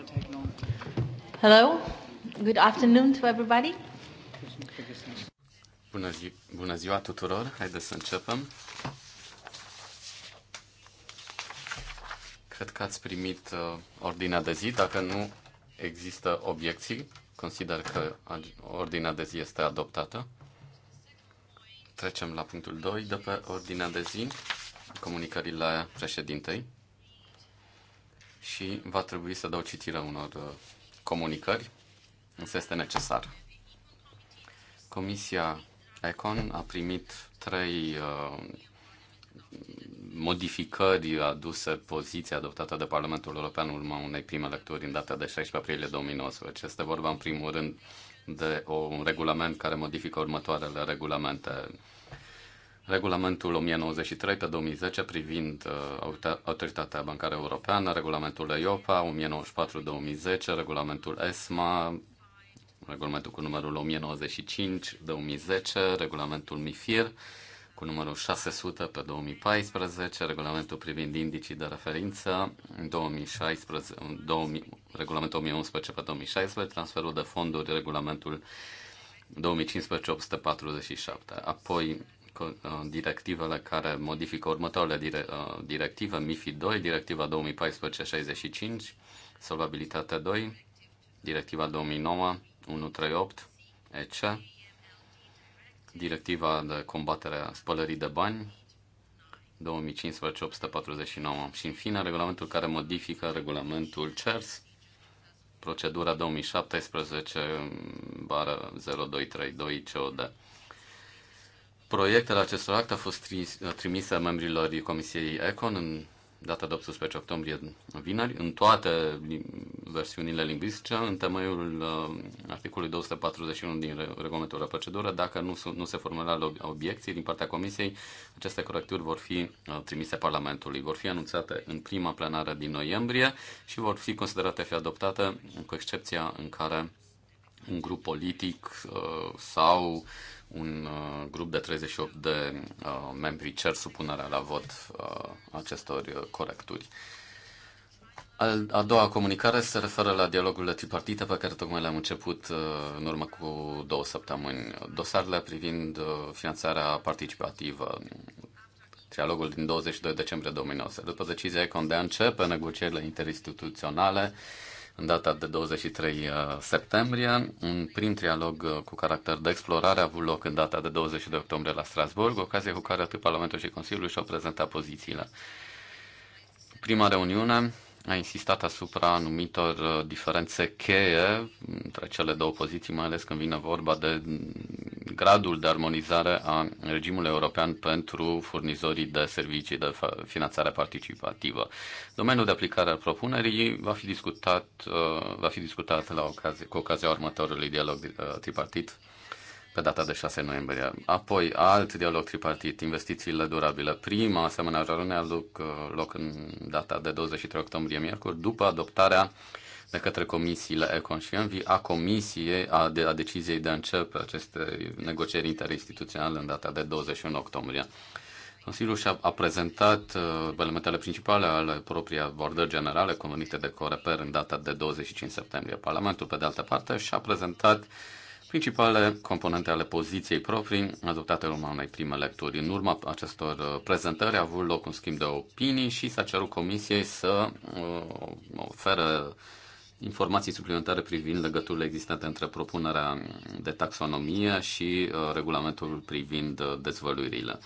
will take long. Hello. Good afternoon to everybody. Bună, zi- bună ziua tuturor. Haideți să începem. Cred că ați primit uh, ordinea de zi. Dacă nu există obiecții, consider că ordinea de zi este adoptată. Trecem la punctul 2 de pe ordinea de zi, comunicările președintei și va trebui să dau citire unor uh, comunicări, însă este necesar. Comisia Econ a primit trei uh, modificări aduse poziția adoptată de Parlamentul European în urma unei prime lecturi în data de 16 aprilie 2019. Este vorba în primul rând de un regulament care modifică următoarele regulamente regulamentul 1093 pe 2010 privind uh, Autoritatea Bancară Europeană, regulamentul EIOPA 1094-2010, regulamentul ESMA, regulamentul cu numărul 1095-2010, regulamentul MIFIR cu numărul 600 pe 2014, regulamentul privind indicii de referință 2016, 2000, regulamentul 2011 pe 2016, transferul de fonduri, regulamentul 2015-847, apoi Uh, directivele care modifică următoarele uh, directive, MIFI 2, Directiva 2014-65, Solvabilitatea 2, Directiva 2009-138, EC, Directiva de combatere a spălării de bani, 2015-849 și, în fine, regulamentul care modifică regulamentul CERS, procedura 2017-0232 COD. Proiectele acestor acte au fost trimise membrilor Comisiei Econ în data de 18 octombrie vineri, în toate versiunile lingvistice, în temeiul uh, articolului 241 din regulamentul de procedură. Dacă nu, nu se formula obiecții din partea Comisiei, aceste corecturi vor fi uh, trimise Parlamentului. Vor fi anunțate în prima plenară din noiembrie și vor fi considerate fi adoptate, cu excepția în care un grup politic uh, sau uh, un uh, grup de 38 de uh, membri cer supunerea la vot uh, acestor corecturi. A doua comunicare se referă la dialogurile tripartite pe care tocmai le-am început în urmă cu două săptămâni. Dosarele privind finanțarea participativă, dialogul din 22 decembrie 2019. După decizia Econ de a începe negocierile interinstituționale, în data de 23 uh, septembrie. Un prim trialog uh, cu caracter de explorare a avut loc în data de 22 octombrie la Strasburg, ocazie cu care atât Parlamentul și Consiliul și-au prezentat pozițiile. Prima reuniune a insistat asupra anumitor uh, diferențe cheie între cele două poziții, mai ales când vine vorba de mm, gradul de armonizare a regimului european pentru furnizorii de servicii de finanțare participativă. Domeniul de aplicare al propunerii va fi discutat, uh, va fi discutat la ocazie, cu ocazia următorului dialog uh, tripartit pe data de 6 noiembrie. Apoi, alt dialog tripartit, investițiile durabile. Prima asemenea reuniune a loc, uh, loc în data de 23 octombrie, miercuri, după adoptarea de către comisiile Econ și Envi a comisiei, a, de, a deciziei de a începe aceste negocieri interinstituționale în data de 21 octombrie. Consiliul și-a a prezentat uh, elementele principale ale proprii abordări generale convenite de Coreper în data de 25 septembrie. Parlamentul, pe de altă parte, și-a prezentat uh, Principalele componente ale poziției proprii adoptate în urma unei prime lecturi. În urma acestor uh, prezentări a avut loc un schimb de opinii și s-a cerut comisiei să uh, oferă informații suplimentare privind legăturile existente între propunerea de taxonomie și uh, regulamentul privind dezvăluirile.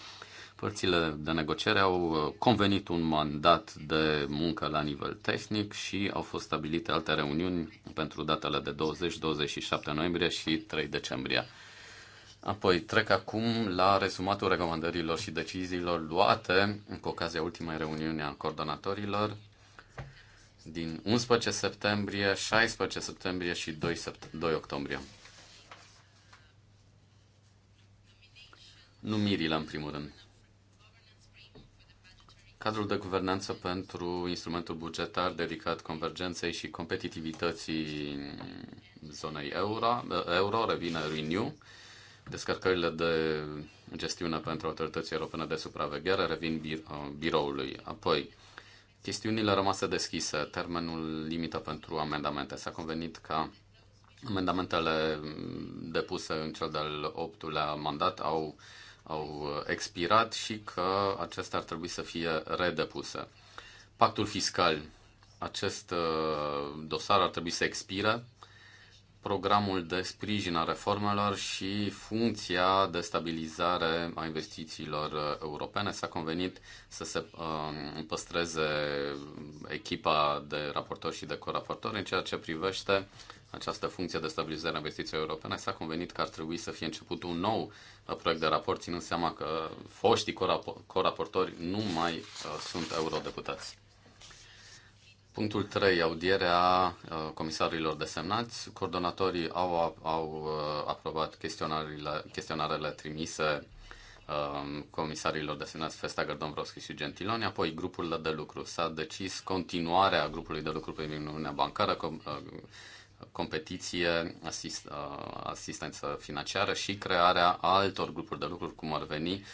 Părțile de negociere au uh, convenit un mandat de muncă la nivel tehnic și au fost stabilite alte reuniuni pentru datele de 20-27 noiembrie și 3 decembrie. Apoi trec acum la rezumatul recomandărilor și deciziilor luate cu ocazia ultimei reuniuni a coordonatorilor din 11 septembrie, 16 septembrie și 2, sept- 2 octombrie. Numirile, în primul rând. Cadrul de guvernanță pentru instrumentul bugetar dedicat convergenței și competitivității zonei euro, euro revine Renew. Descărcările de gestiune pentru autorității europene de supraveghere revin bir- uh, biroului. Apoi, chestiunile rămase deschise, termenul limită pentru amendamente. S-a convenit ca amendamentele mm, depuse în cel de-al optulea mandat au uh, au uh, expirat și că acestea ar trebui să fie redepuse. Pactul fiscal. Acest uh, dosar ar trebui să expire. Programul de sprijin a reformelor și funcția de stabilizare a investițiilor uh, europene s-a convenit să se um, păstreze echipa de raportori și de coraportori în ceea ce privește această funcție de stabilizare a investițiilor europene, s-a convenit că ar trebui să fie început un nou uh, proiect de raport, ținând seama că foștii coraportori nu mai uh, sunt eurodeputați. Punctul 3. Audierea uh, comisarilor desemnați. Coordonatorii au, au uh, aprobat chestionarele, chestionarele trimise um, comisarilor desemnați Festager, Dombrovski și Gentiloni, apoi grupurile de lucru. S-a decis continuarea grupului de lucru pe Uniunea Bancară, com- uh, competiție, asist, asistență financiară și crearea altor grupuri de lucruri, cum ar veni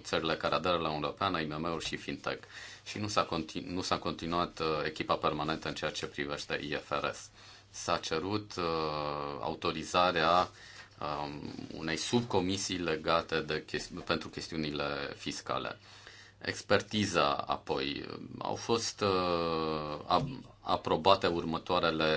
țările care aderă la Uniunea Europeană, IMM-uri și FinTech. Și nu s-a, continu- nu s-a continuat echipa permanentă în ceea ce privește IFRS. S-a cerut uh, autorizarea um, unei subcomisii legate de chesti- pentru chestiunile fiscale expertiza apoi. Au fost uh, aprobate următoarele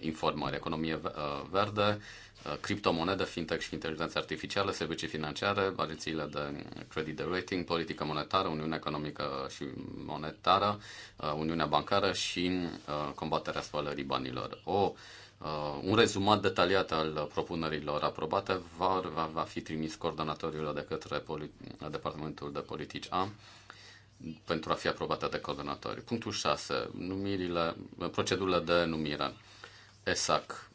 informări. Economie uh, verde, uh, criptomonede, fintech și inteligență artificială, servicii financiare, agențiile de credit de rating, politică monetară, Uniunea economică și monetară, uh, Uniunea bancară și combaterea spălării banilor. O uh, un rezumat detaliat al propunerilor aprobate va, va, va fi trimis coordonatorilor de către Departamentul de Politici A pentru a fi aprobată de coordonatori. Punctul 6. Numirile, procedurile de numire. ESAC.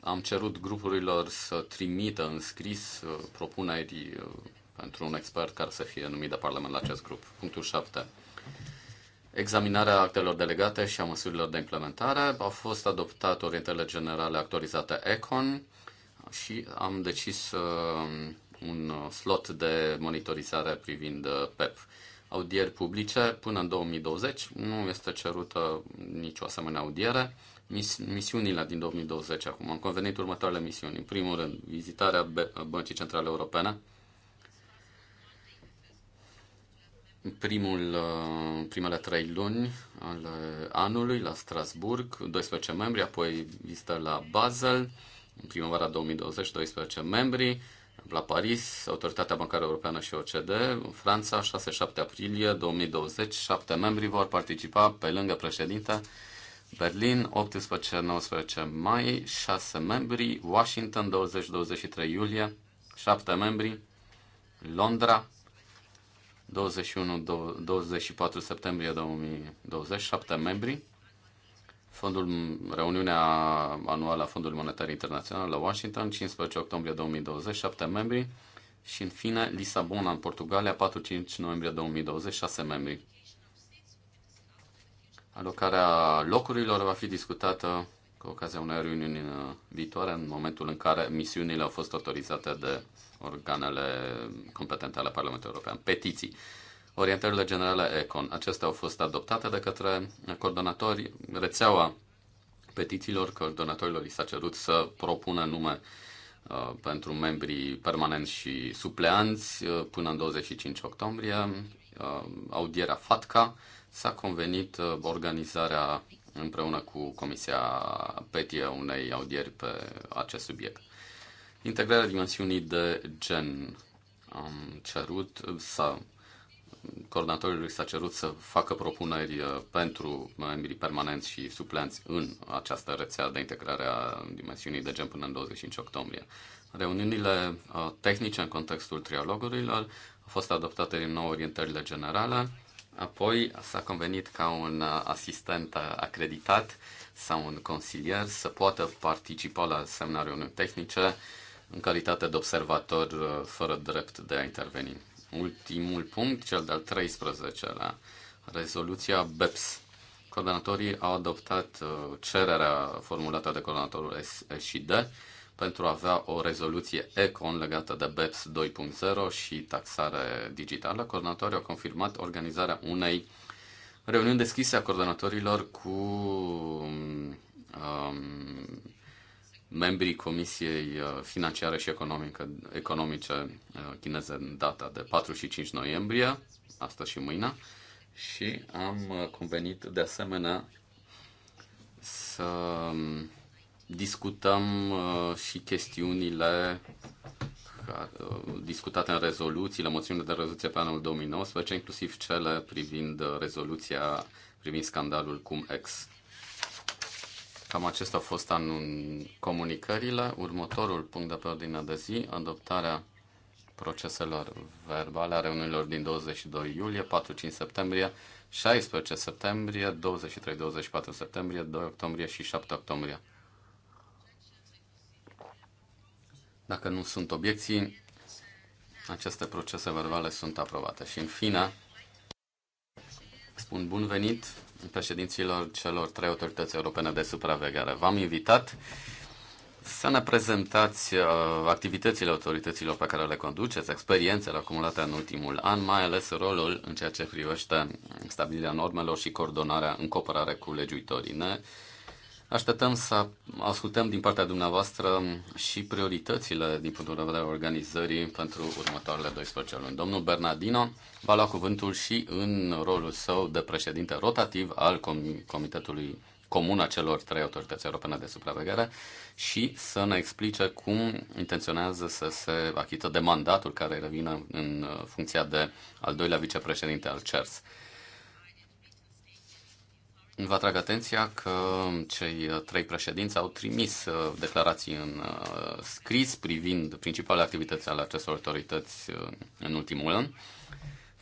Am cerut grupurilor să trimită în scris uh, propuneri uh, pentru un expert care să fie numit de Parlament la acest grup. Punctul 7 examinarea actelor delegate și a măsurilor de implementare. Au fost adoptate orientele generale actualizate ECON și am decis um, un slot de monitorizare privind PEP. Uh, Audieri publice până în 2020 nu este cerută nicio asemenea audiere. Mis- misiunile din 2020 acum. Am convenit următoarele misiuni. În primul rând, vizitarea Băncii Centrale Europene, primul, uh, primele trei luni al anului la Strasburg, 12 membri, apoi vizită la Basel, în primăvara 2020, 12 membri, la Paris, Autoritatea Bancară Europeană și OCD, în Franța, 6-7 aprilie 2020, 7 membri vor participa pe lângă președinte, Berlin, 18-19 mai, 6 membri, Washington, 20-23 iulie, 7 membri, Londra, 21-24 septembrie 2027 7 membri. Fondul, reuniunea anuală a Fondului Monetar Internațional la Washington, 15 octombrie 2027 membri. Și în fine, Lisabona în Portugalia, 4-5 noiembrie 2026 membri. Alocarea locurilor va fi discutată cu ocazia unei reuniuni uh, viitoare, în momentul în care misiunile au fost autorizate de organele competente ale Parlamentului European. Petiții. Orientările generale ECON. Acestea au fost adoptate de către coordonatori. Rețeaua petițiilor, coordonatorilor li s-a cerut să propună nume uh, pentru membrii permanenți și supleanți uh, până în 25 octombrie. Uh, audierea FATCA s-a convenit organizarea împreună cu Comisia Petie unei audieri pe acest subiect. Integrarea dimensiunii de gen. Am cerut, sau coordonatorului s-a cerut să facă propuneri uh, pentru membrii permanenți și suplenți în această rețea de integrare a dimensiunii de gen până în 25 octombrie. Reuniunile uh, tehnice în contextul trialogurilor au fost adoptate din nou orientările generale, apoi s-a convenit ca un uh, asistent acreditat sau un consilier să poată participa la seminariul reuniuni tehnice în calitate de observator uh, fără drept de a interveni. Ultimul punct, cel de-al 13-lea, rezoluția BEPS. Coordonatorii au adoptat uh, cererea formulată de coordonatorul SID pentru a avea o rezoluție ECON legată de BEPS 2.0 și taxare digitală. Coordonatorii au confirmat organizarea unei reuniuni deschise a coordonatorilor cu um, membrii Comisiei uh, Financiare și Economică, Economice uh, chineze în data de 4 și 5 noiembrie, astăzi și mâine, și am uh, convenit de asemenea să um, discutăm și chestiunile discutate în rezoluțiile, moțiunile de rezoluție pe anul 2019, inclusiv cele privind rezoluția privind scandalul cum ex. Cam acesta a fost anul comunicările. Următorul punct de pe ordinea de zi, adoptarea proceselor verbale a reuniunilor din 22 iulie, 4-5 septembrie, 16 septembrie, 23-24 septembrie, 2 octombrie și 7 octombrie. Dacă nu sunt obiecții, aceste procese verbale sunt aprobate. Și în fine, spun bun venit președinților celor trei autorități europene de supraveghere. V-am invitat să ne prezentați uh, activitățile autorităților pe care le conduceți, experiențele acumulate în ultimul an, mai ales rolul în ceea ce privește stabilirea normelor și coordonarea în cooperare cu legiuitorii. Ne Așteptăm să ascultăm din partea dumneavoastră și prioritățile din punctul de vedere organizării pentru următoarele 12 luni. Domnul Bernardino va lua cuvântul și în rolul său de președinte rotativ al Com- Comitetului Comun a celor trei autorități europene de supraveghere și să ne explice cum intenționează să se achită de mandatul care revină în funcția de al doilea vicepreședinte al CERS. Vă atrag atenția că cei trei președinți au trimis uh, declarații în uh, scris privind principalele activități ale acestor autorități uh, în ultimul an.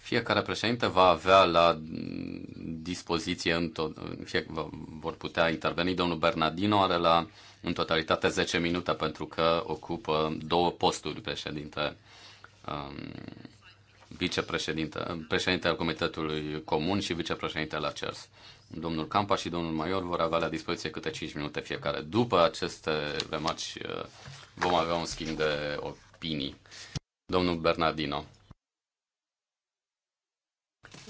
Fiecare președinte va avea la dispoziție, în tot, fie, vor putea interveni, domnul Bernardino are la în totalitate 10 minute pentru că ocupă două posturi președinte um, vicepreședinte, președinte al Comitetului Comun și vicepreședinte la CERS domnul Campa și domnul Maior vor avea la dispoziție câte 5 minute fiecare. După aceste remarci uh, vom avea un schimb de opinii. Domnul Bernardino.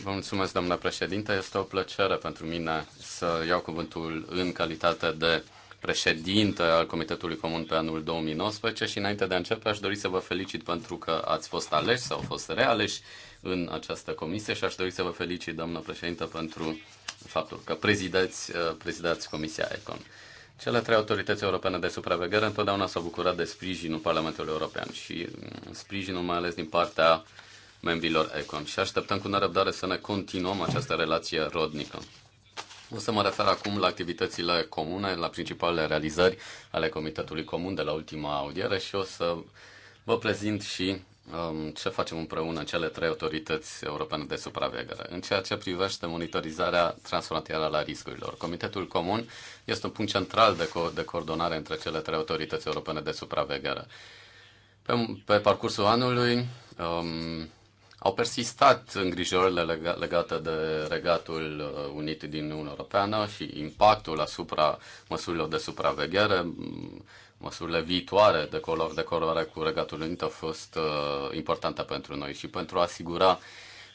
Vă mulțumesc, domnule președinte. Este o plăcere pentru mine să iau cuvântul în calitate de președinte al Comitetului Comun pe anul 2019 și înainte de a începe aș dori să vă felicit pentru că ați fost aleși sau fost realeși în această comisie și aș dori să vă felicit, doamnă președintă, pentru faptul că prezidați, uh, prezidați Comisia ECON. Cele trei autorități europene de supraveghere întotdeauna s-au bucurat de sprijinul Parlamentului European și mm, sprijinul mai ales din partea membrilor ECON și așteptăm cu nerăbdare să ne continuăm această relație rodnică. O să mă refer acum la activitățile comune, la principalele realizări ale Comitetului Comun de la ultima audiere și o să vă prezint și Um, ce facem împreună cele trei autorități europene de supraveghere. În ceea ce privește monitorizarea transfrontalieră la riscurilor, Comitetul Comun este un punct central de, co- de coordonare între cele trei autorități europene de supraveghere. Pe, pe parcursul anului um, au persistat îngrijorările lega- legate de regatul uh, unit din Uniunea Europeană și impactul asupra măsurilor de supraveghere. Um, măsurile viitoare de color de coloare cu Regatul Unit au fost uh, importante pentru noi și pentru a asigura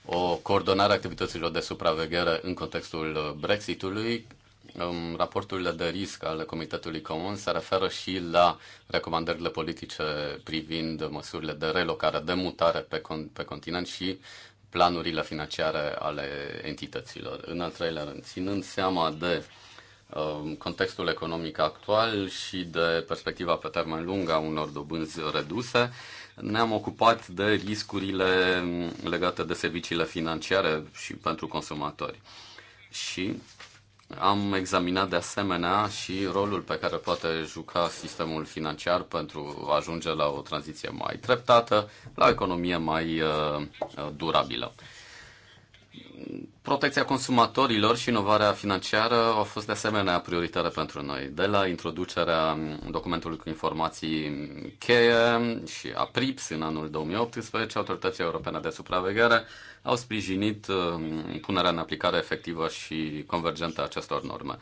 o coordonare a activităților de supraveghere în contextul uh, Brexitului, um, raporturile de risc ale Comitetului Comun se referă și la recomandările politice privind măsurile de relocare, de mutare pe, con- pe continent și planurile financiare ale entităților. În al treilea rând, ținând seama de uh, Um, contextul economic actual și de perspectiva pe termen lung a unor dobânzi reduse, ne-am ocupat de riscurile legate de serviciile financiare și pentru consumatori. Și am examinat de asemenea și rolul pe care poate juca sistemul financiar pentru a ajunge la o tranziție mai treptată, la o economie mai uh, uh, durabilă. Protecția consumatorilor și inovarea financiară au fost de asemenea prioritare pentru noi. De la introducerea documentului cu informații cheie și a PRIPS în anul 2018, Autoritatea Europeană de Supraveghere au sprijinit um, punerea în aplicare efectivă și convergentă a acestor norme.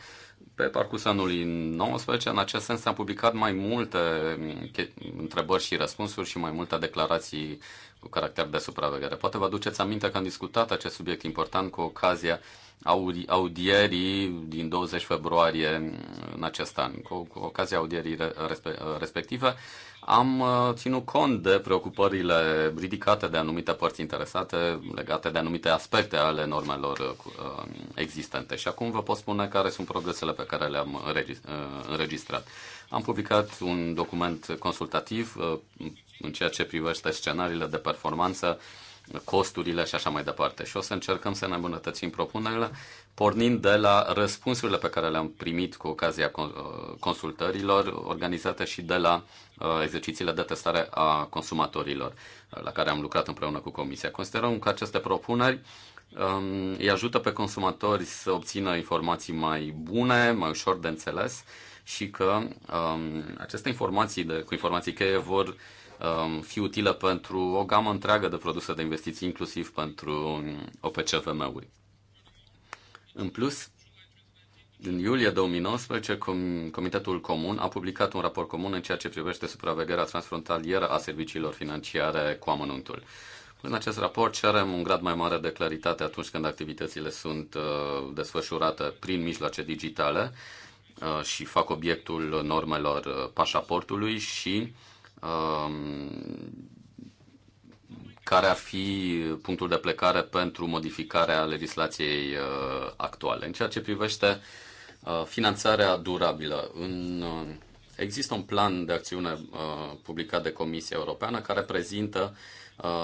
Pe parcursul anului 19, în acest sens, am publicat mai multe um, întrebări și răspunsuri și mai multe declarații cu caracter de supraveghere. Poate vă aduceți aminte că am discutat acest subiect important cu ocazia audierii din 20 februarie în acest an. Cu, cu ocazia audierii respective am uh, ținut cont de preocupările ridicate de anumite părți interesate legate de anumite aspecte ale normelor uh, uh, existente. Și acum vă pot spune care sunt progresele pe care le-am înregistrat. Am publicat un document consultativ în ceea ce privește scenariile de performanță, costurile și așa mai departe. Și o să încercăm să ne îmbunătățim propunerile, pornind de la răspunsurile pe care le-am primit cu ocazia uh, consultărilor organizate și de la uh, exercițiile de testare a consumatorilor, uh, la care am lucrat împreună cu Comisia. Considerăm că aceste propuneri um, îi ajută pe consumatori să obțină informații mai bune, mai ușor de înțeles și că um, aceste informații de, cu informații cheie vor Um, fi utilă pentru o gamă întreagă de produse de investiții, inclusiv pentru OPCVM-uri. În plus, în iulie 2019, Com Comitetul Comun a publicat un raport comun în ceea ce privește supravegherea transfrontalieră a serviciilor financiare cu amănuntul. În acest raport cerem un grad mai mare de claritate atunci când activitățile sunt uh, desfășurate prin mijloace digitale uh, și fac obiectul normelor uh, pașaportului și Um, care ar fi punctul de plecare pentru modificarea legislației uh, actuale. În ceea ce privește uh, finanțarea durabilă, în, uh, există un plan de acțiune publicat de Comisia Europeană care prezintă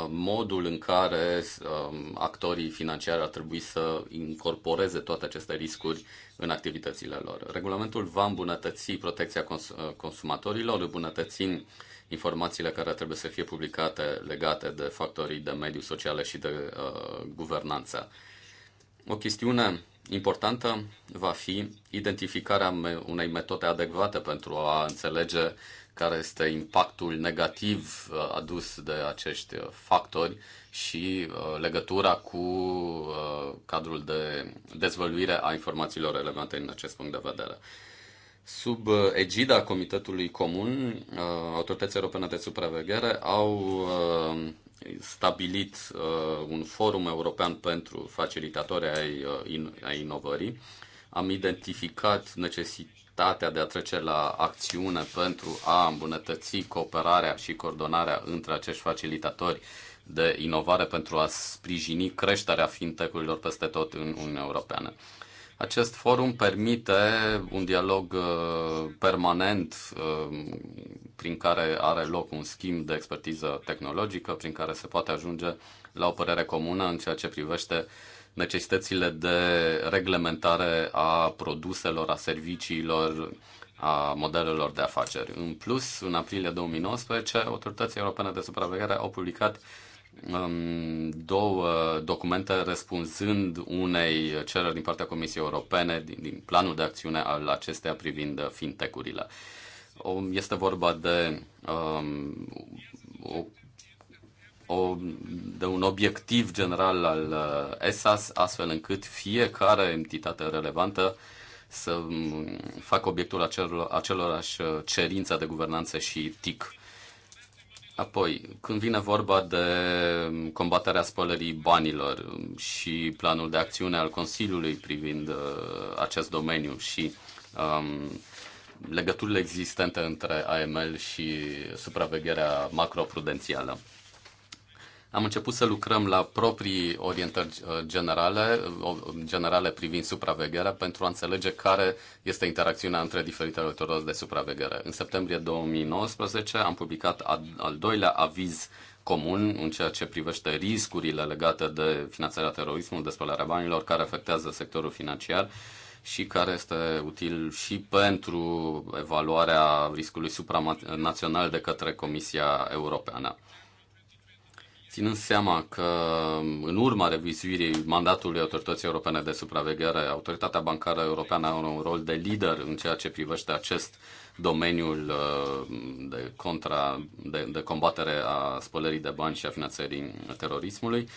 modul în care um, actorii financiari ar trebui să incorporeze toate aceste riscuri în activitățile lor. Regulamentul va îmbunătăți protecția cons- consumatorilor, îmbunătățind uh, informațiile care trebuie să fie publicate legate de factorii de mediu sociale și de uh, guvernanță. O chestiune importantă va fi identificarea unei metode adecvate pentru a înțelege care este impactul negativ uh, adus de acești uh, factori și uh, legătura cu cadrul de dezvăluire a informațiilor relevante în acest punct de vedere. Sub uh, egida Comitetului Comun, uh, autoritățile europene de supraveghere au uh, stabilit un forum european pentru facilitatori ai inovării. Am identificat necesitatea de a trece la acțiune pentru a îmbunătăți cooperarea și coordonarea între acești facilitatori de inovare pentru a sprijini creșterea fintech-urilor peste tot în Uniunea Europeană. Acest forum permite un dialog uh, permanent uh, prin care are loc un schimb de expertiză tehnologică, prin care se poate ajunge la o părere comună în ceea ce privește necesitățile de reglementare a produselor, a serviciilor, a modelelor de afaceri. În plus, în aprilie 2019, autoritățile europene de supraveghere au publicat două documente răspunzând unei cereri din partea Comisiei Europene din, din planul de acțiune al acesteia privind fintech-urile. Este vorba de, um, o, o, de un obiectiv general al uh, ESAS, astfel încât fiecare entitate relevantă să um, facă obiectul acelorași uh, cerințe de guvernanță și TIC Apoi, când vine vorba de combaterea spălării banilor și planul de acțiune al Consiliului privind uh, acest domeniu și um, legăturile existente între AML și supravegherea macroprudențială. Am început să lucrăm la proprii orientări uh, generale, uh, generale privind supravegherea pentru a înțelege care este interacțiunea între diferitele autorități de supraveghere. În septembrie 2019 am publicat al doilea aviz comun în ceea ce privește riscurile legate de finanțarea terorismului, de spălarea banilor care afectează sectorul financiar și care este util și pentru evaluarea riscului supranațional de către Comisia Europeană. Ținând seama că în urma revizuirii mandatului Autorității Europene de Supraveghere, Autoritatea Bancară Europeană are un rol de lider în ceea ce privește acest domeniul uh, de, contra, de, de combatere a spălării de bani și a finanțării terorismului.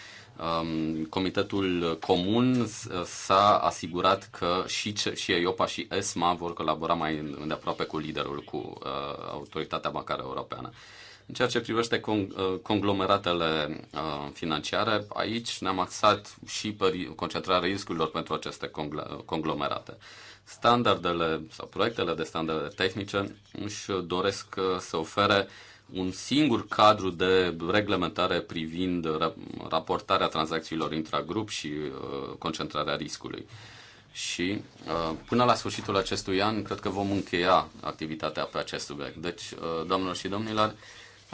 Um, Comitetul Comun s-a asigurat că și, și EIOPA și ESMA vor colabora mai îndeaproape cu liderul, cu uh, Autoritatea Bancară Europeană. În ceea ce privește con- uh, conglomeratele uh, financiare, aici ne-am axat și pe concentrarea riscurilor pentru aceste uh, conglomerate. Standardele sau proiectele de standarde tehnice își doresc să ofere un singur cadru de reglementare privind raportarea tranzacțiilor intragrup și concentrarea riscului. Și până la sfârșitul acestui an, cred că vom încheia activitatea pe acest subiect. Deci, doamnelor și domnilor,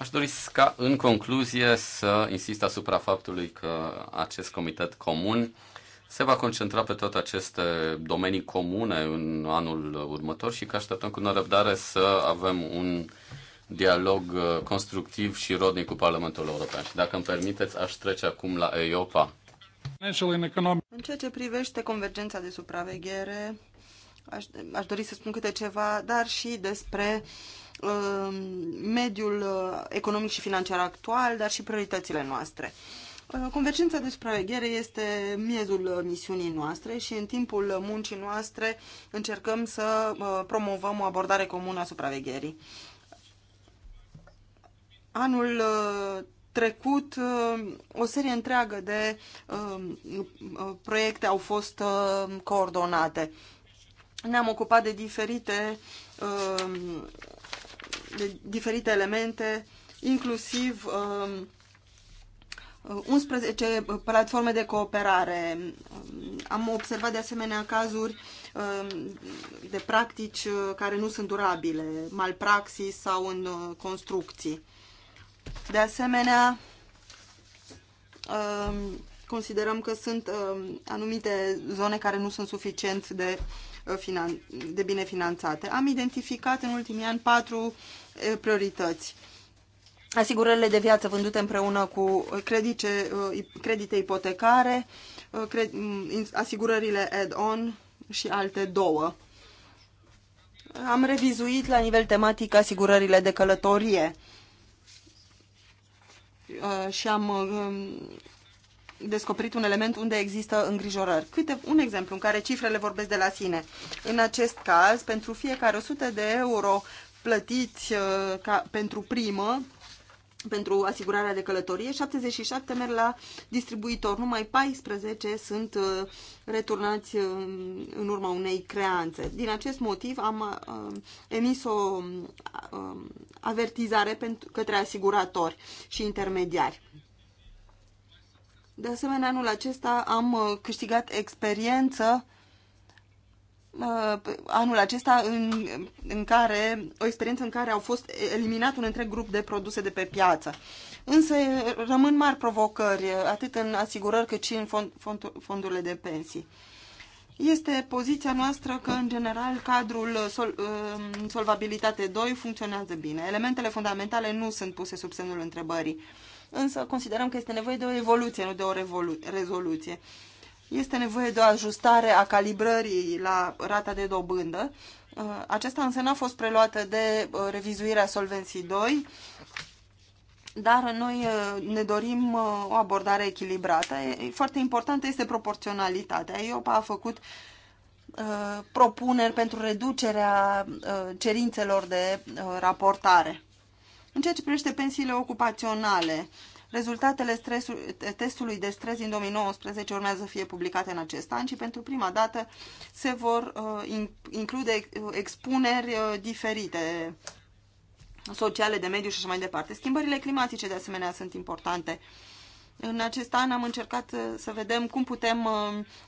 Aș dori ca în concluzie să insist asupra faptului că acest comitet comun se va concentra pe toate aceste domenii comune în anul următor și că așteptăm cu nerăbdare să avem un dialog uh, constructiv și rodnic cu Parlamentul European. Și dacă îmi permiteți, aș trece acum la EIOPA. În ceea ce privește convergența de supraveghere, aș, aș dori să spun câte ceva, dar și despre uh, Um, mediul uh, economic și financiar actual, dar și prioritățile noastre. Uh, convergența de supraveghere este miezul uh, misiunii noastre și în timpul muncii noastre încercăm să promovăm o abordare comună a supravegherii. Anul trecut o serie întreagă de um, proiecte au fost coordonate. Ne-am ocupat de diferite um, de diferite elemente, inclusiv 11 um, platforme de cooperare. Um, am observat de asemenea cazuri um, de practici uh, care nu sunt durabile, malpraxis sau în uh, construcții. De asemenea, considerăm că sunt anumite zone care nu sunt suficient de Uh, de bine finanțate. Am identificat în ultimii ani patru uh, priorități. Asigurările de viață vândute împreună cu uh, credice, credite ipotecare, mm, asigurările add-on și alte două. Am revizuit la nivel tematic asigurările de călătorie și am descoperit un element unde există îngrijorări. Câte, un exemplu în care cifrele vorbesc de la sine. În acest caz, pentru fiecare 100 de euro plătiți uh, ca, pentru primă, pentru asigurarea de călătorie, 77 merg la distribuitor, numai 14 sunt uh, returnați în urma unei creanțe. Din acest motiv am uh, emis o avertizare pentru, către asiguratori și intermediari. De asemenea, anul acesta am uh, câștigat experiență uh, anul acesta în, în care, o experiență în care au fost eliminat un întreg grup de produse de pe piață. Însă rămân mari provocări, uh, atât în asigurări cât și în fond, fond, fondurile de pensii. Este poziția noastră că, în general, cadrul sol, Solvabilitate 2 funcționează bine. Elementele fundamentale nu sunt puse sub semnul întrebării însă considerăm că este nevoie de o evoluție, nu de o rezoluție. Este nevoie de o ajustare a calibrării la rata de dobândă. Uh, aceasta însă n-a fost preluată de uh, revizuirea Solvenții 2, dar noi uh, ne dorim o abordare echilibrată. Foarte importantă este proporționalitatea. Iopa a făcut propuneri pentru reducerea cerințelor de raportare. În ceea ce privește pensiile ocupaționale, rezultatele stresul, testului de stres din 2019 urmează să fie publicate în acest an și pentru prima dată se vor uh, include uh, expuneri uh, diferite sociale, de mediu și așa mai departe. Schimbările climatice, de asemenea, sunt importante. În acest an am încercat uh, să vedem cum putem uh,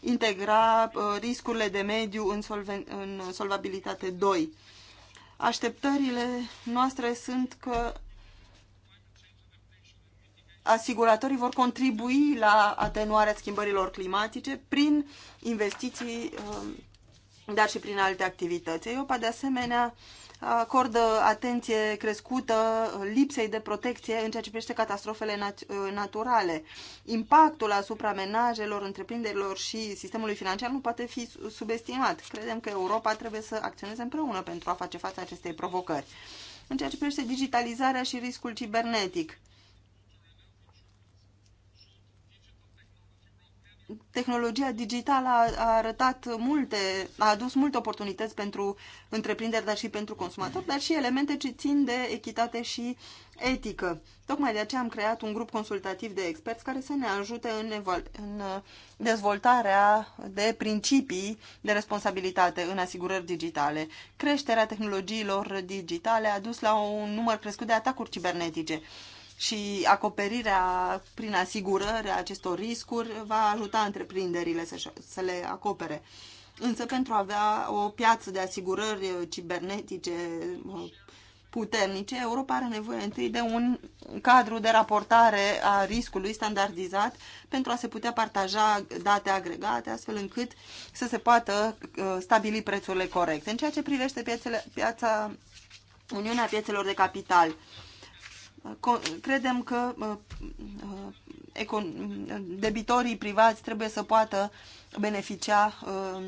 integra riscurile de mediu în, solven, în solvabilitate 2. Așteptările noastre sunt că asiguratorii vor contribui la atenuarea schimbărilor climatice prin investiții, um, dar și prin alte activități. Eu, de asemenea, acordă atenție crescută lipsei de protecție în ceea ce privește catastrofele nat- uh, naturale. Impactul asupra menajelor, întreprinderilor și sistemului financiar nu poate fi subestimat. Credem că Europa trebuie să acționeze împreună pentru a face față acestei provocări. În ceea ce privește digitalizarea și riscul cibernetic, tehnologia digitală a, a arătat multe, a adus multe oportunități pentru întreprinderi, dar și pentru consumatori, dar și elemente ce țin de echitate și etică. Tocmai de aceea am creat un grup consultativ de experți care să ne ajute în, în uh, dezvoltarea de principii de responsabilitate în asigurări digitale. Creșterea tehnologiilor digitale a dus la un număr crescut de atacuri cibernetice și acoperirea prin asigurări a acestor riscuri va ajuta întreprinderile să, să le acopere. Însă pentru a avea o piață de asigurări cibernetice uh, puternice, Europa are nevoie întâi de un cadru de raportare a riscului standardizat pentru a se putea partaja date agregate, astfel încât să se poată uh, stabili prețurile corecte. În ceea ce privește piațele, piața, Uniunea Piețelor de Capital, Credem că uh, uh, debitorii privați trebuie să poată beneficia uh,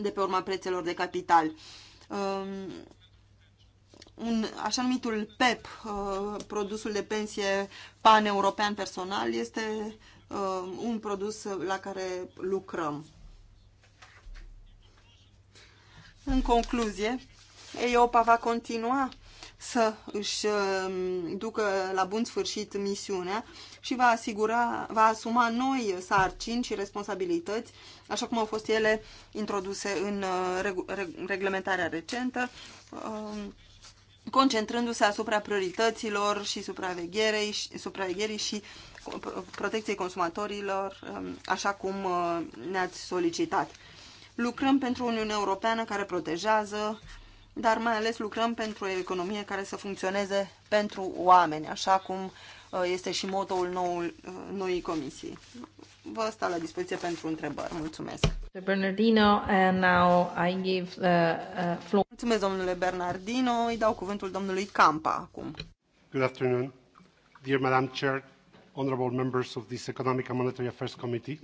de pe urma prețelor de capital. Um, un așa numitul PEP, produsul de pensie pan-european personal, este un produs la care lucrăm. În concluzie, EIOPA va continua să își um, ducă la bun sfârșit misiunea și va asigura, va asuma noi sarcini și responsabilități, așa cum au fost ele introduse în uh, reglementarea recentă, um, concentrându-se asupra priorităților și supravegherei supravegherii și uh, protecției consumatorilor, um, așa cum uh, ne-ați solicitat. Lucrăm pentru o Uniune Europeană care protejează, dar mai ales lucrăm pentru o economie care să funcționeze pentru oameni, așa cum uh, este și motoul noul, uh, noii comisii. Vă stau la dispoziție pentru întrebări. Mulțumesc. Bernardino, and now I give the uh, floor. Mulțumesc, domnule Bernardino. Îi dau cuvântul domnului Campa acum. Good afternoon, dear Madam Chair, honorable members of this Economic and Monetary Affairs Committee.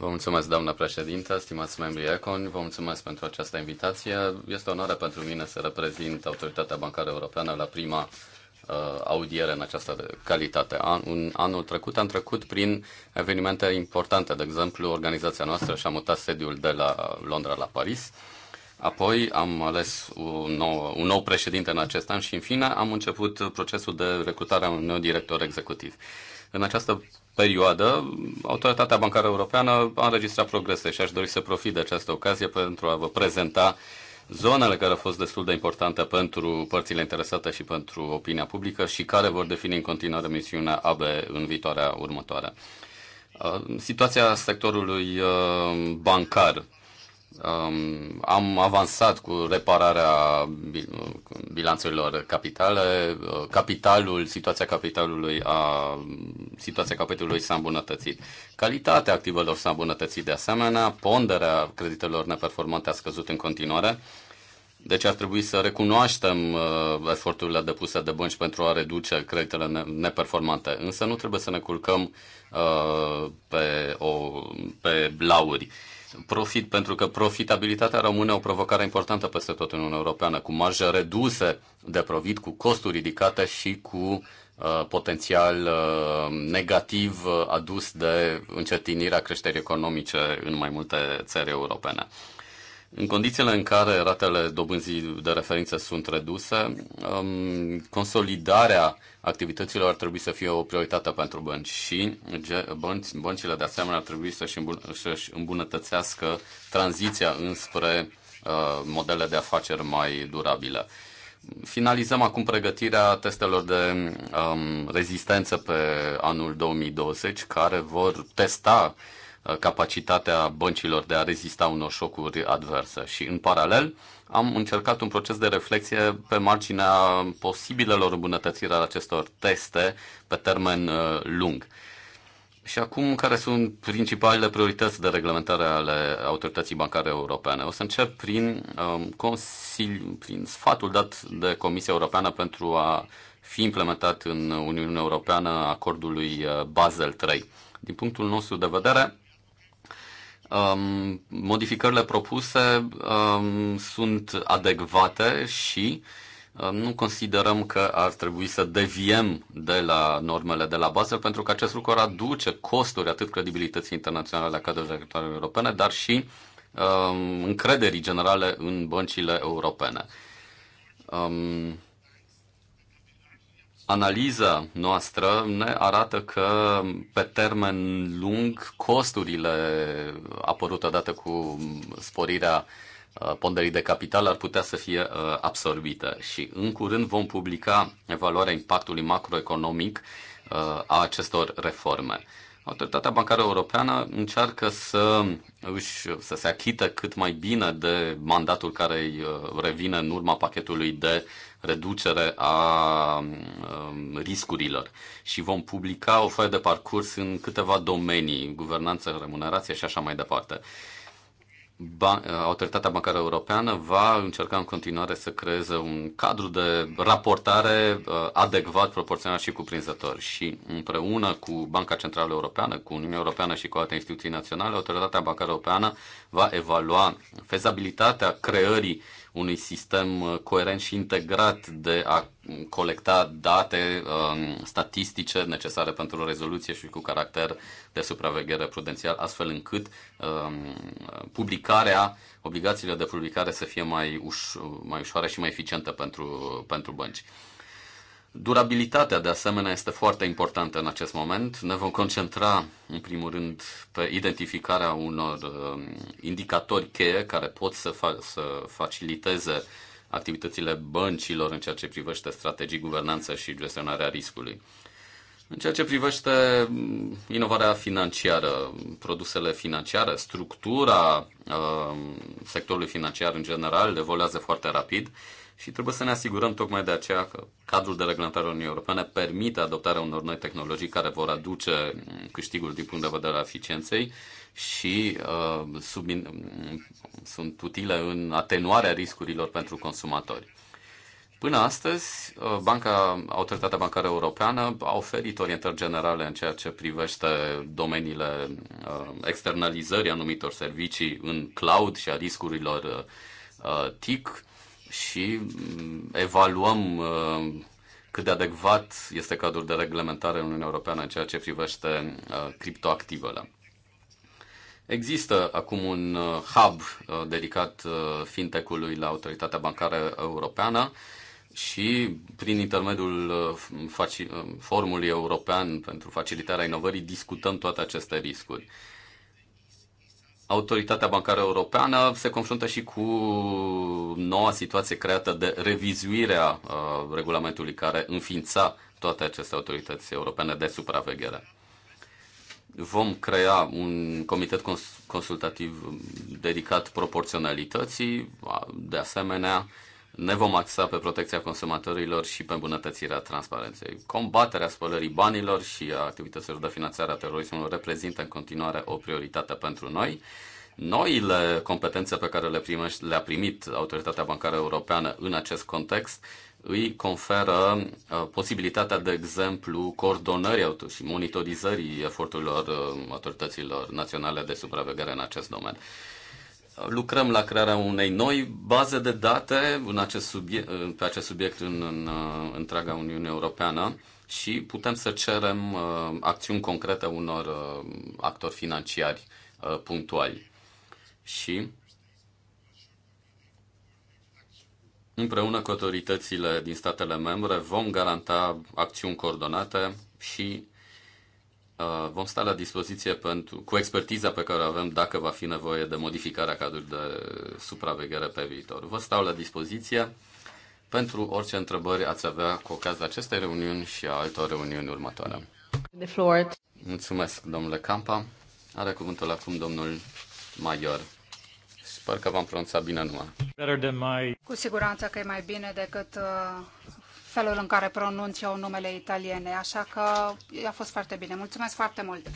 Vă mulțumesc, doamna președintă, stimați membrii ECON, vă mulțumesc pentru această invitație. Este o onoare pentru mine să reprezint Autoritatea Bancară Europeană la prima uh, audiere în această calitate. An, un, anul trecut am trecut prin evenimente importante, de exemplu, organizația noastră și-a mutat sediul de la Londra la Paris. Apoi am ales un nou, un nou președinte în acest an și, în fine, am început procesul de recrutare a unui nou director executiv. În această perioadă, Autoritatea Bancară Europeană a înregistrat progrese și aș dori să profit de această ocazie pentru a vă prezenta zonele care au fost destul de importante pentru părțile interesate și pentru opinia publică și care vor defini în continuare misiunea AB în viitoarea următoare. Situația sectorului uh, bancar Um, am avansat cu repararea bilanțelor capitale. Uh, capitalul, situația capitalului a, situația capitalului s-a îmbunătățit. Calitatea activelor s-a îmbunătățit de asemenea. Ponderea creditelor neperformante a scăzut în continuare. Deci ar trebui să recunoaștem uh, eforturile depuse de bănci pentru a reduce creditele ne- neperformante, însă nu trebuie să ne culcăm uh, pe, o, pe lauri profit, pentru că profitabilitatea rămâne o provocare importantă peste tot în Uniunea Europeană, cu marje reduse de profit, cu costuri ridicate și cu uh, potențial uh, negativ uh, adus de încetinirea creșterii economice în mai multe țări europene. În condițiile în care ratele dobânzii de referință sunt reduse, um, consolidarea activităților ar trebui să fie o prioritate pentru bănci și bănci, băncile de asemenea ar trebui să-și, îmbunătățească tranziția înspre uh, modele de afaceri mai durabile. Finalizăm acum pregătirea testelor de um, rezistență pe anul 2020, care vor testa uh, Uh, capacitatea băncilor de a rezista unor șocuri adverse. Și în paralel am încercat un proces de reflexie pe marginea posibilelor îmbunătățiri ale acestor teste pe termen uh, lung. Și acum, care sunt principalele priorități de reglementare ale autorității bancare europene? O să încep prin, um, consil, prin sfatul dat de Comisia Europeană pentru a fi implementat în Uniunea Europeană acordului uh, Basel III. Din punctul nostru de vedere, um, modificările propuse um, sunt adecvate și um, nu considerăm că ar trebui să deviem de la normele de la bază, pentru că acest lucru ar aduce costuri atât credibilității internaționale a cadrului reglementărilor europene, dar și um, încrederii generale în băncile europene. Um, analiza noastră ne arată că pe termen lung costurile apărute odată cu sporirea uh, ponderii de capital ar putea să fie uh, absorbite și în curând vom publica evaluarea impactului macroeconomic uh, a acestor reforme. Autoritatea Bancară Europeană încearcă să, își, să se achită cât mai bine de mandatul care îi revine în urma pachetului de reducere a um, riscurilor și vom publica o foaie de parcurs în câteva domenii, guvernanță, remunerație și așa mai departe. Ban- Autoritatea Bancară Europeană va încerca în continuare să creeze un cadru de raportare uh, adecvat, proporțional și cuprinzător. Și împreună cu Banca Centrală Europeană, cu Uniunea Europeană și cu alte instituții naționale, Autoritatea Bancară Europeană va evalua fezabilitatea creării unui sistem uh, coerent și integrat de a colecta date um, statistice necesare pentru rezoluție și cu caracter de supraveghere prudențial, astfel încât um, publicarea, obligațiile de publicare să fie mai, uș- mai ușoare și mai eficientă pentru, pentru bănci. Durabilitatea, de asemenea, este foarte importantă în acest moment. Ne vom concentra, în primul rând, pe identificarea unor um, indicatori cheie care pot să, fa- să faciliteze activitățile băncilor în ceea ce privește strategii, guvernanță și gestionarea riscului. În ceea ce privește um, inovarea financiară, produsele financiare, structura uh, sectorului financiar în general evoluează foarte rapid. Uh, și trebuie să ne asigurăm tocmai de aceea că cadrul de reglementare al Uniunii Europene permite adoptarea unor noi tehnologii care vor aduce mm, câștiguri din punct de vedere al eficienței și uh, sub, mm, sunt utile în atenuarea riscurilor pentru consumatori. Până astăzi, uh, Banca, Autoritatea Bancară Europeană a oferit orientări generale în ceea ce privește domeniile uh, externalizării anumitor servicii în cloud și a riscurilor uh, TIC și mm, evaluăm uh, cât de adecvat este cadrul de reglementare în Uniunea Europeană în ceea ce privește uh, criptoactivele. Există acum un uh, hub dedicat fintech-ului la Autoritatea Bancară Europeană și prin intermediul Forumului European pentru Facilitarea Inovării discutăm toate aceste riscuri. Autoritatea Bancară Europeană se confruntă și cu noua situație creată de revizuirea uh, regulamentului care înființa toate aceste autorități europene de supraveghere. Vom crea un comitet consultativ dedicat proporționalității, de asemenea ne vom axa pe protecția consumatorilor și pe îmbunătățirea transparenței. Combaterea spălării banilor și a activităților de finanțare a terorismului reprezintă în continuare o prioritate pentru noi. Noile competențe pe care le primești, le-a primit Autoritatea Bancară Europeană în acest context îi conferă uh, posibilitatea, de exemplu, coordonării și monitorizării eforturilor uh, autorităților naționale de supraveghere în acest domeniu lucrăm la crearea unei noi baze de date în acest subiect, pe acest subiect în, în uh, întreaga Uniune Europeană și putem să cerem uh, acțiuni concrete unor uh, actori financiari uh, punctuali. Și împreună cu autoritățile din statele membre vom garanta acțiuni coordonate și Uh, vom sta la dispoziție pentru, cu expertiza pe care o avem dacă va fi nevoie de modificarea cadrului de supraveghere pe viitor. Vă stau la dispoziție pentru orice întrebări ați avea cu ocazia acestei reuniuni și a altor reuniuni următoare. The floor. Mulțumesc, domnule Campa. Are cuvântul acum domnul Maior. Sper că v-am pronunțat bine numai. My... Cu siguranță că e mai bine decât uh, felul în care pronunț eu numele italiene, așa că a fost foarte bine. Mulțumesc foarte mult!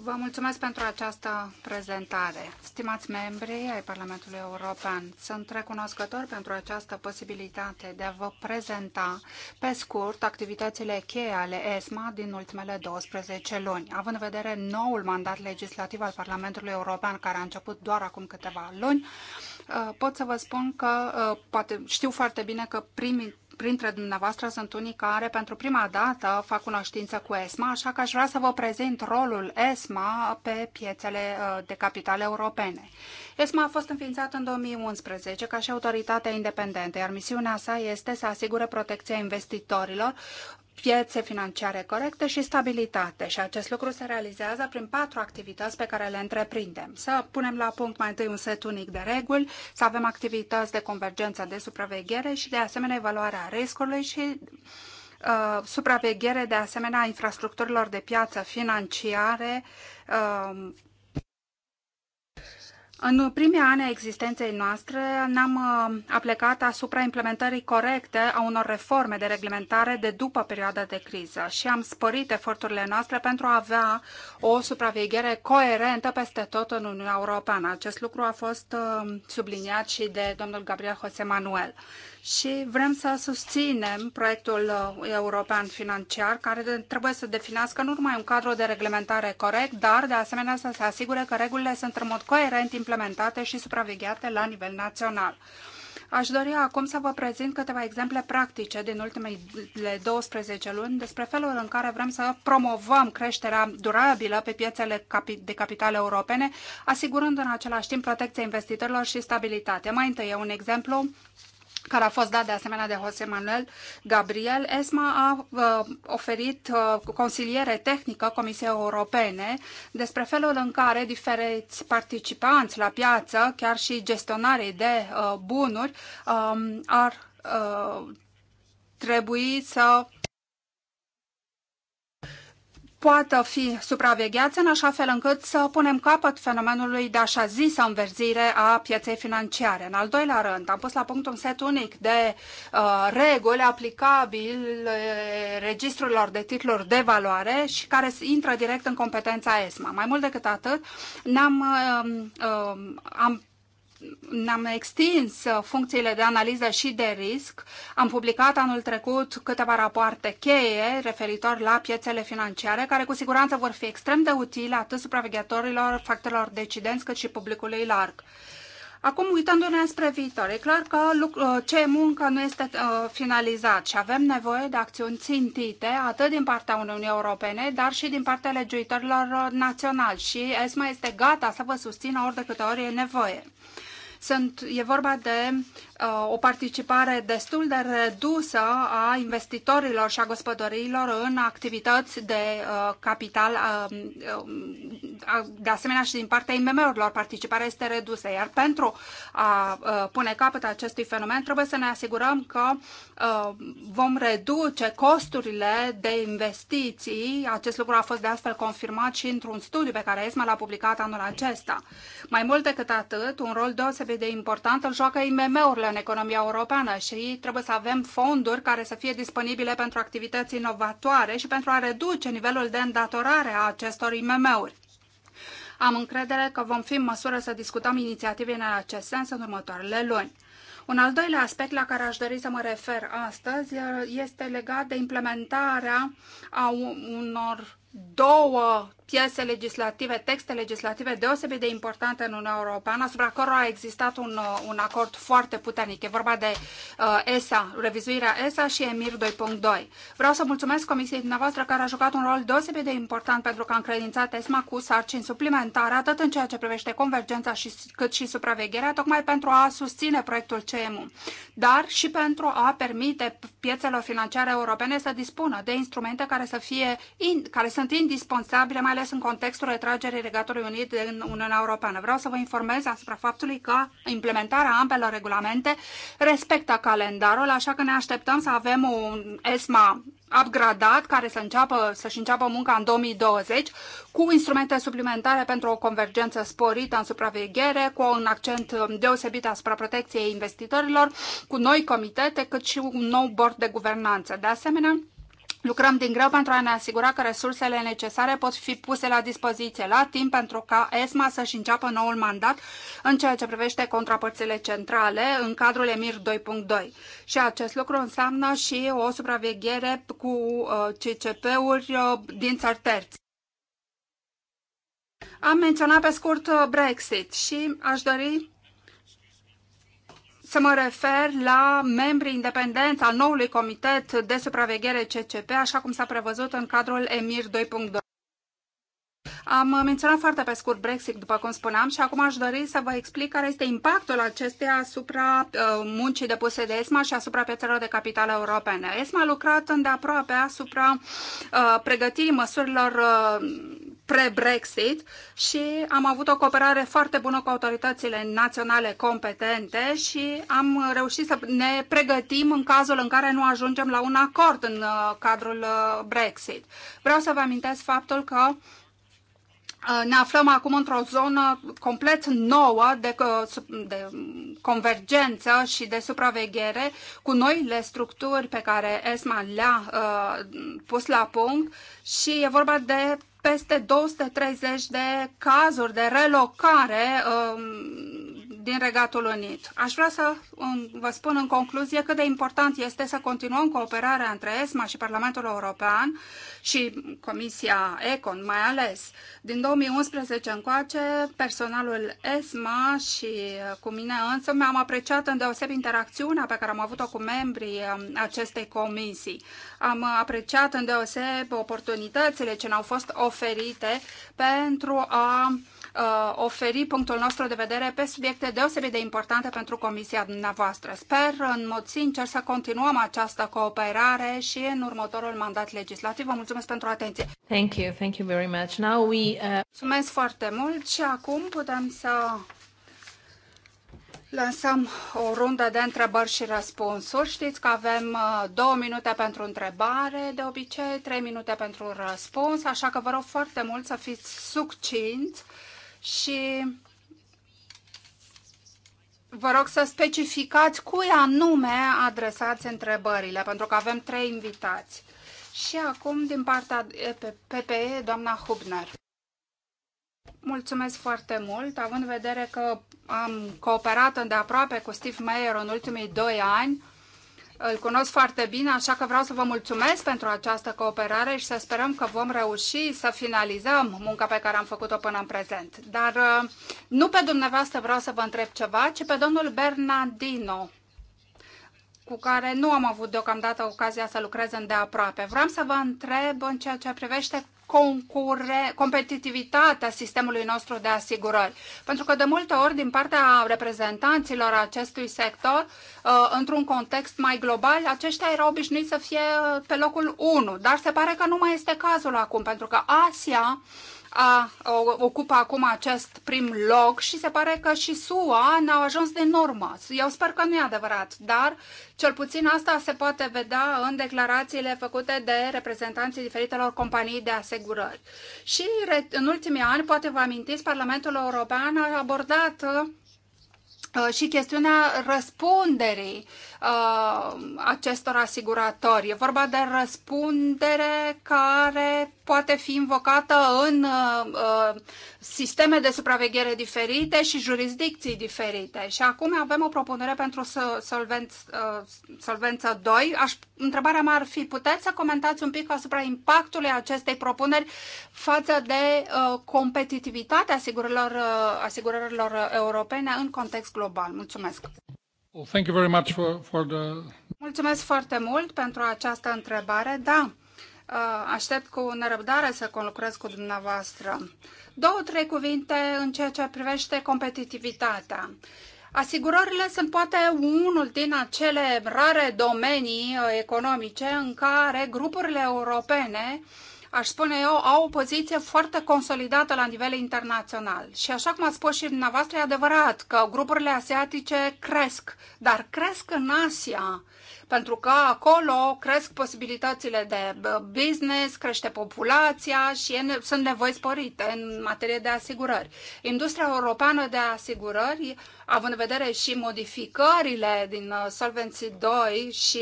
Vă mulțumesc pentru această prezentare. Stimați membri ai Parlamentului European, sunt recunoscător pentru această posibilitate de a vă prezenta pe scurt activitățile cheie ale ESMA din ultimele 12 luni, având în vedere noul mandat legislativ al Parlamentului European care a început doar acum câteva luni. Pot să vă spun că poate știu foarte bine că primii printre dumneavoastră sunt unii care pentru prima dată fac cunoștință cu ESMA, așa că aș vrea să vă prezint rolul ESMA pe piețele uh, de capitale europene. ESMA a fost înființată în 2011 ca și autoritate independentă, iar misiunea sa este să asigure protecția investitorilor piețe financiare corecte și stabilitate. Și acest lucru se realizează prin patru activități pe care le întreprindem. Să punem la punct mai întâi un set unic de reguli, să avem activități de convergență de supraveghere și de asemenea evaluarea riscului și uh, supraveghere de asemenea infrastructurilor de piață financiare uh, în primii ani a existenței noastre ne-am uh, aplicat asupra implementării corecte a unor reforme de reglementare de după perioada de criză și am spărit eforturile noastre pentru a avea o supraveghere coerentă peste tot în Uniunea Europeană. Acest lucru a fost uh, subliniat și de domnul Gabriel José Manuel și vrem să susținem proiectul uh, european financiar care trebuie să definească nu numai un cadru de reglementare corect, dar de asemenea să se asigure că regulile sunt în mod coerent implementate și supravegheate la nivel național. Aș dori acum să vă prezint câteva exemple practice din ultimele 12 luni despre felul în care vrem să promovăm creșterea durabilă pe piețele de capitale europene, asigurând în același timp protecția investitorilor și stabilitate. Mai întâi e un exemplu care a fost dat de asemenea de Jose Manuel Gabriel, ESMA a uh, oferit uh, consiliere tehnică Comisiei Europene despre felul în care diferiți participanți la piață, chiar și gestionarii de uh, bunuri, um, ar uh, trebui să poată fi supravegheați în așa fel încât să punem capăt fenomenului de așa zisă înverzire a pieței financiare. În al doilea rând, am pus la punct un set unic de uh, reguli aplicabile uh, registrurilor de titluri de valoare și care intră direct în competența ESMA. Mai mult decât atât, ne-am uh, uh, am ne-am extins uh, funcțiile de analiză și de risc. Am publicat anul trecut câteva rapoarte cheie referitor la piețele financiare, care cu siguranță vor fi extrem de utile atât supraveghetorilor, factorilor decidenți, cât și publicului larg. Acum, uitându-ne spre viitor, e clar că uh, ce muncă nu este uh, finalizat și avem nevoie de acțiuni țintite, atât din partea Uniunii Europene, dar și din partea legiuitorilor naționali și ESMA este gata să vă susțină ori de câte ori e nevoie. Sunt, e vorba de Uh, o participare destul de redusă a investitorilor și a gospodăriilor în activități de uh, capital, uh, de asemenea și din partea IMM-urilor, participarea este redusă. Iar pentru a pune capăt acestui fenomen, trebuie să ne asigurăm că vom reduce costurile de investiții. Acest lucru a fost de astfel confirmat și într-un studiu pe care ESMA l-a publicat anul acesta. Mai mult decât atât, un rol deosebit de important îl joacă IMM-urile în economia europeană și trebuie să avem fonduri care să fie disponibile pentru activități inovatoare și pentru a reduce nivelul de îndatorare a acestor IMM-uri. Am încredere că vom fi în măsură să discutăm inițiative în acest sens în următoarele luni. Un al doilea aspect la care aș dori să mă refer astăzi este legat de implementarea a unor două piese legislative, texte legislative deosebit de importante în Uniunea Europeană, asupra cărora a existat un, uh, un acord foarte puternic. E vorba de uh, ESA, revizuirea ESA și EMIR 2.2. Vreau să mulțumesc Comisiei dumneavoastră care a jucat un rol deosebit de important pentru că a încredințat ESMA cu sarcini suplimentare, atât în ceea ce privește convergența și, cât și supravegherea, tocmai pentru a susține proiectul CMU, dar și pentru a permite piețelor financiare europene să dispună de instrumente care, să fie in, care sunt indispensabile, mai ales în contextul retragerii Regatului Unit în Uniunea Europeană. Vreau să vă informez asupra faptului că implementarea ambelor regulamente respectă calendarul, așa că ne așteptăm să avem un ESMA upgradat, care să înceapă, să-și înceapă munca în 2020, cu instrumente suplimentare pentru o convergență sporită în supraveghere, cu un accent deosebit asupra protecției investitorilor, cu noi comitete, cât și un nou bord de guvernanță. De asemenea, Lucrăm din greu pentru a ne asigura că resursele necesare pot fi puse la dispoziție la timp pentru ca ESMA să-și înceapă noul mandat în ceea ce privește contrapărțile centrale în cadrul EMIR 2.2. Și acest lucru înseamnă și o supraveghere cu uh, CCP-uri uh, din țări terți. Am menționat pe scurt uh, Brexit și aș dori să mă refer la membrii independenți al noului comitet de supraveghere CCP, așa cum s-a prevăzut în cadrul EMIR 2.2. Am menționat foarte pe scurt Brexit, după cum spuneam, și acum aș dori să vă explic care este impactul acesteia asupra uh, muncii depuse de ESMA și asupra piețelor de capital europene. ESMA a lucrat îndeaproape asupra uh, pregătirii măsurilor uh, pre-Brexit și am avut o cooperare foarte bună cu autoritățile naționale competente și am reușit să ne pregătim în cazul în care nu ajungem la un acord în uh, cadrul uh, Brexit. Vreau să vă amintesc faptul că uh, ne aflăm acum într-o zonă complet nouă de, de convergență și de supraveghere cu noile structuri pe care ESMA le-a uh, pus la punct și e vorba de peste 230 de cazuri de relocare um, din Regatul Unit. Aș vrea să vă spun în concluzie cât de important este să continuăm cooperarea între ESMA și Parlamentul European și Comisia ECON mai ales. Din 2011 încoace, personalul ESMA și uh, cu mine însă mi-am apreciat îndeoseb interacțiunea pe care am avut-o cu membrii um, acestei comisii. Am uh, apreciat îndeoseb oportunitățile ce ne-au fost oferite pentru a uh, oferi punctul nostru de vedere pe subiecte deosebit de importante pentru comisia dumneavoastră. Sper în mod sincer să continuăm această cooperare și în următorul mandat legislativ. Vă mulțumesc pentru atenție. Thank you, thank you very much. Now we, uh... Mulțumesc foarte mult și acum putem să Lansăm o rundă de întrebări și răspunsuri. Știți că avem uh, două minute pentru întrebare, de obicei trei minute pentru răspuns, așa că vă rog foarte mult să fiți succinți și vă rog să specificați cui anume adresați întrebările, pentru că avem trei invitați. Și acum, din partea PPE, doamna Hubner. Mulțumesc foarte mult, având în vedere că am cooperat îndeaproape cu Steve Mayer în ultimii doi ani, îl cunosc foarte bine, așa că vreau să vă mulțumesc pentru această cooperare și să sperăm că vom reuși să finalizăm munca pe care am făcut-o până în prezent. Dar uh, nu pe dumneavoastră vreau să vă întreb ceva, ci pe domnul Bernardino, cu care nu am avut deocamdată ocazia să lucrez îndeaproape. Vreau să vă întreb în ceea ce privește concure, competitivitatea sistemului nostru de asigurări. Pentru că de multe ori, din partea reprezentanților acestui sector, uh, într-un context mai global, aceștia erau obișnuiți să fie pe locul 1, dar se pare că nu mai este cazul acum, pentru că Asia a, ocupă acum acest prim loc și se pare că și SUA n-au ajuns de normă. Eu sper că nu e adevărat, dar cel puțin asta se poate vedea în declarațiile făcute de reprezentanții diferitelor companii de asigurări. Și în ultimii ani, poate vă amintiți, Parlamentul European a abordat uh, și chestiunea răspunderii Uh, acestor asiguratori. E vorba de răspundere care poate fi invocată în uh, uh, sisteme de supraveghere diferite și jurisdicții diferite. Și acum avem o propunere pentru solvenț, uh, solvență 2. Aș, întrebarea mea ar fi, puteți să comentați un pic asupra impactului acestei propuneri față de uh, competitivitatea asigurărilor, uh, asigurărilor europene în context global? Mulțumesc! Thank you very much for, for the... Mulțumesc foarte mult pentru această întrebare. Da, uh, aștept cu nerăbdare să conlucrez cu dumneavoastră. Două, trei cuvinte în ceea ce privește competitivitatea. Asigurările sunt poate unul din acele rare domenii uh, economice în care grupurile europene uh, aș spune eu, au o poziție foarte consolidată la nivel internațional. Și așa cum a spus și dumneavoastră, e adevărat că grupurile asiatice cresc, dar cresc în Asia, pentru că acolo cresc posibilitățile de business, crește populația și e, sunt nevoi sporite în materie de asigurări. Industria europeană de asigurări având în vedere și modificările din uh, Solvency 2 și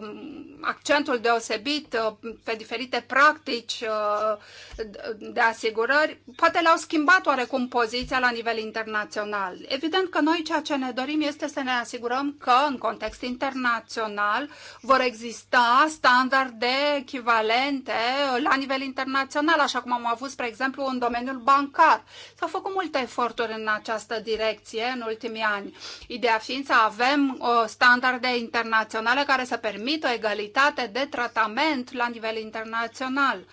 um, accentul deosebit uh, pe diferite practici uh, de asigurări, poate le-au schimbat oarecum poziția la nivel internațional. Evident că noi ceea ce ne dorim este să ne asigurăm că în context internațional vor exista standarde echivalente la nivel internațional, așa cum am avut, spre exemplu, în domeniul bancar. S-au făcut multe eforturi în această direcție în ultimii ani. Ideea fiind să avem o uh, standarde internaționale care să permită o egalitate de tratament la nivel internațional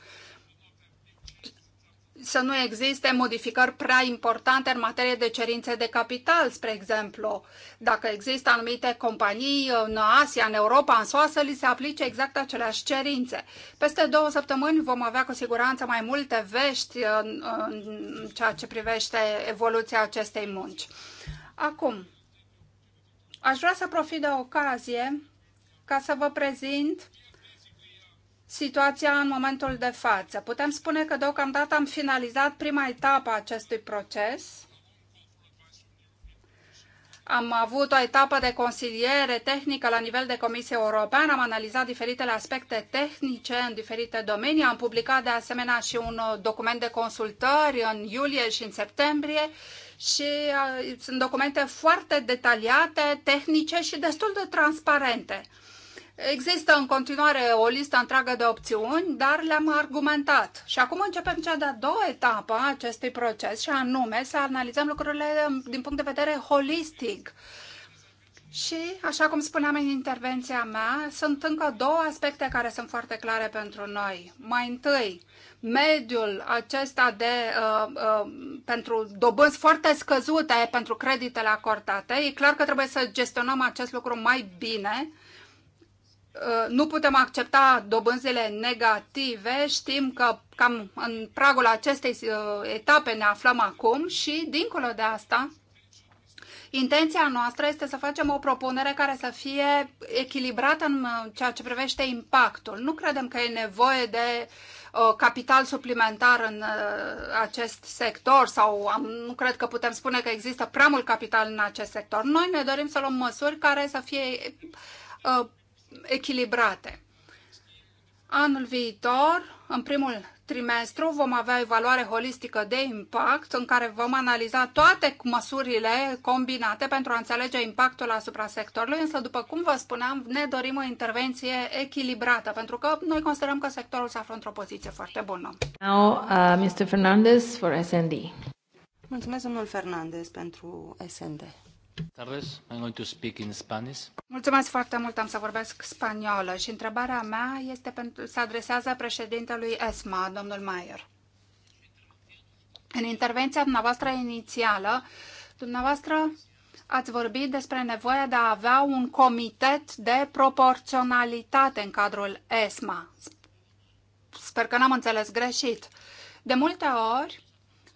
să nu existe modificări prea importante în materie de cerințe de capital, spre exemplu. Dacă există anumite companii în Asia, în Europa, în SUA, să li se aplice exact aceleași cerințe. Peste două săptămâni vom avea cu siguranță mai multe vești în, în ceea ce privește evoluția acestei munci. Acum, aș vrea să profit de ocazie ca să vă prezint situația în momentul de față. Putem spune că deocamdată am finalizat prima etapă a acestui proces. Am avut o etapă de consiliere tehnică la nivel de Comisie Europeană, am analizat diferitele aspecte tehnice în diferite domenii, am publicat de asemenea și un document de consultări în iulie și în septembrie și uh, sunt documente foarte detaliate, tehnice și destul de transparente. Există în continuare o listă întreagă de opțiuni, dar le-am argumentat. Și acum începem cea de-a doua etapă a acestui proces și anume să analizăm lucrurile din punct de vedere holistic. Și, așa cum spuneam în intervenția mea, sunt încă două aspecte care sunt foarte clare pentru noi. Mai întâi, mediul acesta de, uh, uh, pentru dobânzi foarte scăzute pentru creditele acordate. E clar că trebuie să gestionăm acest lucru mai bine. Uh, nu putem accepta dobânzile negative. Știm că cam în pragul acestei uh, etape ne aflăm acum și, dincolo de asta, Intenția noastră este să facem o propunere care să fie echilibrată în uh, ceea ce privește impactul. Nu credem că e nevoie de uh, Uh, capital suplimentar în uh, acest sector sau nu cred că putem spune că există prea mult capital în acest sector. Noi ne dorim să luăm măsuri care să fie uh, echilibrate. Anul viitor, în primul trimestru vom avea o evaluare holistică de impact în care vom analiza toate măsurile combinate pentru a înțelege impactul asupra sectorului, însă, după cum vă spuneam, ne dorim o intervenție echilibrată, pentru că noi considerăm că sectorul se află într-o poziție foarte bună. Now, uh, Mr. Fernandez for SND. Mulțumesc, domnul Fernandez, pentru SND. Mulțumesc foarte mult, am să vorbesc spaniolă și întrebarea mea este pentru, se adresează președintelui ESMA, domnul Mayer. În intervenția dumneavoastră inițială, dumneavoastră ați vorbit despre nevoia de a avea un comitet de proporționalitate în cadrul ESMA. Sper că n-am înțeles greșit. De multe ori,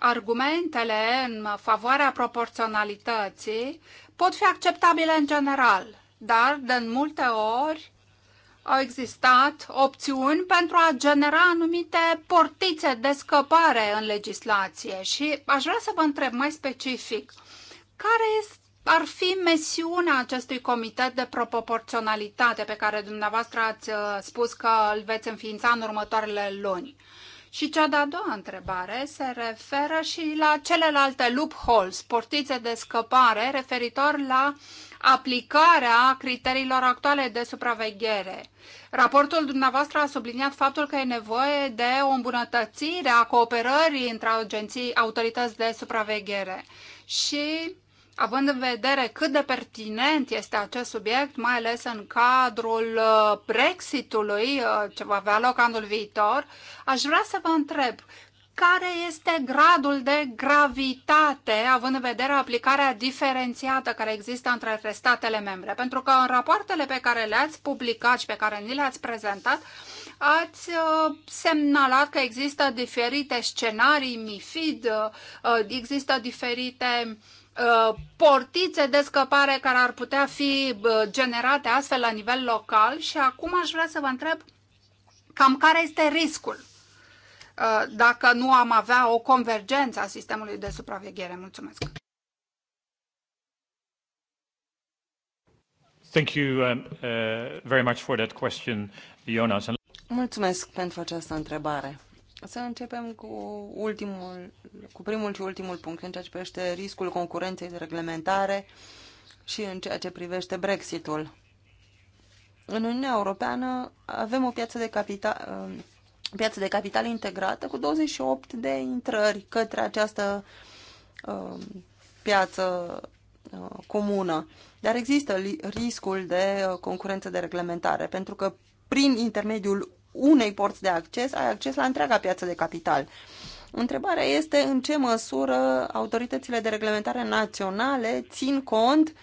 argumentele în favoarea proporționalității pot fi acceptabile în general, dar de multe ori au existat opțiuni pentru a genera anumite portițe de scăpare în legislație și aș vrea să vă întreb mai specific care ar fi mesiunea acestui comitet de proporționalitate pe care dumneavoastră ați uh, spus că îl veți înființa în următoarele luni. Și cea de-a doua întrebare se referă și la celelalte loopholes, portițe de scăpare, referitor la aplicarea criteriilor actuale de supraveghere. Raportul dumneavoastră a subliniat faptul că e nevoie de o îmbunătățire a cooperării între agenții, autorități de supraveghere și având în vedere cât de pertinent este acest subiect, mai ales în cadrul uh, Brexitului uh, ce va avea loc anul viitor, aș vrea să vă întreb care este gradul de gravitate, având în vedere aplicarea diferențiată care există între statele membre. Pentru că în rapoartele pe care le-ați publicat și pe care ni le-ați prezentat, ați uh, semnalat că există diferite scenarii MIFID, există diferite uh, Uh, portițe de scăpare care ar putea fi uh, generate astfel la nivel local și acum aș vrea să vă întreb cam care este riscul uh, dacă nu am avea o convergență a sistemului de supraveghere. Mulțumesc! Thank you um, uh, very much for that question, Jonas. Mulțumesc pentru această întrebare. Să începem cu, ultimul, cu primul și ultimul punct în ceea ce privește riscul concurenței de reglementare și în ceea ce privește Brexitul. În Uniunea Europeană avem o piață de capital, um, piață de capital integrată cu 28 de intrări către această um, piață uh, comună. Dar există riscul de uh, concurență de reglementare, pentru că prin intermediul unei porți de acces, ai acces la întreaga piață de capital. Întrebarea este în ce măsură autoritățile de reglementare naționale țin cont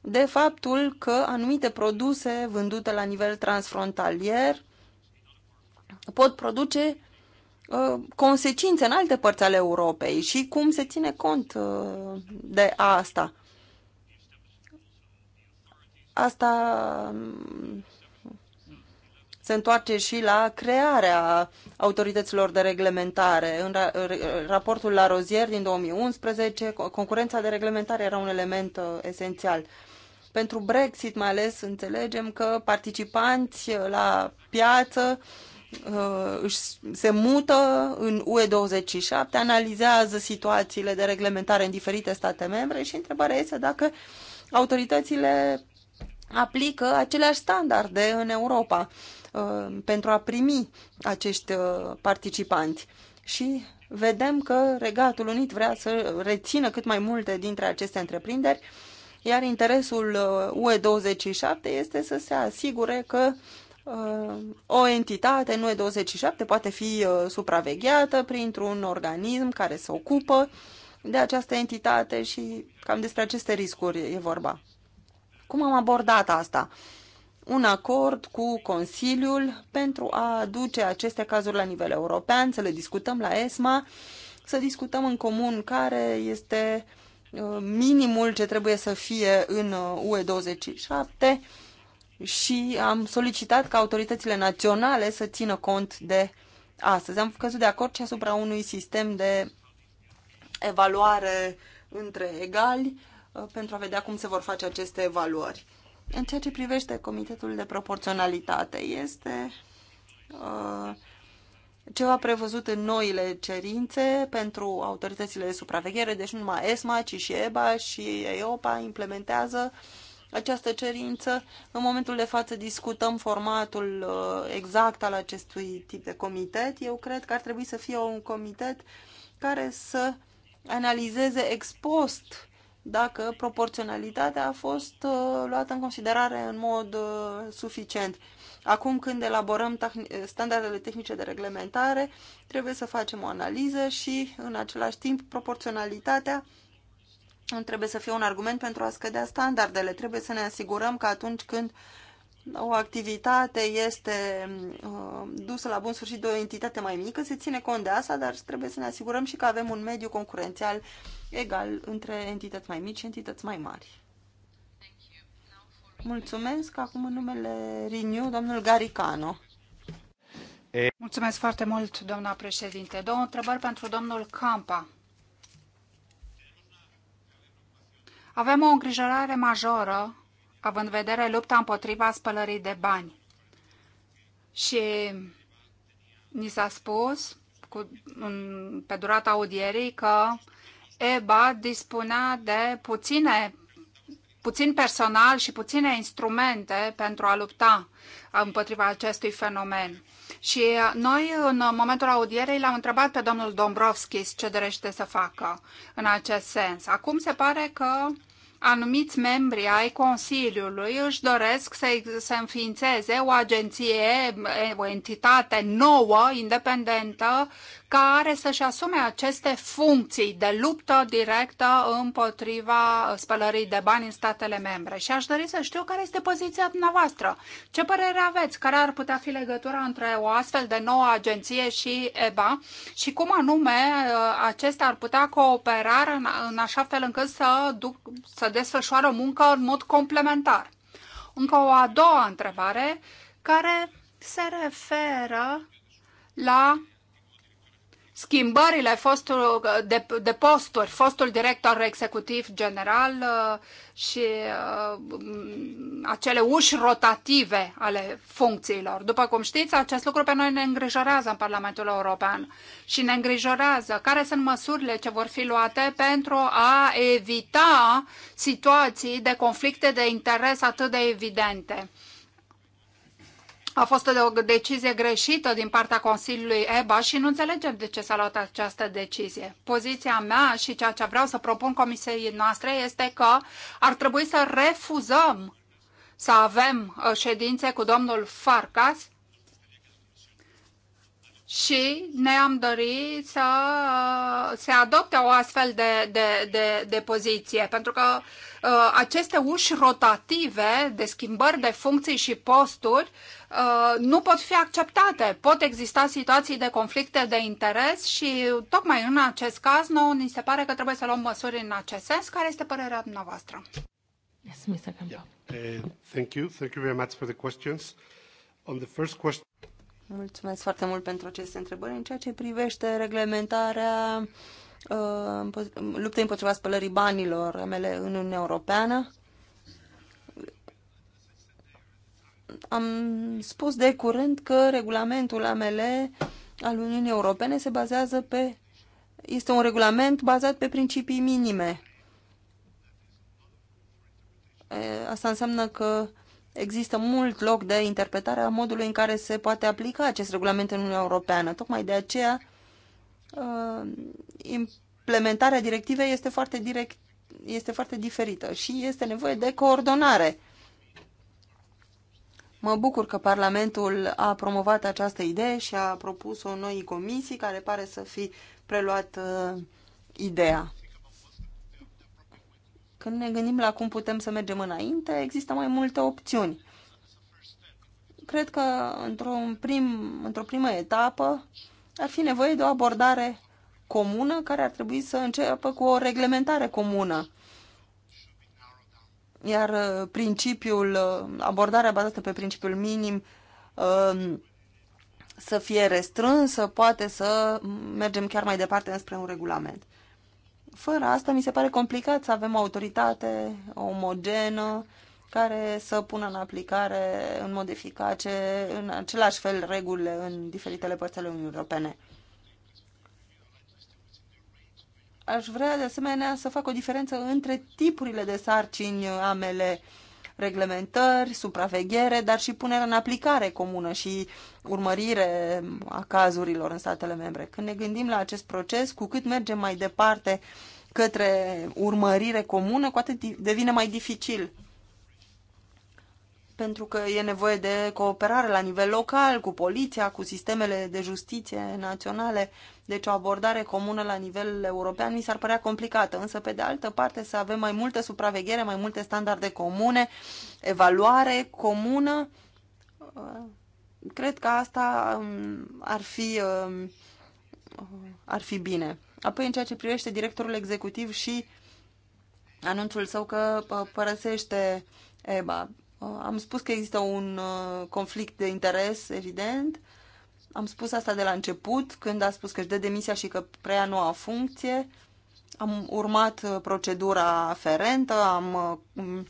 de faptul că anumite produse vândute la nivel transfrontalier pot produce uh, consecințe în alte părți ale Europei și cum se ține cont uh, de asta. Asta se întoarce și la crearea autorităților de reglementare. În raportul la Rozier din 2011, concurența de reglementare era un element uh, esențial. Pentru Brexit mai ales înțelegem că participanți la piață uh, se mută în UE27, analizează situațiile de reglementare în diferite state membre și întrebarea este dacă autoritățile aplică aceleași standarde în Europa. Uh, pentru a primi acești uh, participanți. Și vedem că Regatul Unit vrea să rețină cât mai multe dintre aceste întreprinderi, iar interesul UE27 uh, este să se asigure că o entitate în UE27 poate fi supravegheată printr-un organism care se ocupă de această entitate și cam despre aceste riscuri e vorba. Cum am abordat asta? Uh, un acord cu Consiliul pentru a aduce aceste cazuri la nivel european, să le discutăm la ESMA, să discutăm în comun care este uh, minimul ce trebuie să fie în uh, UE27 și am solicitat ca autoritățile naționale să țină cont de astăzi. Am căzut de acord și asupra unui sistem de evaluare între egali uh, pentru a vedea cum se vor face aceste evaluări. În ceea ce privește Comitetul de Proporționalitate, este uh, ceva prevăzut în noile cerințe pentru autoritățile de supraveghere, deci nu numai ESMA, ci și EBA și EOPA implementează această cerință. În momentul de față discutăm formatul uh, exact al acestui tip de comitet. Eu cred că ar trebui să fie un comitet care să analizeze ex post dacă proporționalitatea a fost uh, luată în considerare în mod uh, suficient. Acum când elaborăm standardele tehnice de reglementare, trebuie să facem o analiză și în același timp proporționalitatea trebuie să fie un argument pentru a scădea standardele. Trebuie să ne asigurăm că atunci când uh, o activitate este uh, dusă la bun sfârșit de o entitate mai mică, se ține cont de asta, dar trebuie să ne asigurăm și că avem un mediu concurențial egal între entități mai mici și entități mai mari. Mulțumesc. Acum în numele Renew, domnul Garicano. Mulțumesc foarte mult, doamna președinte. Două întrebări pentru domnul Campa. Avem o îngrijorare majoră având în vedere lupta împotriva spălării de bani. Și ni s-a spus cu, în, pe durata audierii că EBA dispunea de puține, puțin personal și puține instrumente pentru a lupta împotriva acestui fenomen. Și noi, în momentul audierei, l-am întrebat pe domnul Dombrovskis ce dorește să facă în acest sens. Acum se pare că anumiți membri ai Consiliului își doresc să, să înființeze o agenție, o entitate nouă, independentă, care să-și asume aceste funcții de luptă directă împotriva spălării de bani în statele membre. Și aș dori să știu care este poziția dumneavoastră. Ce părere aveți? Care ar putea fi legătura între o astfel de nouă agenție și EBA? Și cum anume uh, acestea ar putea coopera în, așa fel încât să, duc, să desfășoare muncă în mod complementar? Încă o a doua întrebare care se referă la schimbările fostul, de, de posturi, fostul director executiv general uh, și uh, acele uși rotative ale funcțiilor. După cum știți, acest lucru pe noi ne îngrijorează în Parlamentul European și ne îngrijorează care sunt măsurile ce vor fi luate pentru a evita situații de conflicte de interes atât de evidente a fost o decizie greșită din partea Consiliului EBA și nu înțelegem de ce s-a luat această decizie. Poziția mea și ceea ce vreau să propun comisiei noastre este că ar trebui să refuzăm să avem uh, ședințe cu domnul Farcas și ne-am dorit să uh, se adopte o astfel de, de, de, de poziție, pentru că uh, aceste uși rotative de schimbări de funcții și posturi Uh, nu pot fi acceptate. Pot exista situații de conflicte de interes și tocmai în acest caz nouă ni se pare că trebuie să luăm măsuri în acest sens. Care este părerea dumneavoastră? Yes, Mr. Yeah. Uh, thank you. Thank you very much for the questions. On the first question... Mulțumesc foarte mult pentru aceste întrebări. În ceea ce privește reglementarea uh, luptei împotriva spălării banilor, MLE în Uniunea Europeană, am spus de curând că regulamentul AML al Uniunii Europene se bazează pe este un regulament bazat pe principii minime. Asta înseamnă că există mult loc de interpretare a modului în care se poate aplica acest regulament în Uniunea Europeană. Tocmai de aceea implementarea directivei este foarte, direct, este foarte diferită și este nevoie de coordonare. Mă bucur că Parlamentul a promovat această idee și a propus-o noi comisii care pare să fi preluat uh, ideea. Când ne gândim la cum putem să mergem înainte, există mai multe opțiuni. Cred că într o prim, într-o primă etapă ar fi nevoie de o abordare comună care ar trebui să înceapă cu o reglementare comună iar uh, principiul, uh, abordarea bazată pe principiul minim um, să fie restrânsă, poate să mergem chiar mai departe înspre un regulament. Fără asta mi se pare complicat să avem o autoritate omogenă care să pună în aplicare în mod eficace, în același fel, regulile în diferitele părți ale Uniunii Europene. Aș vrea de asemenea să fac o diferență între tipurile de sarcini uh, amele reglementări, supraveghere, dar și punerea în aplicare comună și urmărire a cazurilor în statele membre. Când ne gândim la acest proces, cu cât mergem mai departe către urmărire comună, cu atât devine mai dificil pentru că e nevoie de cooperare la nivel local, cu poliția, cu sistemele de justiție naționale. Deci o abordare comună la nivel european mi s-ar părea complicată, însă pe de altă parte să avem mai multă supraveghere, mai multe standarde comune, evaluare comună, cred că asta um, ar fi, um, ar fi bine. Apoi în ceea ce privește directorul executiv și anunțul său că uh, părăsește EBA. Uh, am spus că există un uh, conflict de interes, evident. Am spus asta de la început, când a spus că își dă demisia și că preia noua funcție. Am urmat uh, procedura aferentă, am um,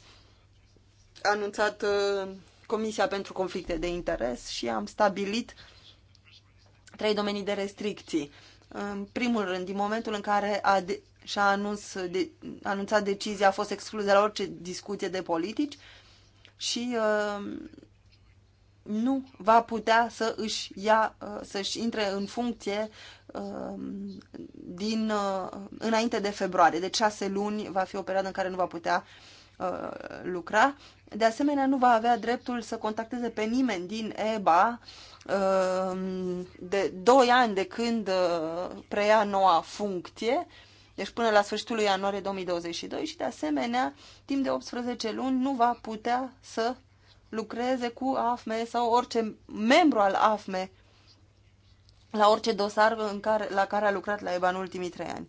anunțat Comisia pentru Conflicte de Interes și am stabilit trei domenii de restricții. În primul rând, din momentul în care a de- și-a anunț de- anunțat decizia, a fost exclus de la orice discuție de politici, și uh, nu va putea să își ia, uh, să-și intre în funcție uh, din, înainte de februarie. De deci șase luni va fi o perioadă în care nu va putea lucra. De asemenea, nu va avea dreptul să contacteze pe nimeni din EBA de 2 ani de când preia noua funcție deci până la sfârșitul lui ianuarie 2022 și de asemenea, timp de 18 luni nu va putea să lucreze cu AFME sau orice membru al AFME la orice dosar în care, la care a lucrat la EBA în ultimii trei ani.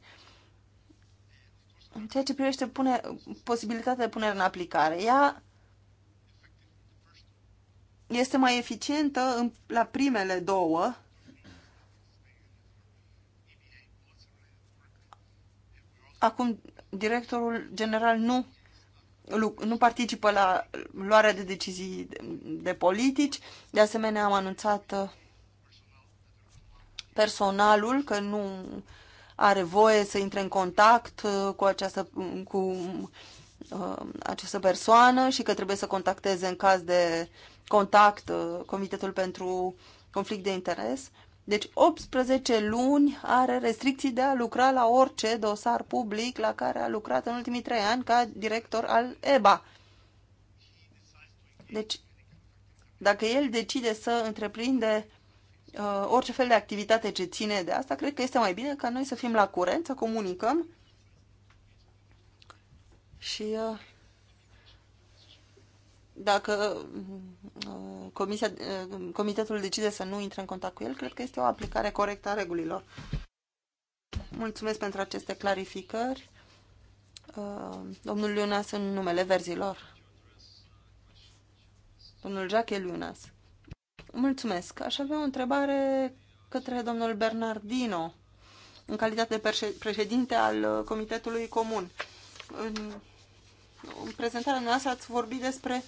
În ceea ce privește pune, posibilitatea de punere în aplicare, ea este mai eficientă în, la primele două Acum, directorul general nu, nu participă la luarea de decizii de, de politici. De asemenea, am anunțat uh, personalul că nu are voie să intre în contact uh, cu această, cu uh, această persoană și că trebuie să contacteze în caz de contact Comitetul pentru Conflict de Interes. Deci 18 luni are restricții de a lucra la orice dosar public la care a lucrat în ultimii 3 ani ca director al EBA. Deci, dacă el decide să întreprinde uh, orice fel de activitate ce ține de asta, cred că este mai bine ca noi să fim la curent, să comunicăm și uh, dacă uh, comisia, uh, comitetul decide să nu intre în contact cu el, cred că este o aplicare corectă a regulilor. Mulțumesc pentru aceste clarificări. Uh, domnul Lunas în numele verzilor. Domnul Jacques Lunas. Mulțumesc. Aș avea o întrebare către domnul Bernardino, în calitate de președinte al Comitetului Comun. În prezentarea noastră ați vorbit despre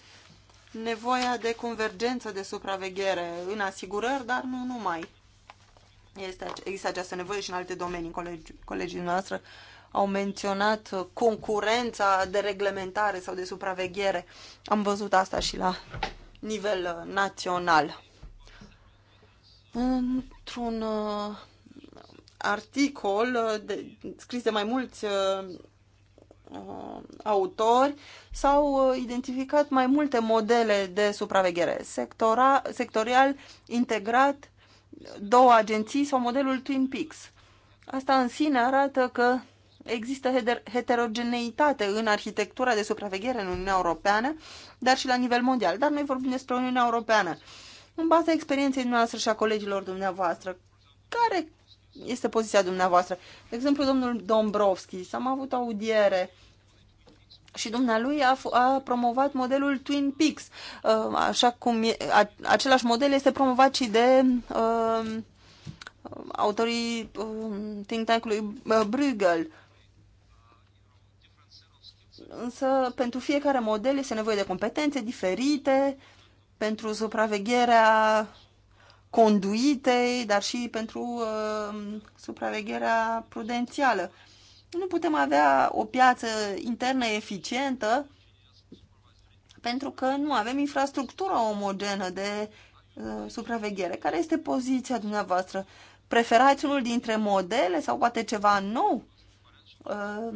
nevoia de convergență de supraveghere în asigurări, dar nu numai. Este, există această nevoie și în alte domenii. Colegi, colegii noastre au menționat concurența de reglementare sau de supraveghere. Am văzut asta și la nivel uh, național. Într-un uh, articol uh, de, scris de mai mulți Uh, autori, s-au uh, identificat mai multe modele de supraveghere, sectora, sectorial, integrat, două agenții sau modelul Twin Peaks. Asta în sine arată că există heterogeneitate în arhitectura de supraveghere în Uniunea Europeană, dar și la nivel mondial. Dar noi vorbim despre Uniunea Europeană. În baza experienței noastre și a colegilor dumneavoastră, care este poziția dumneavoastră. De exemplu, domnul Dombrovski, s-am avut audiere și dumnealui a, a promovat modelul Twin Peaks, uh, așa cum e, a, același model este promovat și de a, uh, autorii a, uh, think tank-ului Bruegel. Însă, pentru fiecare model este nevoie de competențe diferite, pentru supravegherea conduitei, dar și pentru uh, supravegherea prudențială. Nu putem avea o piață internă eficientă pentru că nu avem infrastructura omogenă de uh, supraveghere. Care este poziția dumneavoastră? Preferați unul dintre modele sau poate ceva nou? Uh,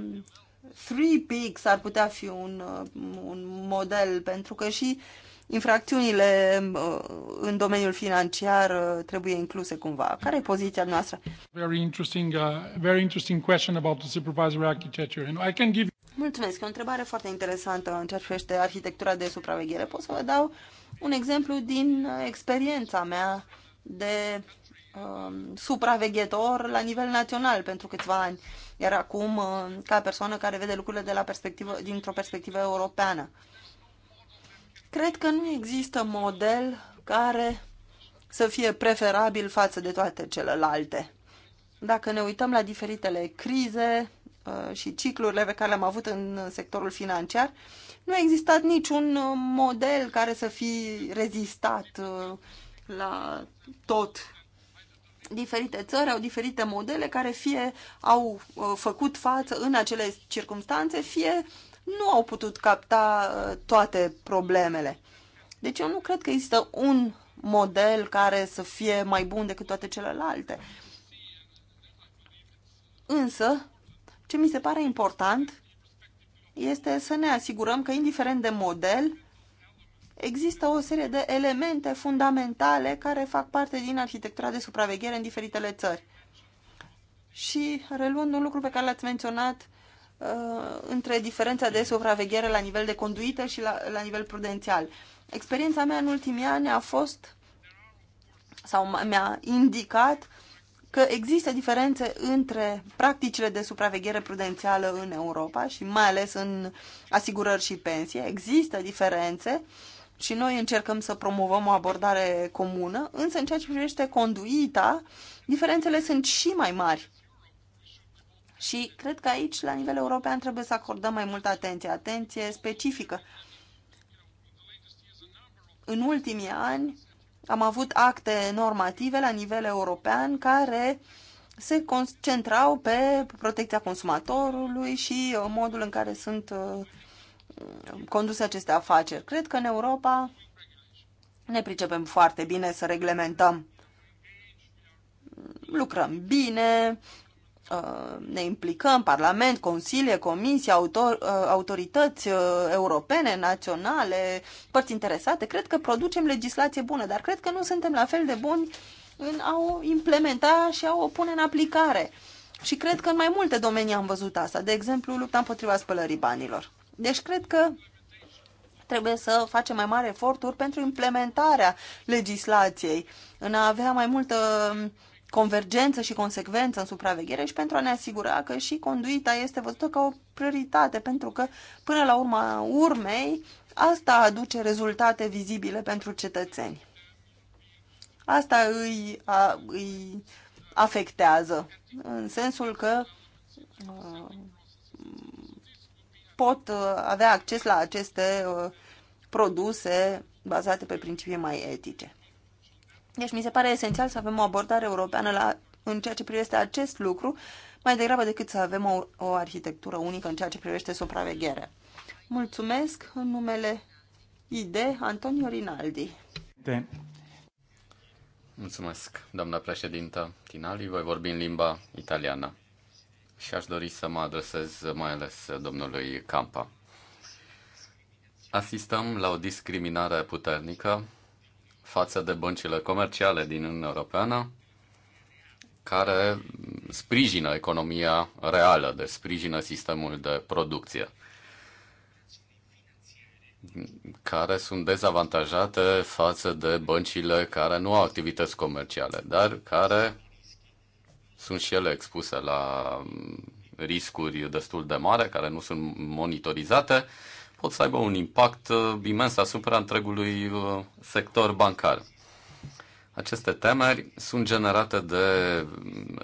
Three Peaks ar putea fi un, uh, un model pentru că și uh, infracțiunile uh, în domeniul financiar uh, trebuie incluse cumva. Care e poziția noastră? Very interesting, uh, very interesting question about the supervisory architecture. And I can give Mulțumesc, e o întrebare foarte interesantă în ceea ce privește arhitectura de supraveghere. Pot să vă dau un exemplu din uh, experiența mea de um, supraveghetor la nivel național pentru câțiva ani, iar acum ca persoană care vede lucrurile de la perspectivă, dintr-o perspectivă europeană. Uh, Cred că nu există model care să fie preferabil față de toate celelalte. Dacă ne uităm la diferitele crize uh, și ciclurile pe care le-am avut în sectorul financiar, nu a existat niciun model care să fi rezistat uh, la tot. Diferite țări au diferite modele care fie au uh, făcut față în acele circunstanțe, fie nu au putut capta uh, toate problemele. Deci eu nu cred că există un model care să fie mai bun decât toate celelalte. Însă, ce mi se pare important este să ne asigurăm că, indiferent de model, există o serie de elemente fundamentale care fac parte din arhitectura de supraveghere în diferitele țări. Și reluând un lucru pe care l-ați menționat Uh, între diferența de supraveghere la nivel de conduită și la, la nivel prudențial. Experiența mea în ultimii ani a fost sau mi-a indicat că există diferențe între practicile de supraveghere prudențială în Europa și mai ales în asigurări și pensie. Există diferențe și noi încercăm să promovăm o abordare comună, însă în ceea ce privește conduita, diferențele sunt și mai mari. Și cred că aici, la nivel european, trebuie să acordăm mai multă atenție, atenție specifică. În ultimii ani am avut acte normative la nivel european care se concentrau pe protecția consumatorului și uh, modul în care sunt uh, conduse aceste afaceri. Cred că în Europa ne pricepem foarte bine să reglementăm. Lucrăm bine, Uh, ne implicăm, Parlament, Consilie, Comisie, autor, uh, autorități uh, europene, naționale, părți interesate, cred că producem legislație bună, dar cred că nu suntem la fel de buni în a o implementa și a o pune în aplicare. Și cred că în mai multe domenii am văzut asta. De exemplu, lupta împotriva spălării banilor. Deci cred că trebuie să facem mai mari eforturi pentru implementarea legislației, în a avea mai multă convergență și consecvență în supraveghere și pentru a ne asigura că și conduita este văzută ca o prioritate, pentru că până la urma urmei asta aduce rezultate vizibile pentru cetățeni. Asta îi, a, îi afectează, în sensul că a, uh, pot uh, avea acces la aceste a, uh, produse bazate pe principii mai etice. Deci mi se pare esențial să avem o abordare europeană la, în ceea ce privește acest lucru, mai degrabă decât să avem o, o arhitectură unică în ceea ce privește supraveghere. Mulțumesc în numele ID Antonio Rinaldi. De. Mulțumesc, doamna președintă Tinali. Voi vorbi în limba italiană și aș dori să mă adresez mai ales domnului Campa. Asistăm la o discriminare puternică față de băncile comerciale din Uniunea Europeană, care sprijină economia reală, de deci sprijină sistemul de producție, care sunt dezavantajate față de băncile care nu au activități comerciale, dar care sunt și ele expuse la riscuri destul de mari, care nu sunt monitorizate pot să aibă un impact uh, imens asupra întregului uh, sector bancar. Aceste temeri sunt generate de mm,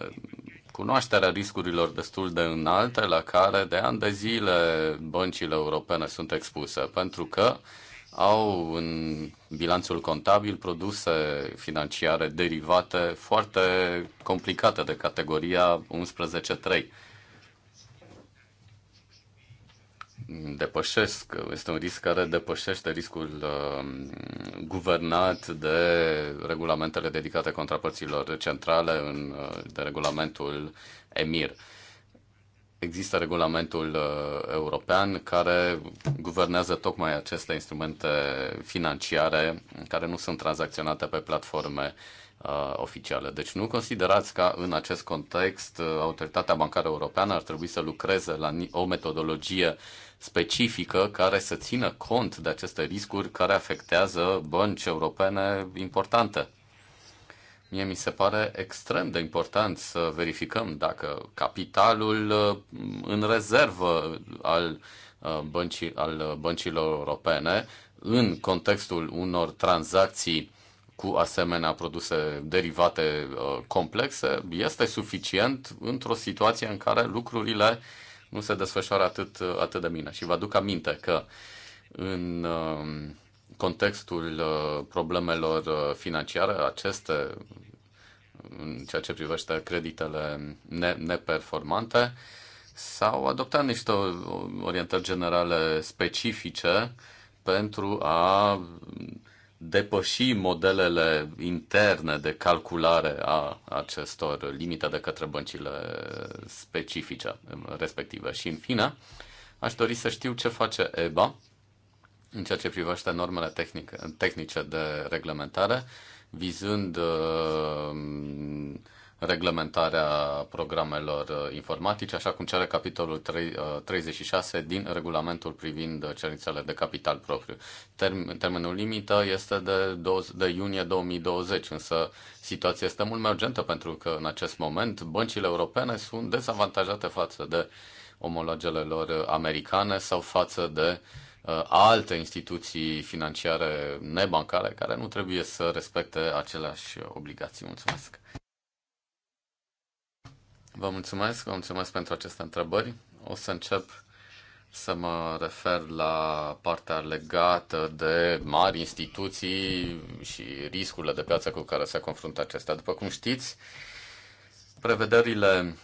cunoașterea riscurilor destul de înalte la care de ani de zile băncile europene sunt expuse, pentru că au în bilanțul contabil produse financiare derivate foarte complicate de categoria 11.3 depășesc, este un risc care depășește riscul um, guvernat de regulamentele dedicate contrapărților centrale în, uh, de regulamentul EMIR. Există regulamentul uh, european care guvernează tocmai aceste instrumente financiare care nu sunt tranzacționate pe platforme uh, Deci nu considerați că în acest context uh, Autoritatea Bancară Europeană ar trebui să lucreze la o metodologie specifică care să țină cont de aceste riscuri care afectează bănci europene importante. Mie mi se pare extrem de important să verificăm dacă capitalul uh, în rezervă al, uh, bănci, al băncilor europene, în contextul unor tranzacții cu asemenea produse derivate uh, complexe, este suficient într-o situație în care lucrurile uh, nu se desfășoară atât, atât de bine. Și vă aduc aminte că în um, contextul uh, problemelor uh, financiare, aceste, în ceea ce privește creditele ne- neperformante, s-au adoptat niște orientări generale specifice pentru a depăși modelele interne de calculare a acestor limite de către băncile specifice respective. Și în fine, aș dori să știu ce face EBA în ceea ce privește normele tehnice, de reglementare, vizând uh, reglementarea programelor uh, informatice, așa cum cere capitolul 3, 36 uh, din regulamentul privind cerințele de capital propriu. termenul limită este de, 20, de iunie 2020, însă situația este mult mai urgentă pentru că în acest moment băncile europene sunt dezavantajate față de omologele lor uh, americane sau față de uh, alte instituții financiare nebancare care nu trebuie să respecte aceleași obligații. Mulțumesc! Vă mulțumesc, vă mulțumesc pentru aceste întrebări. O să încep să mă refer la partea legată de mari instituții și riscurile de piață cu care se confruntă acestea. După cum știți, prevederile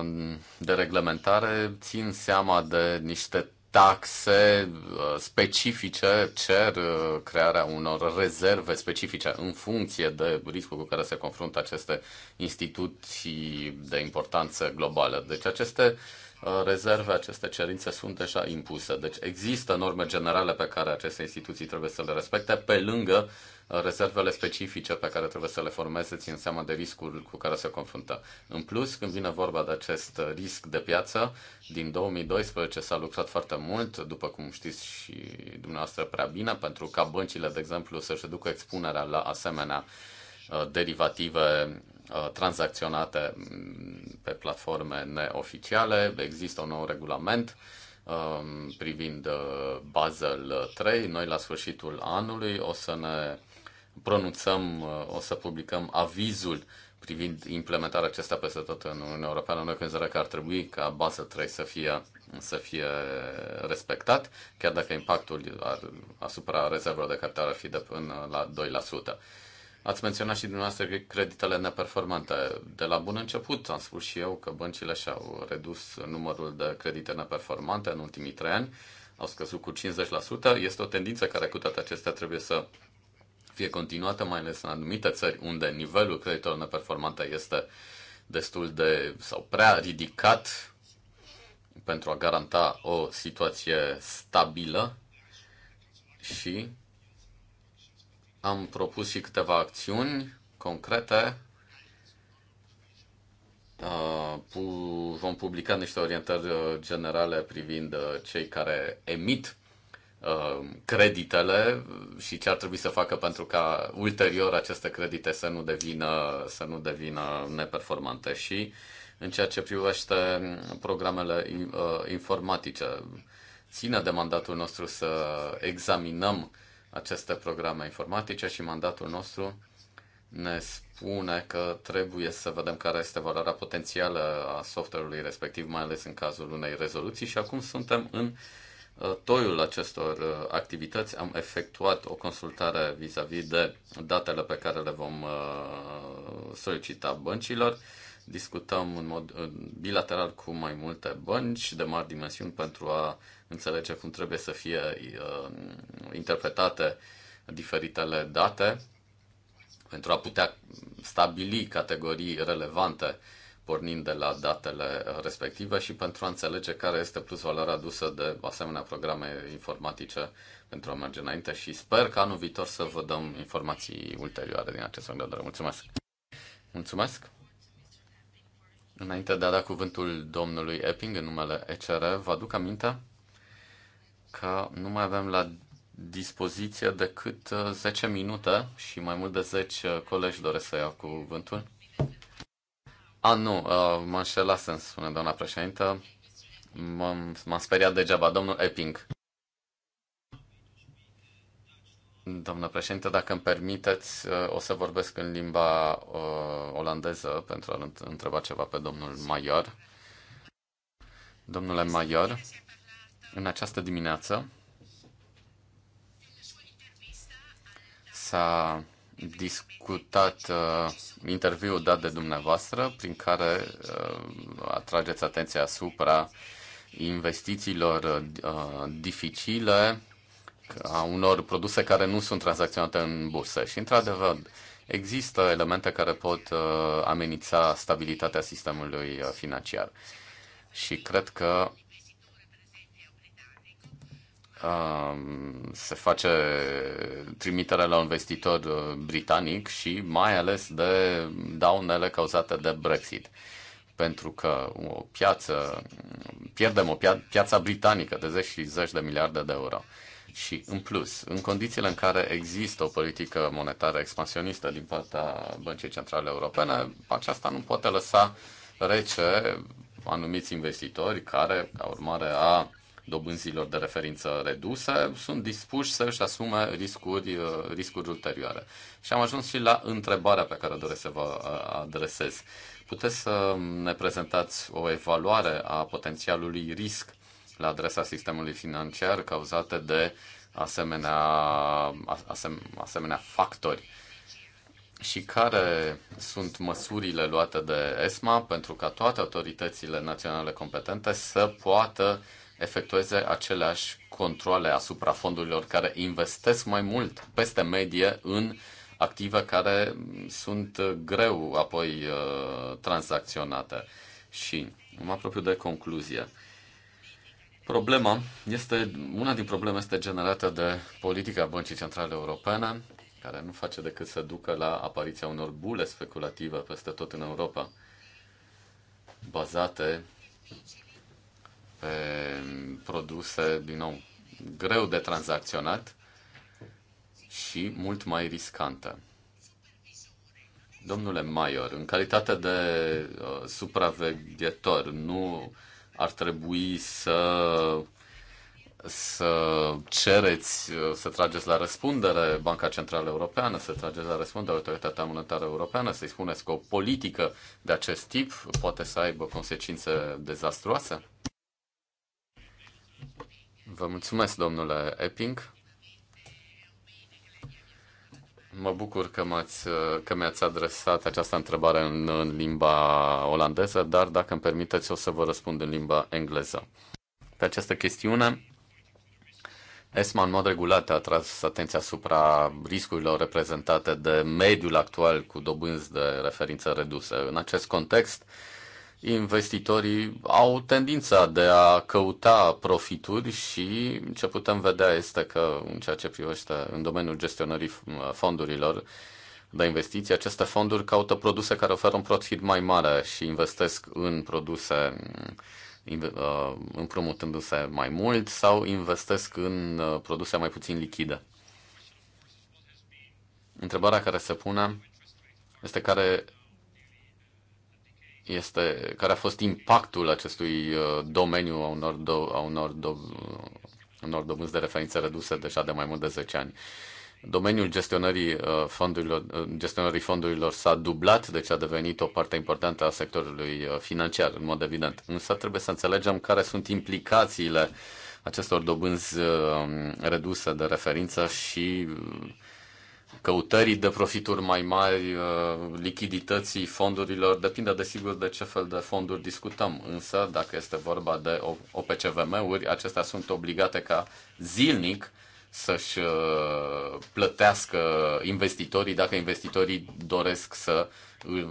um, de reglementare țin seama de niște taxe uh, specifice cer uh, crearea unor rezerve specifice în funcție de riscul cu care se confruntă aceste instituții de importanță globală. Deci aceste uh, rezerve, aceste cerințe sunt deja impuse. Deci există norme generale pe care aceste instituții trebuie să le respecte, pe lângă uh, rezervele specifice pe care trebuie să le formeze țin seama de riscul cu care se confruntă. În plus, când vine vorba de acest risc de piață, din 2012 s-a lucrat foarte mult, după cum știți și dumneavoastră prea bine, pentru ca băncile, de exemplu, să-și reducă expunerea la asemenea uh, derivative uh, tranzacționate mm, pe platforme neoficiale. Există un nou regulament um, privind uh, Basel 3. Noi la sfârșitul anului o să ne pronunțăm, uh, o să publicăm avizul privind implementarea acesta peste tot în Uniunea Europeană, noi considerăm că ar trebui ca bază 3 să fie, să fie respectat, chiar dacă impactul ar, asupra rezervelor de capital ar fi de până la 2%. Ați menționat și dumneavoastră creditele neperformante. De la bun început am spus și eu că băncile și-au redus numărul de credite neperformante în ultimii trei ani, au scăzut cu 50%. Este o tendință care cu toate acestea trebuie să fie continuată, mai ales în anumite țări unde nivelul creditor neperformante este destul de sau prea ridicat pentru a garanta o situație stabilă și am propus și câteva acțiuni concrete. Uh, vom publica niște orientări uh, generale privind uh, cei care emit Uh, creditele și ce ar trebui să facă pentru ca ulterior aceste credite să nu devină, să nu devină neperformante și în ceea ce privește programele uh, informatice. Ține de mandatul nostru să examinăm aceste programe informatice și mandatul nostru ne spune că trebuie să vedem care este valoarea potențială a software-ului respectiv, mai ales în cazul unei rezoluții și acum suntem în Uh, toiul acestor uh, activități am efectuat o consultare vis-a-vis -vis de datele pe care le vom uh, solicita băncilor. Discutăm în mod bilateral cu mai multe bănci de mari dimensiuni pentru a înțelege cum trebuie să fie interpretate diferitele date pentru a putea stabili categorii relevante pornind de la datele uh, respective și pentru a înțelege care este plus valoarea adusă de asemenea programe informatice pentru a merge înainte și sper că anul viitor să vă dăm informații ulterioare din acest punct de vedere. Mulțumesc! Mulțumesc! Înainte de a da cuvântul domnului Epping în numele ECR, vă aduc aminte că nu mai avem la dispoziție decât 10 uh, minute și mai mult de 10 colegi doresc să ia cuvântul. A, nu, uh, mă înșelasem, spune doamna președintă. M-am speriat degeaba, domnul Epping. Doamna președinte, dacă îmi permiteți, uh, o să vorbesc în limba uh, olandeză pentru a-l întreba ceva pe domnul Maior. Domnule Maior, în această dimineață s-a discutat uh, interviul dat de dumneavoastră, prin care uh, atrageți atenția asupra investițiilor uh, dificile, a unor produse care nu sunt tranzacționate în bursă. Și, într-adevăr, există elemente care pot uh, amenința stabilitatea sistemului uh, financiar. Și cred că Um, se face trimitere la un investitor uh, britanic și mai ales de daunele cauzate de Brexit. Pentru că o piață, pierdem o pia- piața britanică de zeci și zeci de miliarde de euro. Și, în plus, în condițiile în care există o politică monetară expansionistă din partea Băncii Centrale Europene, aceasta nu poate lăsa rece anumiți investitori care, ca urmare a dobânzilor de referință reduse, sunt dispuși să își asume riscuri, uh, riscuri ulterioare. Și am ajuns și la întrebarea pe care doresc să vă uh, adresez. Puteți să ne prezentați o evaluare a potențialului risc la adresa sistemului financiar cauzate de asemenea, asem, asemenea factori și care sunt măsurile luate de ESMA pentru ca toate autoritățile naționale competente să poată efectueze aceleași controle asupra fondurilor care investesc mai mult peste medie în active care sunt greu apoi uh, tranzacționate. Și mă apropiu de concluzie. Problema este, una din probleme este generată de politica Băncii Centrale Europene, care nu face decât să ducă la apariția unor bule speculative peste tot în Europa, bazate pe produse, din nou, greu de tranzacționat și mult mai riscantă. Domnule Maior, în calitate de uh, supraveghetor, nu ar trebui să să cereți, uh, să trageți la răspundere Banca Centrală Europeană, să trageți la răspundere Autoritatea Monetară Europeană, să-i spuneți că o politică de acest tip poate să aibă consecințe dezastruoase? Vă mulțumesc, domnule Epping. Mă bucur că, m-ați, că mi-ați adresat această întrebare în, în limba olandeză, dar dacă îmi permiteți o să vă răspund în limba engleză. Pe această chestiune, ESMA în mod regulat a tras atenția asupra riscurilor reprezentate de mediul actual cu dobânzi de referință reduse. În acest context, uh, investitorii au tendința de a căuta profituri și ce putem vedea este că în ceea ce privește în domeniul gestionării uh, fondurilor de investiții, aceste fonduri caută produse care oferă un profit mai mare și investesc în produse uh, împrumutându-se mai mult sau investesc în uh, produse mai puțin lichide. Întrebarea care se pune este care este, care a fost impactul acestui uh, domeniu a unor, do, a unor, do, unor dobânzi de referință reduse deja de mai mult de 10 ani. Domeniul gestionării uh, fondurilor, uh, gestionării fondurilor s-a dublat, deci a devenit o parte importantă a sectorului financiar, în mod evident. Însă trebuie să înțelegem care sunt implicațiile acestor dobânzi reduse de referință și căutării de profituri mai mari, uh, lichidității fondurilor, depinde desigur de ce fel de fonduri discutăm, însă dacă este vorba de OPCVM-uri, acestea sunt obligate ca zilnic să-și uh, plătească investitorii dacă investitorii doresc să uh,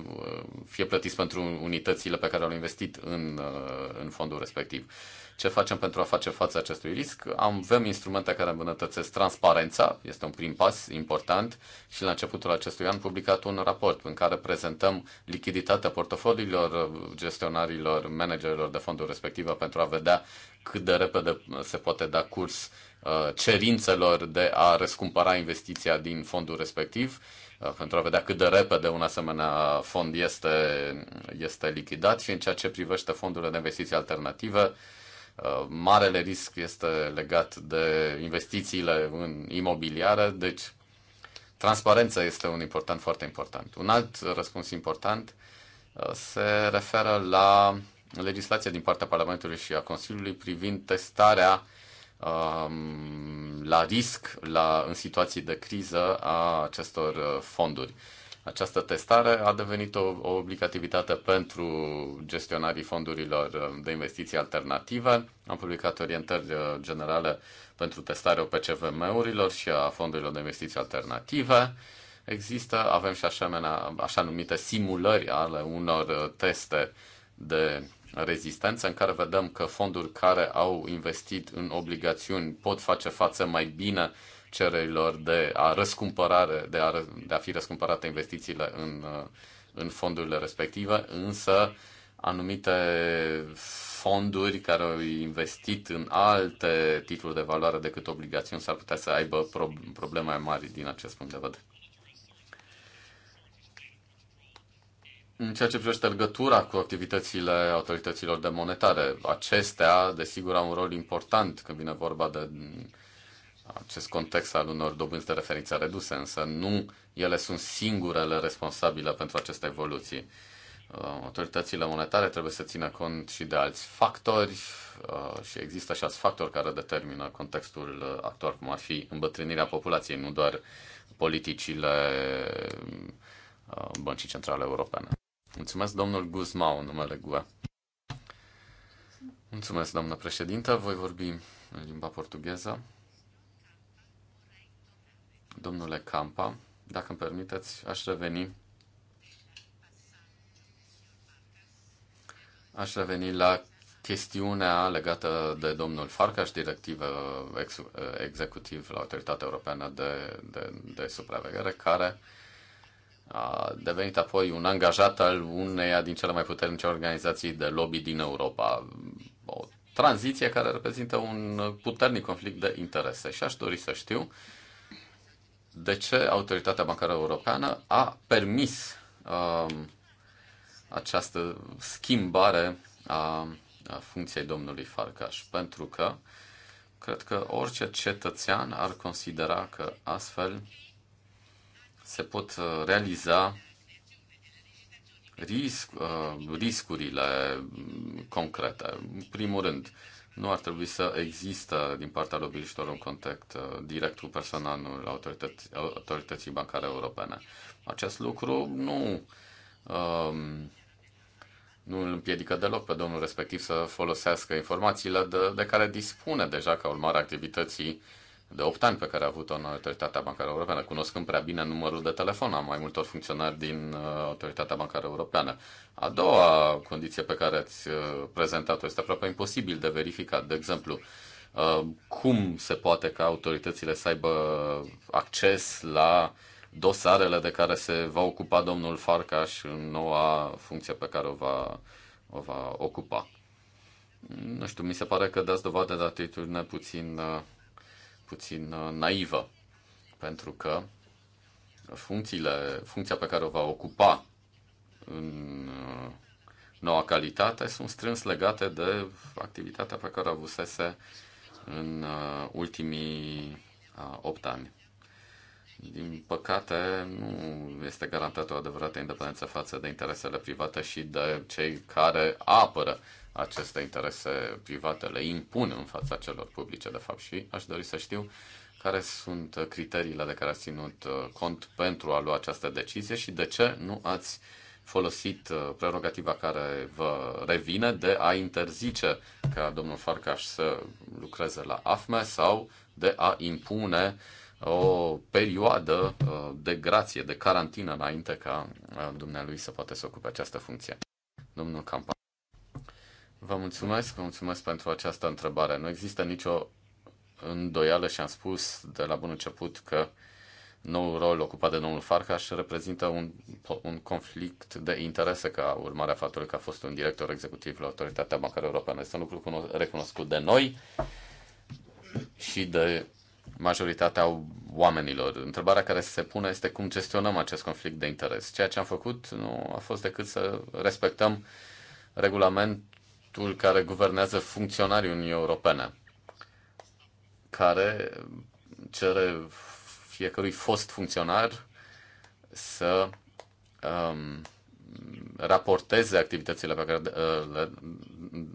fie plătiți pentru unitățile pe care au investit în, în fondul respectiv. Ce facem pentru a face față acestui risc? Am, avem instrumente care îmbunătățesc transparența, este un prim pas important și la începutul acestui an publicat un raport în care prezentăm lichiditatea portofoliilor gestionarilor, managerilor de fonduri respective pentru a vedea cât de repede se poate da curs uh, cerințelor de a răscumpăra investiția din fondul respectiv uh, pentru a vedea cât de repede un asemenea fond este, este lichidat și în ceea ce privește fondurile de investiții alternative, Uh, marele risc este legat de investițiile în imobiliare, deci transparența este un important, foarte important. Un alt răspuns important uh, se referă la legislația din partea Parlamentului și a Consiliului privind testarea um, la risc la, în situații de criză a acestor uh, fonduri. Această testare a devenit o, o obligativitate pentru gestionarii fondurilor um, de investiții alternative. Am publicat orientări uh, generale pentru testarea OPCVM-urilor și a fondurilor de investiții alternative. Există, avem și asemenea, așa numite simulări ale unor uh, teste de rezistență în care vedem că fonduri care au investit în obligațiuni pot face față mai bine cererilor de a răscumpărare, de a, de a fi răscumpărate investițiile în, în fondurile respective, însă anumite fonduri care au investit în alte titluri de valoare decât obligațiuni s-ar putea să aibă pro- probleme mai mari din acest punct de vedere. În ceea ce privește legătura cu activitățile autorităților de monetare, acestea, desigur, au un rol important când vine vorba de acest context al unor dobânzi de referință reduse, însă nu ele sunt singurele responsabile pentru aceste evoluții. Uh, autoritățile monetare trebuie să țină cont și de alți factori uh, și există și alți factori care determină contextul actual, cum ar fi îmbătrânirea populației, nu doar politicile uh, Băncii Centrale Europene. Mulțumesc, domnul Guzmau, numele GUE. Mulțumesc, doamnă președintă. Voi vorbi în limba portugheză domnule Campa. Dacă îmi permiteți, aș reveni Aș reveni la chestiunea legată de domnul Farcaș, directiv ex- executiv la Autoritatea Europeană de, de, de Supraveghere, care a devenit apoi un angajat al uneia din cele mai puternice organizații de lobby din Europa. O tranziție care reprezintă un puternic conflict de interese și aș dori să știu uh, de ce Autoritatea Bancară Europeană a permis um, această schimbare a, a funcției domnului Farcaș, pentru că cred că orice cetățean ar considera că astfel se pot uh, realiza risc, uh, riscurile concrete. În primul rând, nu ar trebui să există din partea lobbyiștilor un contact uh, direct cu personalul autorități, autorității bancare europene. Acest lucru nu, um, nu îl împiedică deloc pe domnul respectiv să folosească informațiile de, de care dispune deja ca urmare activității uh, de 8 ani pe care a avut-o în Autoritatea Bancară Europeană. Cunoscând prea bine numărul de telefon a mai multor funcționari din uh, Autoritatea Bancară Europeană. A doua condiție pe care ați uh, prezentat-o este aproape imposibil de verificat. De exemplu, uh, cum se poate ca autoritățile să aibă acces la dosarele de care se va ocupa domnul Farcaș în noua funcție pe care o va, o va ocupa. Nu știu, mi se pare că dați dovadă de atitudine puțin puțin uh, naivă, pentru că funcțiile, funcția pe care o va ocupa în uh, noua calitate sunt strâns legate de activitatea pe care o avusese în uh, ultimii 8 ani. Din păcate, nu este garantată o adevărată independență față de interesele private și de cei care apără aceste interese private le impun în fața celor publice, de fapt, și aș dori să știu care sunt criteriile de care ați ținut uh, cont pentru a lua această decizie și de ce nu ați folosit uh, prerogativa care vă revine de a interzice ca domnul Farcaș să lucreze la AFME sau de a impune o perioadă uh, de grație, de carantină înainte ca dumnealui să poată să ocupe această funcție. Domnul Campan. Vă mulțumesc, vă mulțumesc pentru această întrebare. Nu există nicio îndoială și am spus de la bun început că noul rol ocupat de domnul Farcaș reprezintă un, un conflict de interese ca urmare a faptului că a fost un director executiv la Autoritatea Bancară Europeană. Este un lucru recunoscut de noi și de majoritatea oamenilor. Întrebarea care se pune este cum gestionăm acest conflict de interes. Ceea ce am făcut nu a fost decât să respectăm regulament, actul care guvernează funcționarii Uniunii Europene, care cere fiecărui fost funcționar să um, raporteze activitățile pe care uh, le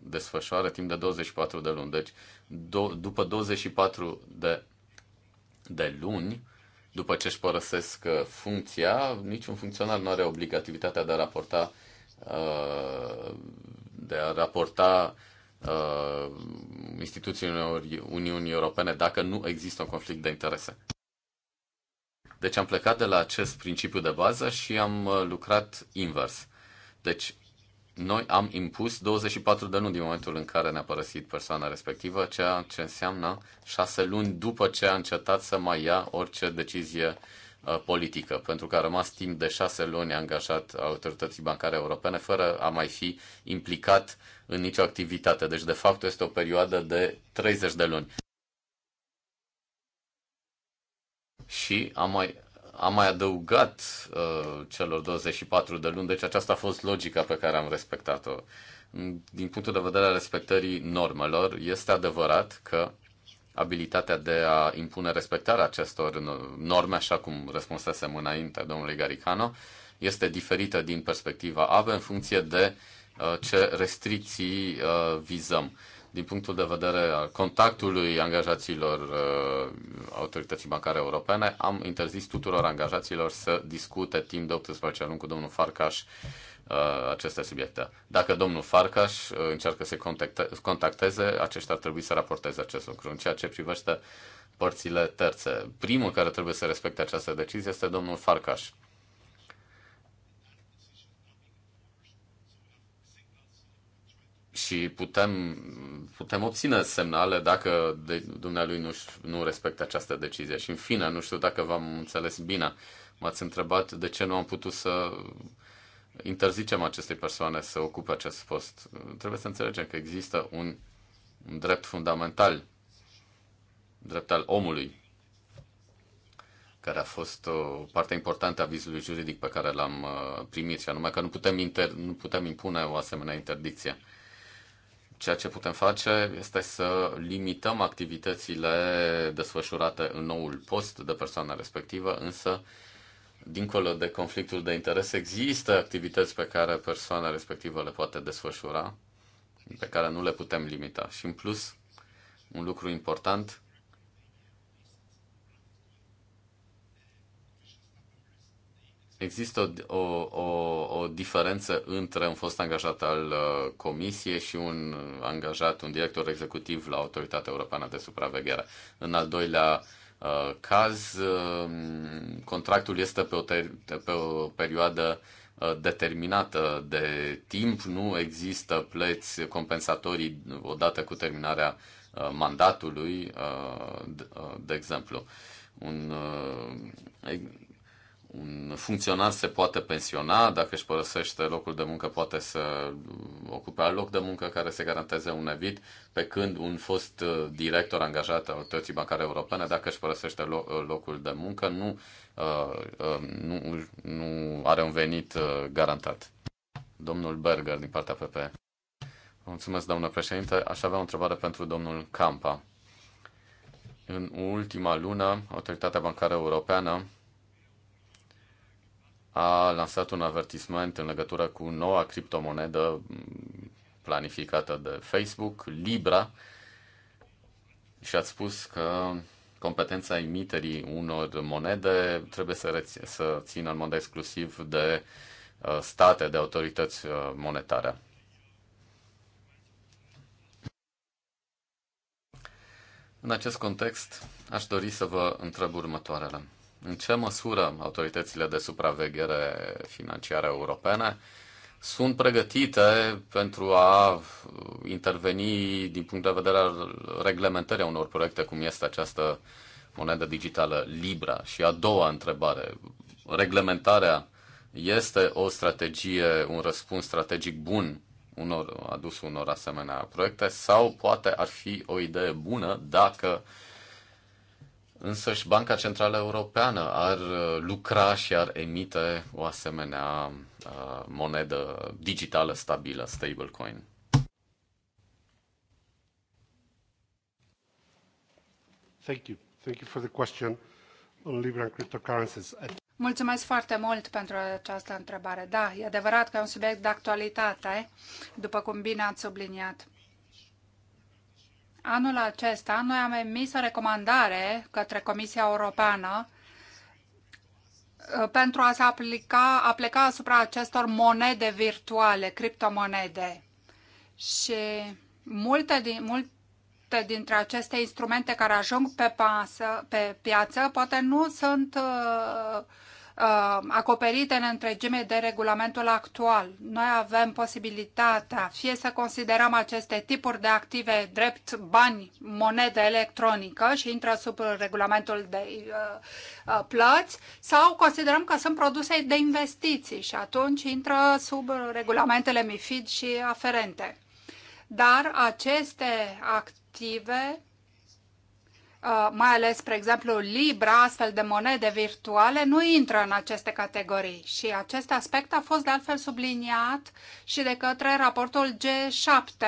desfășoară timp de 24 de luni. Deci, do- după 24 de, de luni, după ce își părăsesc uh, funcția, niciun funcționar nu are obligativitatea de a raporta uh, de a raporta uh, instituțiilor Uniunii Europene dacă nu există un conflict de interese. Deci am plecat de la acest principiu de bază și am uh, lucrat invers. Deci noi am impus 24 de luni din momentul în care ne-a părăsit persoana respectivă, ceea ce înseamnă 6 luni după ce a încetat să mai ia orice decizie Uh, politică, pentru că a rămas timp de șase luni angajat autorității bancare europene fără a mai fi implicat în nicio activitate. Deci, de fapt, este o perioadă de 30 de luni. Și am mai, a mai adăugat uh, celor 24 de luni, deci aceasta a fost logica pe care am respectat-o. Din punctul de vedere al respectării normelor, este adevărat că abilitatea de a impune respectarea acestor norme, așa cum răspunsesem înainte domnului Garicano, este diferită din perspectiva AVE în funcție de uh, ce restricții uh, vizăm. Din punctul de vedere al contactului angajaților uh, autorității bancare europene, am interzis tuturor angajaților să discute timp de 18 luni cu domnul Farcaș Uh, aceste subiecte. Dacă domnul Farcaș uh, încearcă să contacteze, aceștia ar trebui să raporteze acest lucru. În ceea ce privește părțile terțe, primul care trebuie să respecte această decizie este domnul Farcaș. și putem, putem obține semnale dacă de, dumnealui nu, nu respectă această decizie. Și în fine, nu știu dacă v-am înțeles bine, m-ați întrebat de ce nu am putut să interzicem acestei persoane să ocupe acest post. Trebuie să înțelegem că există un, un drept fundamental, drept al omului, care a fost o parte importantă a vizului juridic pe care l-am uh, primit, și anume că nu putem, inter, nu putem impune o asemenea interdicție. Ceea ce putem face este să limităm activitățile desfășurate în noul post de persoana respectivă, însă dincolo de conflictul de interes, există activități pe care persoana respectivă le poate desfășura, pe care nu le putem limita. Și în plus, un lucru important, Există o, o, o, o diferență între un fost angajat al uh, Comisiei și un angajat, un director executiv la Autoritatea Europeană de Supraveghere. În al doilea Uh, caz, um, contractul este pe o, ter- pe o perioadă uh, determinată de timp, nu există plăți compensatorii odată cu terminarea uh, mandatului, de, exemplu. Un, un funcționar se poate pensiona, dacă își părăsește locul de muncă, poate să ocupe alt loc de muncă care să garanteze un evit, pe când un fost uh, director angajat al Autorității Bancare Europene, dacă își părăsește uh, locul de muncă, nu, uh, um, nu, nu are un venit garantat. Domnul Berger, din partea PP. Mulțumesc, doamnă președinte. Aș avea o întrebare pentru domnul Campa. În ultima lună, Autoritatea Bancară Europeană a lansat un avertisment în legătură cu noua criptomonedă mm, planificată de Facebook, Libra, și ați spus că competența emiterii unor monede trebuie să, reț- să țină în mod exclusiv de uh, state, de autorități uh, monetare. În acest context, aș dori să vă întreb următoarele. În ce măsură autoritățile de supraveghere financiară europene sunt pregătite pentru a interveni din punct de vedere al reglementării unor proiecte cum este această monedă digitală Libra? Și a doua întrebare, reglementarea este o strategie, un răspuns strategic bun unor, adus unor asemenea proiecte sau poate ar fi o idee bună dacă uh, Însă și Banca Centrală Europeană ar uh, lucra și ar emite o asemenea uh, monedă digitală stabilă, stablecoin. Thank you. Thank you for the question on Libra and cryptocurrencies. Mulțumesc foarte mult pentru această întrebare. Da, e adevărat că e un subiect de actualitate, după cum bine ați subliniat. Anul acesta noi am emis o recomandare către Comisia Europeană uh, pentru a se aplica, aplica asupra acestor monede virtuale, criptomonede. Și multe, din, multe dintre aceste instrumente care ajung pe, pasă, pe piață poate nu sunt uh, uh, acoperite în întregime de regulamentul actual. Noi avem posibilitatea fie să considerăm aceste tipuri de active drept bani, monedă electronică și intră sub regulamentul de uh, uh plăți, sau considerăm că sunt produse de investiții și atunci intră sub regulamentele MIFID și aferente. Dar aceste active Uh, mai ales, spre exemplu, Libra, astfel de monede virtuale, nu intră în aceste categorii. Și acest aspect a fost de altfel subliniat și de către raportul G7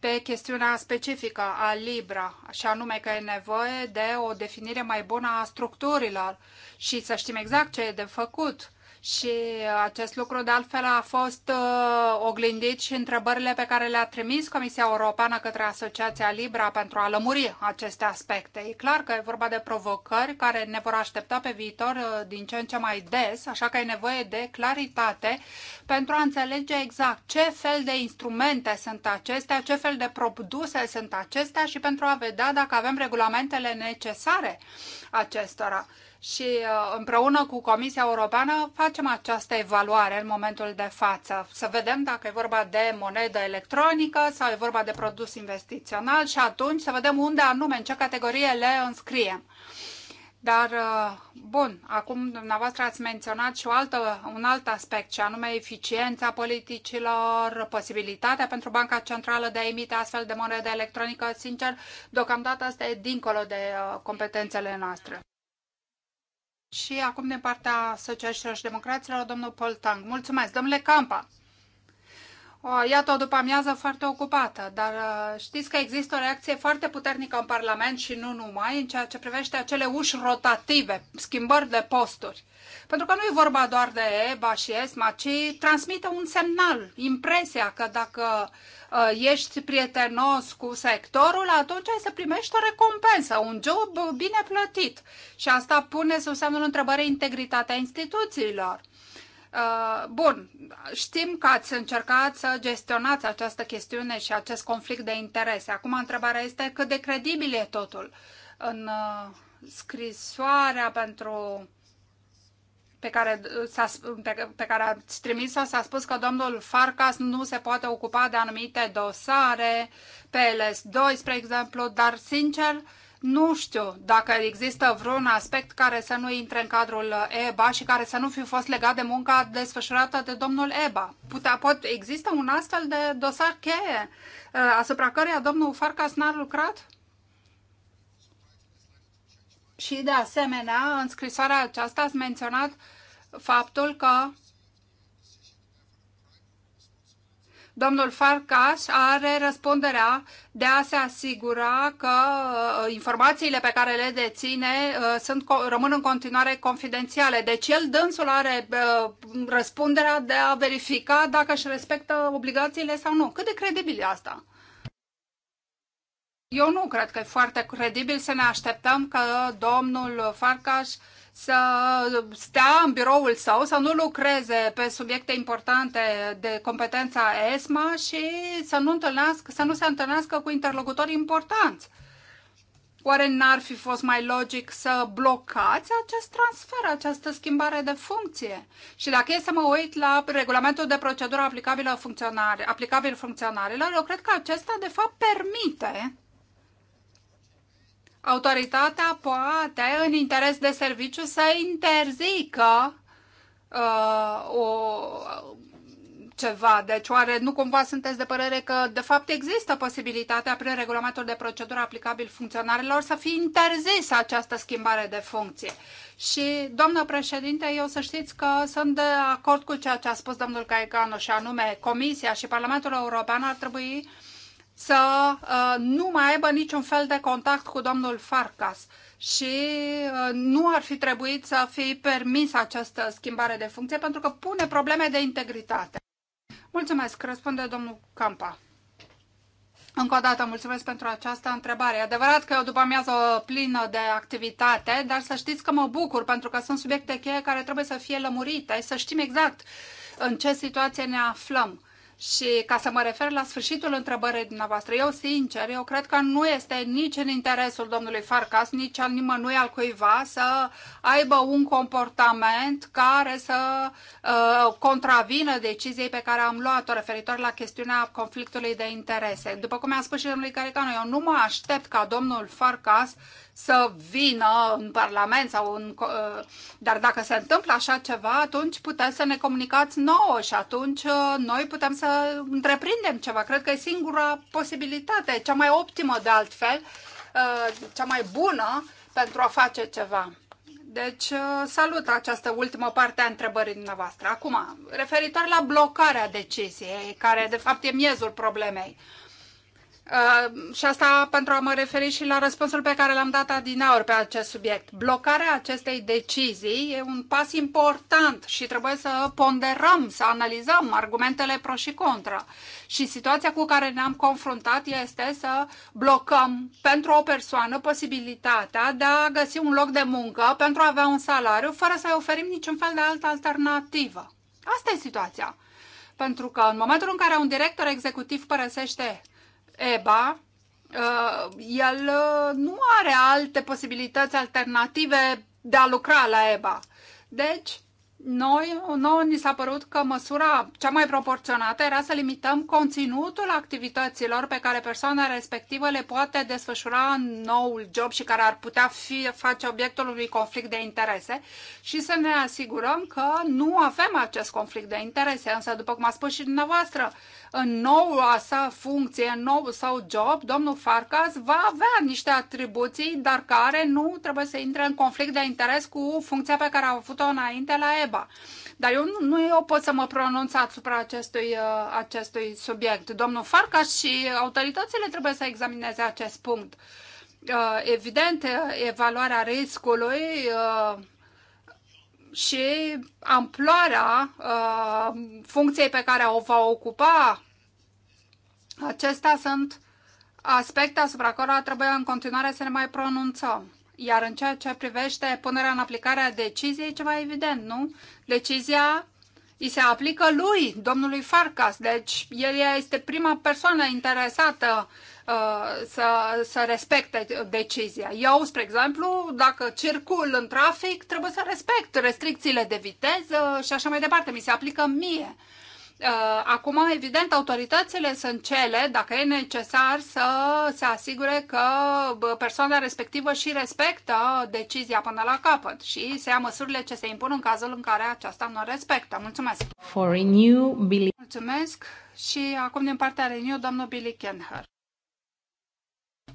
pe chestiunea specifică a Libra, și anume că e nevoie de o definire mai bună a structurilor și să știm exact ce e de făcut și uh, acest lucru, de altfel, a fost uh, oglindit și întrebările pe care le-a trimis Comisia Europeană către Asociația Libra pentru a lămuri aceste aspecte. E clar că e vorba de provocări care ne vor aștepta pe viitor uh, din ce în ce mai des, așa că e nevoie de claritate pentru a înțelege exact ce fel de instrumente sunt acestea, ce fel de produse sunt acestea și pentru a vedea dacă avem regulamentele necesare acestora și uh, împreună cu Comisia Europeană facem această evaluare în momentul de față. Să vedem dacă e vorba de monedă electronică sau e vorba de produs investițional și atunci să vedem unde anume, în ce categorie le înscriem. Dar, uh, bun, acum dumneavoastră ați menționat și o altă, un alt aspect, și anume eficiența politicilor, posibilitatea pentru Banca Centrală de a emite astfel de monedă electronică. Sincer, deocamdată asta e dincolo de uh, competențele noastre. Și acum din partea Socialiștilor și Democraților, domnul Paul Tang. Mulțumesc, domnule Campa! O, iată o după amiază foarte ocupată, dar uh, știți că există o reacție foarte puternică în Parlament și nu numai în ceea ce privește acele uși rotative, schimbări de posturi. Pentru că nu e vorba doar de EBA și ESMA, ci transmite un semnal, impresia că dacă Uh, ești prietenos cu sectorul, atunci ai să primești o recompensă, un job bine plătit. Și asta pune sub semnul întrebării integritatea instituțiilor. Uh, bun, știm că ați încercat să gestionați această chestiune și acest conflict de interese. Acum întrebarea este cât de credibil e totul. În uh, scrisoarea pentru pe care, s-a, pe, pe care ați trimis-o s-a spus că domnul Farcas nu se poate ocupa de anumite dosare, PLS2, spre exemplu, dar, sincer, nu știu dacă există vreun aspect care să nu intre în cadrul EBA și care să nu fi fost legat de munca desfășurată de domnul EBA. Putea, pot, există un astfel de dosar cheie uh, asupra căreia domnul Farcas n-a lucrat? Și de asemenea, în scrisoarea aceasta ați menționat faptul că domnul Farcaș are răspunderea de a se asigura că uh, informațiile pe care le deține uh, sunt, rămân în continuare confidențiale. Deci el dânsul are uh, răspunderea de a verifica dacă își respectă obligațiile sau nu. Cât de credibil e asta? Eu nu cred că e foarte credibil să ne așteptăm că domnul Farcaș uh, să stea în biroul său, să nu lucreze pe subiecte importante de competența ESMA și să nu, întâlnească, să nu se întâlnească cu interlocutori importanți. Oare n-ar fi fost mai logic să blocați acest transfer, această schimbare de funcție? Și dacă e să mă uit la regulamentul de procedură aplicabilă funcționare, aplicabil funcționarilor, eu cred că acesta, de fapt, permite autoritatea poate, în interes de serviciu, să interzică uh, o, ceva. Deci, oare nu cumva sunteți de părere că, de fapt, există posibilitatea, prin regulamentul de procedură aplicabil funcționarilor, să fie interzisă această schimbare de funcție? Și, doamnă președinte, eu să știți că sunt de acord cu ceea ce a spus domnul Caicanu, și anume Comisia și Parlamentul European ar trebui uh, să uh, nu mai aibă niciun fel de contact cu domnul Farcas și uh, nu ar fi trebuit să fie permis această schimbare de funcție pentru că pune probleme de integritate. Mulțumesc, răspunde domnul Campa. Încă o dată mulțumesc pentru această întrebare. E adevărat că eu după amiază plină de activitate, dar să știți că mă bucur pentru că sunt subiecte cheie care trebuie să fie lămurite, să știm exact în ce situație ne aflăm. Și ca să mă refer la sfârșitul întrebării dumneavoastră, eu sincer, eu cred că nu este nici în interesul domnului Farcas, nici al nimănui al cuiva să aibă un comportament care să uh, contravină deciziei pe care am luat-o referitor la chestiunea conflictului de interese. După cum am spus și domnului Caricanu, eu nu mă aștept ca domnul Farcas să vină în Parlament sau în... Ă, dar dacă se întâmplă așa ceva, atunci puteți să ne comunicați nouă și atunci ă, noi putem să întreprindem ceva. Cred că e singura posibilitate, cea mai optimă de altfel, ă, cea mai bună pentru a face ceva. Deci salut această ultimă parte a întrebării dumneavoastră. Acum, referitor la blocarea deciziei, care de fapt e miezul problemei. Uh, și asta pentru a mă referi și la răspunsul pe care l-am dat adinaur pe acest subiect. Blocarea acestei decizii e un pas important și trebuie să ponderăm, să analizăm argumentele pro și contra. Și situația cu care ne-am confruntat este să blocăm pentru o persoană posibilitatea de a găsi un loc de muncă pentru a avea un salariu fără să-i oferim niciun fel de altă alternativă. Asta e situația. Pentru că în momentul în care un director executiv părăsește EBA, uh, el uh, nu are alte posibilități alternative de a lucra la EBA. Deci, noi, nouă ni s-a părut că măsura cea mai proporționată era să limităm conținutul activităților pe care persoana respectivă le poate desfășura în noul job și care ar putea fi, face obiectul unui conflict de interese și să ne asigurăm că nu avem acest conflict de interese. Însă, după cum a spus și dumneavoastră, în noua sa funcție, în nou sau job, domnul Farcas va avea niște atribuții, dar care nu trebuie să intre în conflict de interes cu funcția pe care a avut-o înainte la EBA. Dar eu nu eu pot să mă pronunț asupra acestui, uh, acestui subiect. Domnul Farcas și autoritățile trebuie să examineze acest punct. Uh, evident, evaluarea riscului uh, și amploarea uh, funcției pe care o va ocupa Acestea sunt aspecte asupra cărora trebuie în continuare să ne mai pronunțăm. Iar în ceea ce privește punerea în aplicare a deciziei, ceva evident, nu? Decizia îi se aplică lui, domnului Farcas, deci el este prima persoană interesată uh, să, să respecte decizia. Eu, spre exemplu, dacă circul în trafic, trebuie să respect restricțiile de viteză și așa mai departe. Mi se aplică mie. Uh, acum, evident, autoritățile sunt cele, dacă e necesar, să se asigure că persoana respectivă și respectă decizia până la capăt și să ia măsurile ce se impun în cazul în care aceasta nu respectă. Mulțumesc! For renew, Billy. Mulțumesc și acum din partea Renew, domnul Billy Kenher.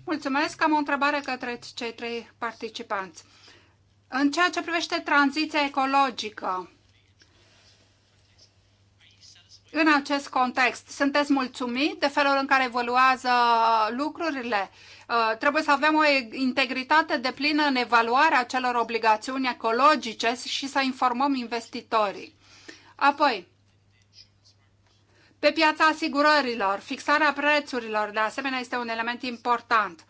Mulțumesc, am o întrebare către cei trei participanți. În ceea ce privește tranziția ecologică, în acest context? Sunteți mulțumit de felul în care evoluează lucrurile? Uh, trebuie să avem o integritate de plină în evaluarea celor obligațiuni ecologice și să informăm investitorii. Apoi, pe piața asigurărilor, fixarea prețurilor, de asemenea, este un element important.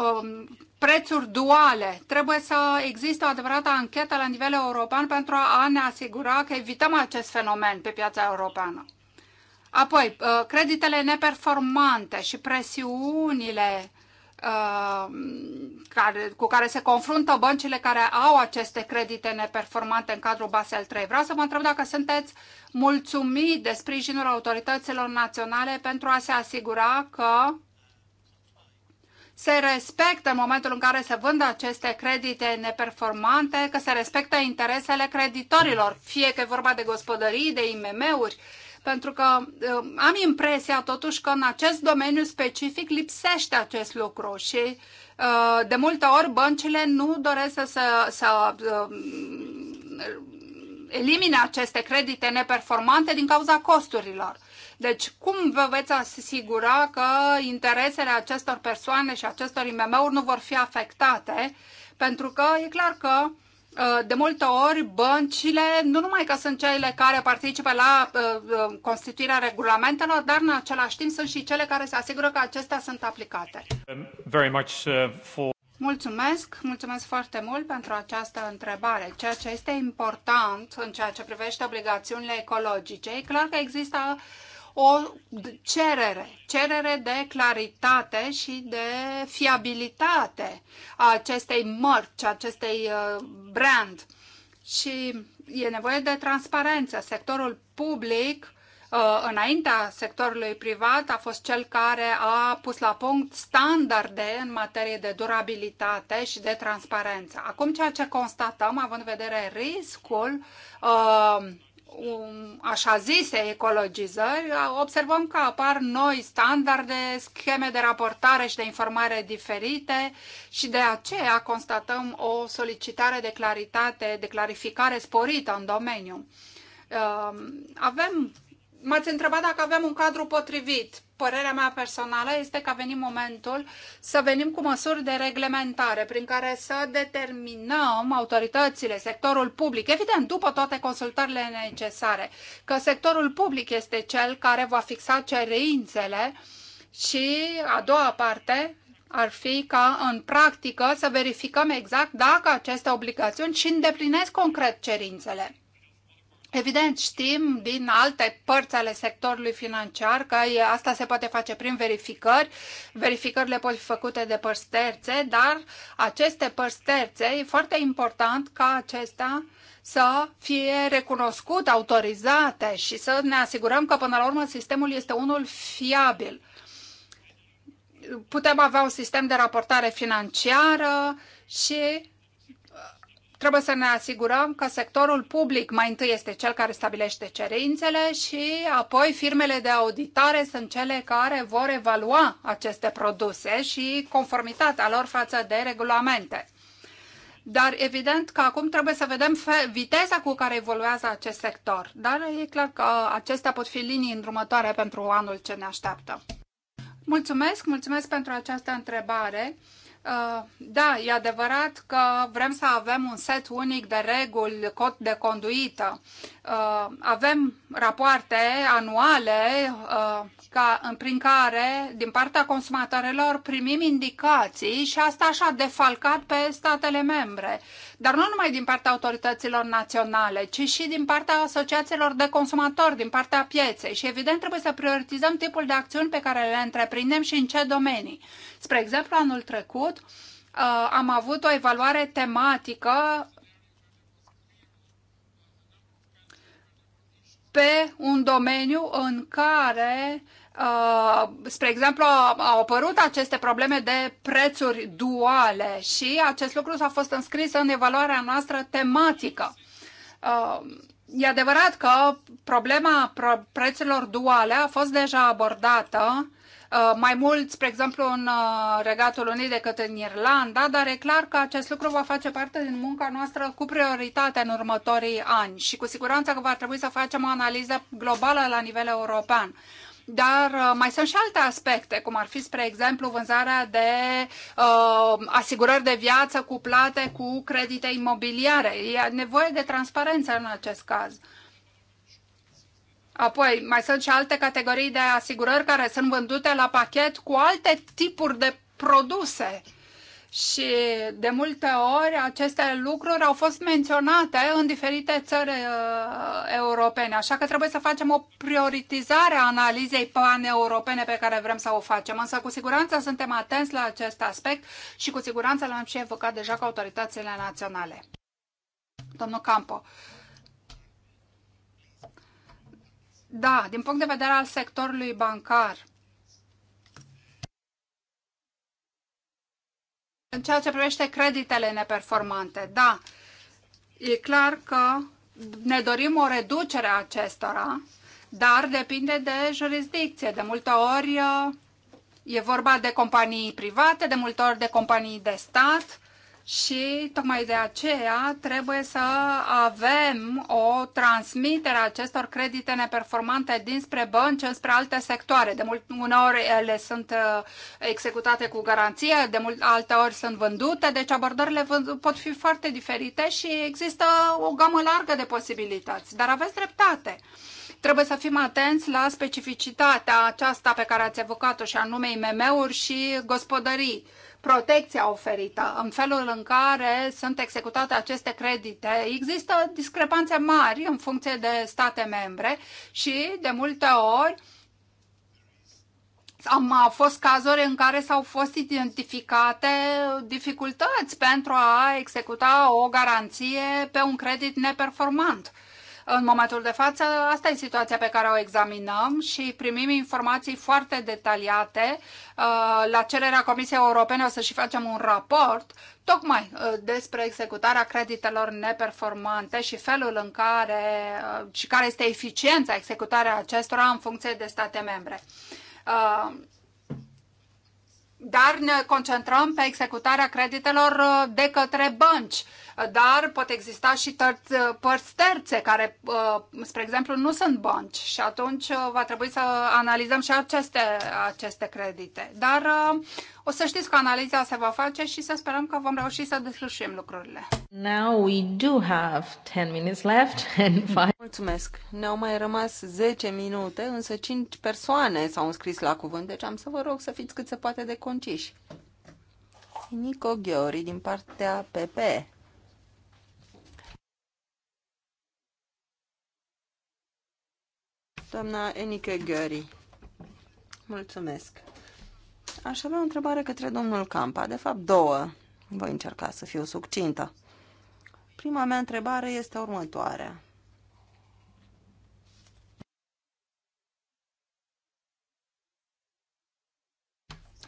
Um, prețuri duale. Trebuie să existe o adevărată anchetă la nivel european pentru a ne asigura că evităm acest fenomen pe piața europeană. Apoi, uh, creditele neperformante și presiunile uh, cu care se confruntă băncile care au aceste credite neperformante în cadrul Basel III. Vreau să vă întreb dacă sunteți mulțumit de sprijinul autorităților naționale pentru a se asigura că se respectă în momentul în care se vând aceste credite neperformante, că se respectă interesele creditorilor, fie că e vorba de gospodării, de IMM-uri, pentru că uh, am impresia totuși că în acest domeniu specific lipsește acest lucru și uh, de multe ori băncile nu doresc să, să, să uh, elimine aceste credite neperformante din cauza costurilor. Deci, cum vă veți asigura că interesele acestor persoane și acestor IMM-uri nu vor fi afectate? Pentru că e clar că uh, de multe ori băncile, nu numai că sunt cele care participă la uh, uh, constituirea regulamentelor, dar în același timp sunt și cele care se asigură că acestea sunt aplicate. Um, very much, uh, for... Mulțumesc, mulțumesc foarte mult pentru această întrebare. Ceea ce este important în ceea ce privește obligațiunile ecologice, e clar că există uh, o cerere, cerere de claritate și de fiabilitate a acestei mărci, a acestei uh, brand. Și e nevoie de transparență. Sectorul public uh, înaintea sectorului privat a fost cel care a pus la punct standarde în materie de durabilitate și de transparență. Acum ceea ce constatăm, având în vedere riscul uh, um, așa zise ecologizări, observăm că apar noi standarde, scheme de raportare și de informare diferite și de aceea constatăm o solicitare de claritate, de clarificare sporită în domeniu. Um, avem M-ați întrebat dacă avem un cadru potrivit părerea mea personală este că a venit momentul să venim cu măsuri de reglementare prin care să determinăm autoritățile, sectorul public, evident, după toate consultările necesare, că sectorul public este cel care va fixa cerințele și a doua parte ar fi ca în practică să verificăm exact dacă aceste obligațiuni și îndeplinesc concret cerințele. Evident, știm din alte părți ale sectorului financiar că asta se poate face prin verificări. Verificările pot fi făcute de părți terțe, dar aceste părți terțe e foarte important ca acestea să fie recunoscute, autorizate și să ne asigurăm că până la urmă sistemul este unul fiabil. Putem avea un sistem de raportare financiară și Trebuie să ne asigurăm că sectorul public mai întâi este cel care stabilește cerințele și apoi firmele de auditare sunt cele care vor evalua aceste produse și conformitatea lor față de regulamente. Dar evident că acum trebuie să vedem viteza cu care evoluează acest sector. Dar e clar că acestea pot fi linii îndrumătoare pentru anul ce ne așteaptă. Mulțumesc, mulțumesc pentru această întrebare. Uh, da, e adevărat că vrem să avem un set unic de reguli, cod de conduită. Uh, avem rapoarte anuale uh, ca, prin care, din partea consumatorilor, primim indicații și asta așa defalcat pe statele membre. Dar nu numai din partea autorităților naționale, ci și din partea asociațiilor de consumatori, din partea pieței. Și evident trebuie să prioritizăm tipul de acțiuni pe care le întreprindem și în ce domenii. Spre exemplu, anul trecut trecut, uh, am avut o evaluare tematică pe un domeniu în care, uh, spre exemplu, au apărut aceste probleme de prețuri duale și acest lucru s-a fost înscris în evaluarea noastră tematică. Uh, e adevărat că problema prețurilor duale a fost deja abordată Uh, mai mult, spre exemplu, în uh, Regatul Unit decât în Irlanda, dar e clar că acest lucru va face parte din munca noastră cu prioritate în următorii ani și cu siguranță că va trebui să facem o analiză globală la nivel european. Dar uh, mai sunt și alte aspecte, cum ar fi, spre exemplu, vânzarea de uh, asigurări de viață cuplate cu credite imobiliare. E nevoie de transparență în acest caz. Uh, Apoi, mai sunt și alte categorii de asigurări care sunt vândute la pachet cu alte tipuri de produse. Și de multe ori aceste lucruri au fost menționate în diferite țări uh, europene, așa că trebuie să facem o prioritizare a analizei pan-europene pe care vrem să o facem. Însă cu siguranță suntem atenți la acest aspect și cu siguranță l-am și evocat deja cu autoritățile naționale. Domnul Campo, Da, din punct de vedere al sectorului bancar, în ceea ce privește creditele neperformante, da, e clar că ne dorim o reducere a acestora, dar depinde de jurisdicție. De multe ori uh, e vorba de companii private, de multe ori de companii de stat și tocmai de aceea trebuie să avem o transmitere a acestor credite neperformante dinspre bănci înspre alte sectoare. De mult, uneori ele sunt uh, executate cu garanție, de mult, alte ori sunt vândute, deci abordările pot fi foarte diferite și există o gamă largă de posibilități. Dar aveți dreptate trebuie să fim atenți la specificitatea aceasta pe care ați evocat-o și anume IMM-uri și gospodării protecția oferită, în felul în care sunt executate aceste credite. Există discrepanțe mari în funcție de state membre și de multe ori am, fost cazuri în care s-au fost identificate dificultăți pentru a executa o garanție pe un credit neperformant. În momentul de față, asta e situația pe care o examinăm și primim informații foarte detaliate. Uh, la cererea Comisiei Europene o să și facem un raport tocmai uh, despre executarea creditelor neperformante și felul în care uh, și care este eficiența executarea acestora în funcție de state membre dar ne concentrăm pe executarea creditelor de către bănci dar pot exista și tărți, uh, părți terțe care, uh, spre exemplu, nu sunt bănci și atunci uh, va trebui să analizăm și aceste, aceste credite. Dar o să știți că analiza se va face și să sperăm că vom reuși să deslușim lucrurile. Now we do have 10 minutes left and five... Mulțumesc. Ne-au mai rămas 10 minute, însă 5 persoane s-au înscris la cuvânt, deci am să vă rog să fiți cât se poate de conciși. Nico Ghiori din partea PP. Doamna Enike Gări. Mulțumesc. Aș avea o întrebare către domnul Campa. De fapt, două. Voi încerca să fiu succintă. Prima mea întrebare este următoarea.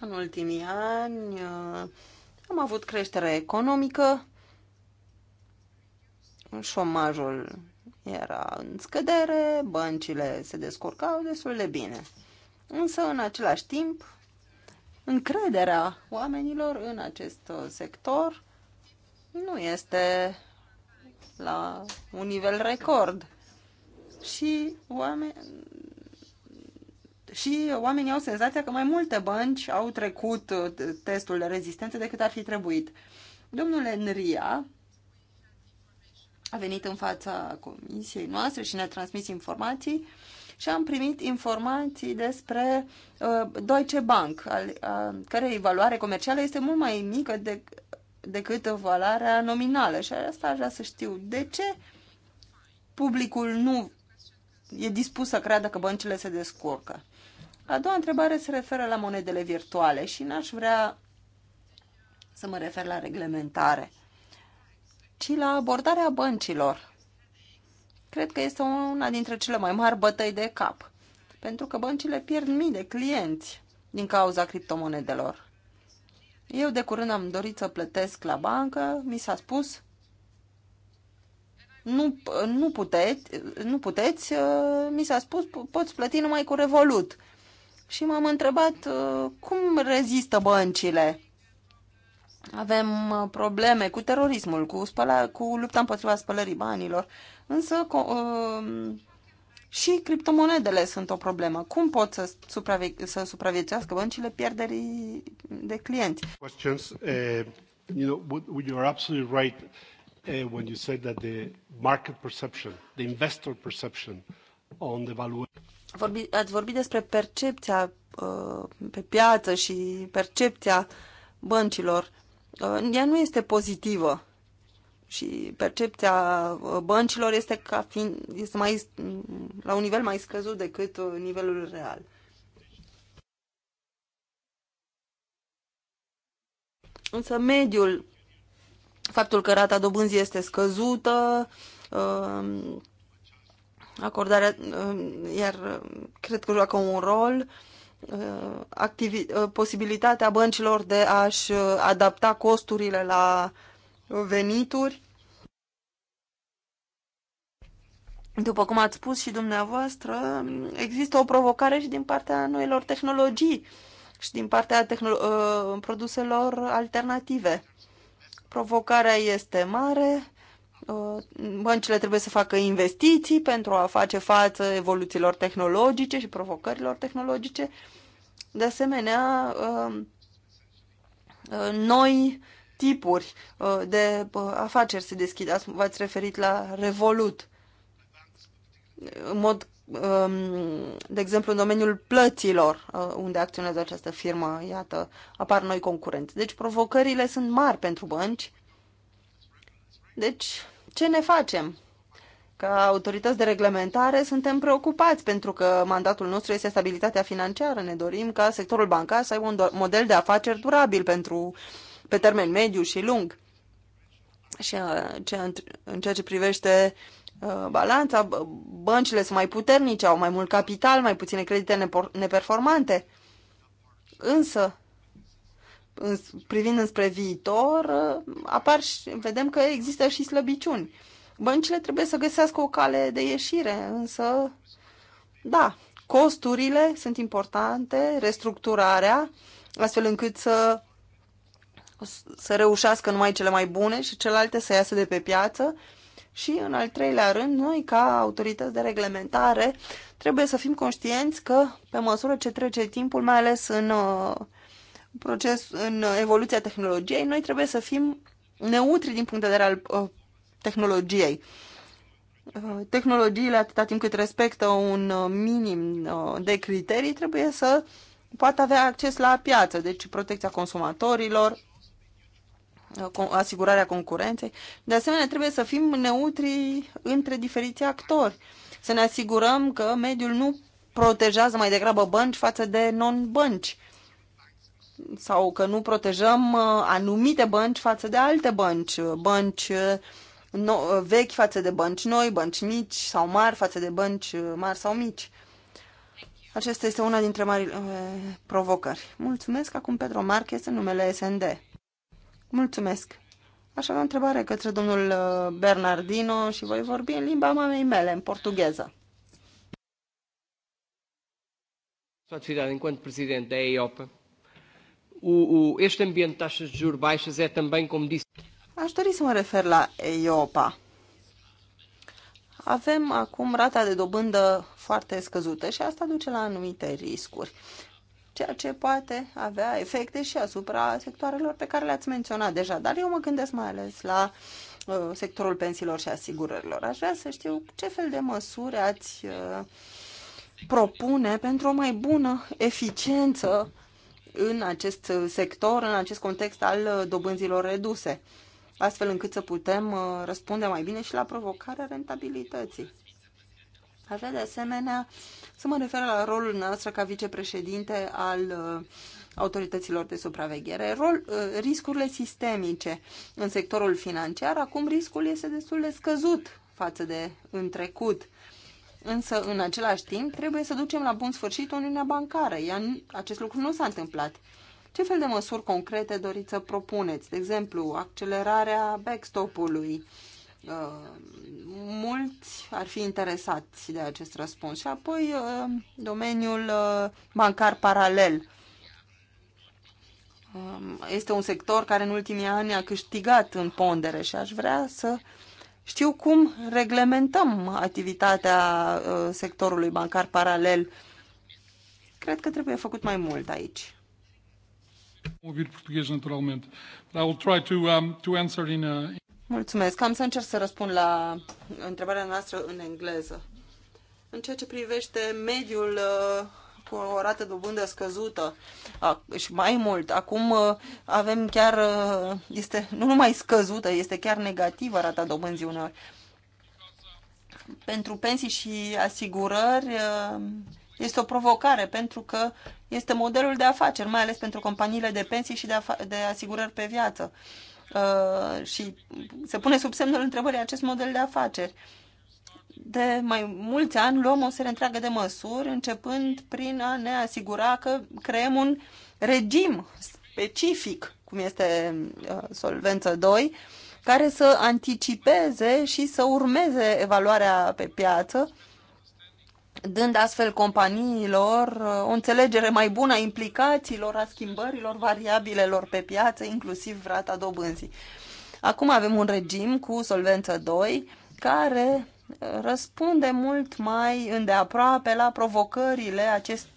În ultimii ani uh, am avut creștere economică, șomajul era în scădere, băncile se descurcau destul de bine. Însă, în același timp, încrederea oamenilor în acest uh, sector nu este la un nivel record. Și, oameni, și oamenii au senzația că mai multe bănci au trecut uh, testul de rezistență decât ar fi trebuit. Domnule Nria, a venit în fața comisiei noastre și ne-a transmis informații și am primit informații despre uh, Deutsche Bank, al, uh, care evaluare comercială este mult mai mică de, decât valoarea nominală. Și asta aș vrea să știu. De ce publicul nu e dispus să creadă că băncile se descurcă? A doua întrebare se referă la monedele virtuale și n-aș vrea să mă refer la reglementare ci la abordarea băncilor. Cred că este una dintre cele mai mari bătăi de cap, pentru că băncile pierd mii de clienți din cauza criptomonedelor. Eu de curând am dorit să plătesc la bancă, mi s-a spus nu, nu puteți, nu puteți uh, mi s-a spus poți plăti numai cu Revolut. Și m-am întrebat uh, cum rezistă băncile avem uh, probleme cu terorismul, cu, spăla, cu lupta împotriva spălării banilor, însă cu, uh, și criptomonedele sunt o problemă. Cum pot să, supravie, să supraviețuiască băncile pierderii de clienți? Questions. Uh, you know, you are absolutely right uh, when you said that the market perception, the investor perception on the valuation. Vorbi, ați vorbit despre percepția uh, pe piață și percepția băncilor. Uh, ea nu este pozitivă și percepția uh, băncilor este, ca fiind, este mai, mm, la un nivel mai scăzut decât uh, nivelul real. Însă mediul, faptul că rata dobânzii este scăzută, acordarea, iar cred că joacă un rol, Uh, uh, posibilitatea băncilor de a-și uh, adapta costurile la venituri. După cum ați spus și dumneavoastră, există o provocare și din partea noilor tehnologii și din partea produselor alternative. Provocarea este mare, Uh, băncile trebuie să facă investiții pentru a face față evoluțiilor tehnologice și provocărilor tehnologice. De asemenea, uh, uh, noi tipuri de afaceri se deschid. V-ați referit la Revolut. În mod, um, de exemplu, în domeniul plăților, unde acționează această firmă, iată, apar noi concurenți. Deci provocările sunt mari pentru bănci. Deci, ce ne facem? Ca autorități de reglementare suntem preocupați pentru că mandatul nostru este stabilitatea financiară. Ne dorim ca sectorul bancar să aibă un model de afaceri durabil pentru, pe termen mediu și lung. Și uh, în ceea ce privește uh, balanța, băncile sunt mai puternice, au mai mult capital, mai puține credite neperformante. Însă, privind înspre viitor, uh, apar și vedem că există și slăbiciuni. Băncile trebuie să găsească o cale de ieșire, însă, da, costurile sunt importante, restructurarea, astfel încât să, să reușească numai cele mai bune și celelalte să iasă de pe piață. Și, în al treilea rând, noi, ca autorități de reglementare, trebuie să fim conștienți că, pe măsură ce trece timpul, mai ales în uh, proces, în evoluția tehnologiei, noi trebuie să fim neutri din punct de vedere al uh, tehnologiei. Uh, tehnologiile, atâta timp cât respectă un uh, minim de criterii, trebuie să poată avea acces la piață, deci protecția consumatorilor, asigurarea concurenței. De asemenea, trebuie să fim neutri între diferiți actori, să ne asigurăm că mediul nu protejează mai degrabă bănci față de non-bănci sau că nu protejăm uh, anumite bănci față de alte bănci, uh, bănci uh, no, vechi față de bănci noi, bănci mici sau mari față de bănci mari sau mici. Acesta este una dintre mari uh, provocări. Mulțumesc acum Pedro Marquez în numele SND. Mulțumesc. Aș avea o întrebare către domnul Bernardino și voi vorbi în limba mamei mele, în portugheză. dat în cont președinte da EIOPA o, o, este ambiente de taxas de juros baixas é também, como disse... Aș dori să mă refer la EIOPA. Avem acum rata de dobândă foarte scăzută și asta duce la anumite riscuri, ceea ce poate avea efecte și asupra sectoarelor pe care le-ați menționat deja, dar eu mă gândesc mai ales la uh, sectorul pensiilor și asigurărilor. Aș vrea să știu ce fel de măsuri ați uh, propune pentru o mai bună eficiență în acest sector, în acest context al dobânzilor reduse, astfel încât să putem uh, răspunde mai bine și la provocarea rentabilității. Aș vrea de asemenea să mă refer la rolul nostru ca vicepreședinte al uh, autorităților de supraveghere, rol, uh, riscurile sistemice în sectorul financiar. Acum riscul este destul de scăzut față de în trecut Însă, în același timp, trebuie să ducem la bun sfârșit Uniunea Bancară. Iar acest lucru nu s-a întâmplat. Ce fel de măsuri concrete doriți să propuneți? De exemplu, accelerarea backstop-ului. Uh, mulți ar fi interesați de acest răspuns. Și apoi uh, domeniul uh, bancar paralel. Um, este un sector care în ultimii ani a câștigat în pondere și aș vrea să uh, știu cum reglementăm activitatea uh, sectorului bancar paralel. Cred că trebuie făcut mai mult aici. Um, Mulțumesc. Am să încerc să răspund la întrebarea noastră în engleză. În ceea ce privește mediul uh, cu o rată de dobândă scăzută și mai mult. Acum uh, avem chiar, uh, este nu numai scăzută, este chiar negativă rata dobânzii uneori. Pentru pensii și asigurări uh, este o provocare pentru că este modelul de afaceri, mai ales pentru companiile de pensii și de, de asigurări pe viață. Uh, și se pune sub semnul întrebării acest model de afaceri. Uh, de mai mulți ani luăm o serie întreagă de măsuri, începând prin a ne asigura că creăm un regim specific, cum este uh, Solvență 2, care să anticipeze și să urmeze evaluarea pe piață, dând astfel companiilor uh, o înțelegere mai bună a implicațiilor, a schimbărilor variabilelor pe piață, inclusiv rata dobânzii. Acum avem un regim cu Solvență 2 care răspunde mult mai îndeaproape la provocările acest,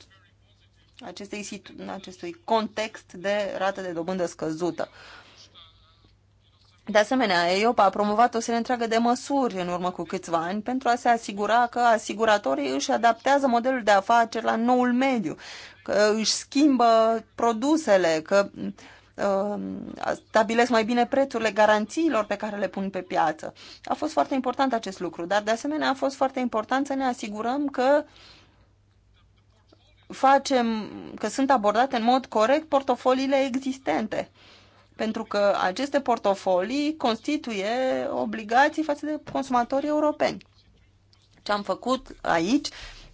acestei situ, acestui context de rată de dobândă scăzută. De asemenea, EIOPA a promovat o serie întreagă de măsuri în urmă cu câțiva ani pentru a se asigura că asiguratorii își adaptează modelul de afaceri la noul mediu, că își schimbă produsele, că uh, Um, stabilesc mai bine prețurile garanțiilor pe care le pun pe piață. A fost foarte important acest lucru, dar de asemenea a fost foarte important să ne asigurăm că facem, că sunt abordate în mod corect portofoliile existente. Pentru că aceste portofolii constituie obligații față de consumatorii europeni. Ce am făcut aici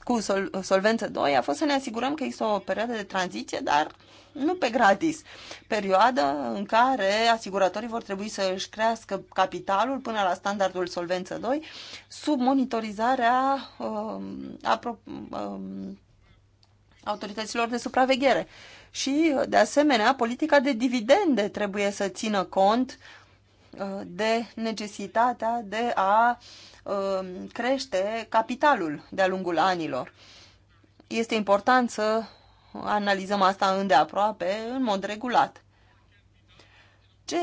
cu Sol Solvență 2 a fost să ne asigurăm că există o perioadă de tranziție, dar nu pe gratis, perioadă în care asiguratorii vor trebui să își crească capitalul până la standardul solvență 2 sub monitorizarea uh, apro- uh, autorităților de supraveghere. Și, de asemenea, politica de dividende trebuie să țină cont uh, de necesitatea de a um, crește capitalul de-a lungul anilor. Este important să analizăm asta îndeaproape, în mod regulat. Ce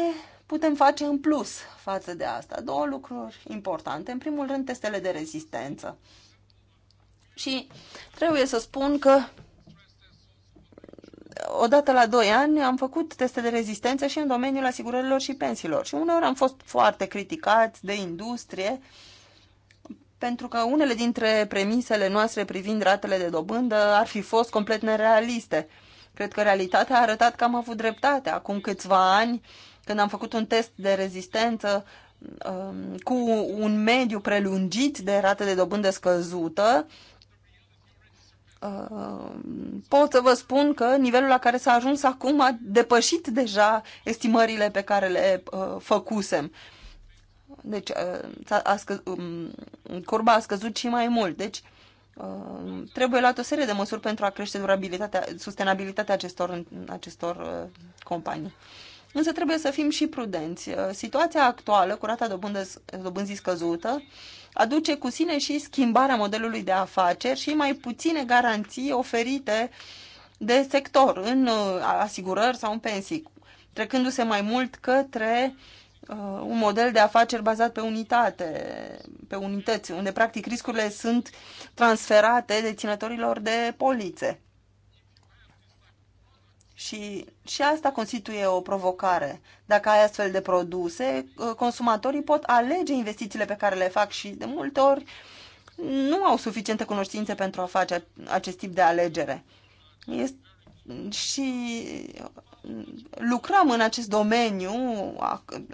putem face în plus față de asta? Două lucruri importante. În primul rând, testele de rezistență. Și trebuie să spun că odată la 2 ani am făcut teste de rezistență și în domeniul asigurărilor și pensiilor. Și uneori am fost foarte criticați de industrie uh, pentru că unele dintre premisele noastre privind ratele de dobândă ar fi fost complet nerealiste. Cred că realitatea a arătat că am avut dreptate acum câțiva ani, când am făcut un test de rezistență um, cu un mediu prelungit de rate de dobândă scăzută, um, pot să vă spun că nivelul la care s-a ajuns acum a depășit deja estimările pe care le uh, făcusem. Deci uh, a, a scăz, um, curba a scăzut și mai mult. Deci uh, trebuie luat o serie de măsuri pentru a crește durabilitatea, sustenabilitatea acestor, acestor uh, companii. Însă trebuie să fim și prudenți. Situația actuală, cu rata dobânzii scăzută, aduce cu sine și schimbarea modelului de afaceri și mai puține garanții oferite de sector în asigurări sau în pensii, trecându-se mai mult către uh, un model de afaceri bazat pe unitate, pe unități, unde practic riscurile sunt transferate deținătorilor de polițe. Și, și asta constituie o provocare. Dacă ai astfel de produse, uh, consumatorii pot alege investițiile pe care le fac și de multe ori nu au suficiente cunoștințe pentru a face acest tip de alegere. Este, și lucrăm în acest domeniu,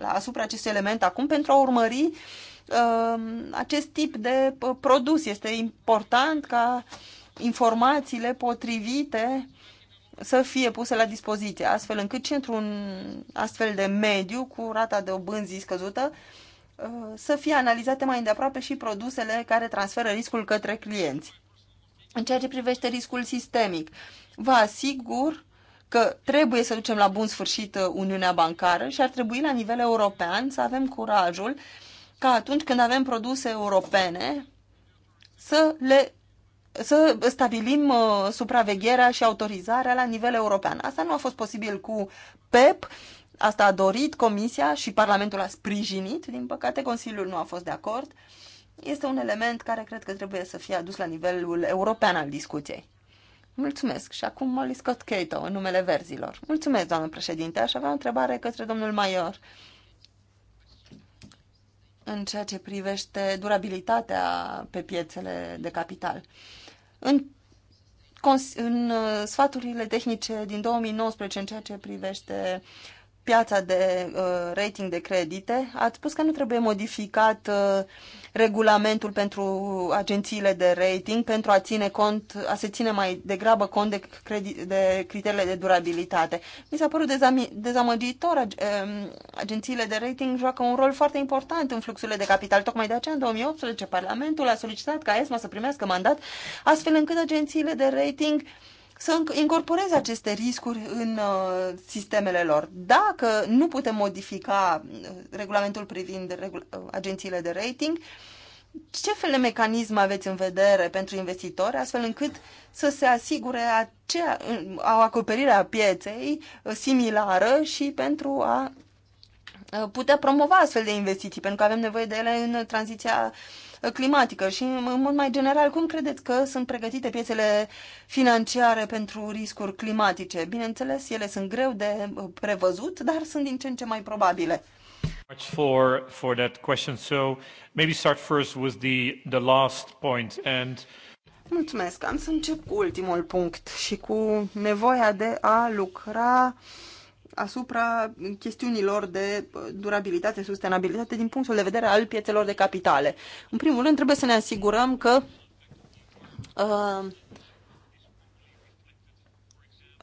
asupra acestui element acum, pentru a urmări um, acest tip de uh, produs. Este important ca informațiile potrivite să fie puse la dispoziție, astfel încât și într-un astfel de mediu cu rata de obânzii scăzută uh, să fie analizate mai îndeaproape și produsele care transferă riscul către clienți. În ceea ce privește riscul sistemic, vă asigur că trebuie să ducem la bun sfârșit uh, Uniunea Bancară și ar trebui la nivel european să avem curajul ca atunci când avem produse europene să le să stabilim uh, supravegherea și autorizarea la nivel european. Asta nu a fost posibil cu PEP, asta a dorit Comisia și Parlamentul a sprijinit, din păcate Consiliul nu a fost de acord. Este un element care cred că trebuie să fie adus la nivelul european al discuției. Mulțumesc. Și acum Molly Scott Cato, în numele verzilor. Mulțumesc, doamnă președinte. Aș avea o întrebare către domnul Maior. În ceea ce privește durabilitatea pe piețele de capital. În, în uh, sfaturile tehnice din 2019, în ceea ce privește uh, piața de uh, rating de credite, ați spus că nu trebuie modificat uh, regulamentul pentru agențiile de rating pentru a ține cont, a se ține mai degrabă cont de, credi, de criteriile de durabilitate. Mi s-a părut dezami, dezamăgitor. Ag, uh, agențiile de rating joacă un rol foarte important în fluxurile de capital. Tocmai de aceea, în 2018, Parlamentul a solicitat ca ESMA să primească mandat astfel încât agențiile de rating uh, să incorporeze aceste riscuri în uh, sistemele lor. Dacă nu putem modifica uh, regulamentul privind regul uh, agențiile de rating, ce fel de mecanism aveți în vedere pentru investitori, astfel încât să se asigure acea, o uh, acoperire a pieței similară și pentru a putea promova astfel de investiții, pentru că avem nevoie de ele în tranziția uh, climatică și, în mod mai general, cum credeți că sunt pregătite piețele financiare pentru riscuri climatice? Bineînțeles, ele sunt greu de uh, prevăzut, dar sunt din ce în ce mai probabile. For, for that question. So maybe start first with the, the last point and Mulțumesc. Am să încep cu ultimul punct și cu nevoia de a lucra uh, asupra chestiunilor de durabilitate, sustenabilitate din punctul de vedere al piețelor de capitale. În primul rând, trebuie să ne asigurăm că uh,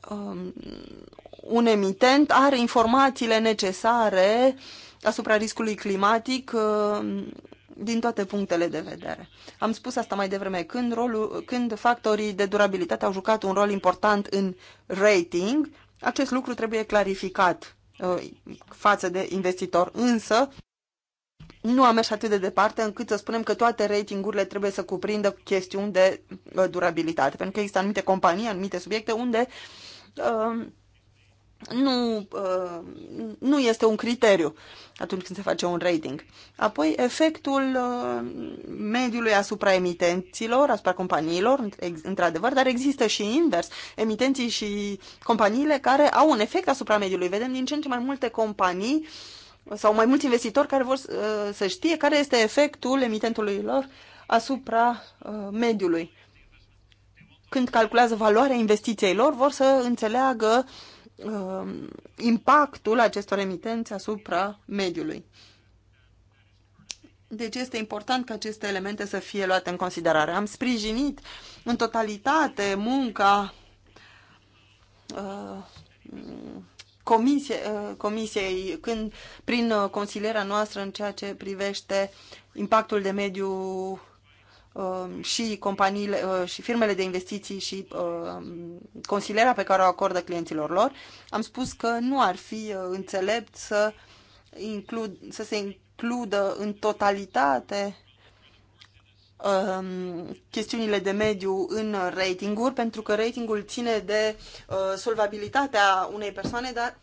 uh, un emitent are informațiile necesare asupra riscului climatic uh, din toate punctele de vedere. Am spus asta mai devreme, când, rolul, când factorii de durabilitate au jucat un rol important în rating, acest lucru trebuie clarificat uh, față de investitor, însă nu am mers atât de departe încât să spunem că toate ratingurile trebuie să cuprindă chestiuni de uh, durabilitate, pentru că există anumite companii, anumite subiecte unde uh, nu, uh, nu este un criteriu atunci când se face un rating. Apoi, efectul uh, mediului asupra emitenților, asupra companiilor, într-adevăr, dar există și invers. Emitenții și companiile care au un efect asupra mediului. Vedem din ce în ce mai multe companii sau mai mulți investitori care vor uh, să știe care este efectul emitentului lor asupra mediului. Când calculează valoarea investiției lor, vor să înțeleagă Um, impactul acestor emitențe asupra mediului. Deci este important ca aceste elemente să fie luate în considerare. Am sprijinit în totalitate munca uh, comisie, uh, comisiei când, prin uh, consilierea noastră în ceea ce privește impactul de mediu Um, și companiile uh, și firmele de investiții și um, consilierea pe care o acordă clienților lor, am spus că nu ar fi uh, înțelept să, includ, să se includă în totalitate um, chestiunile de mediu în ratinguri, pentru că ratingul ține de uh, solvabilitatea unei persoane, dar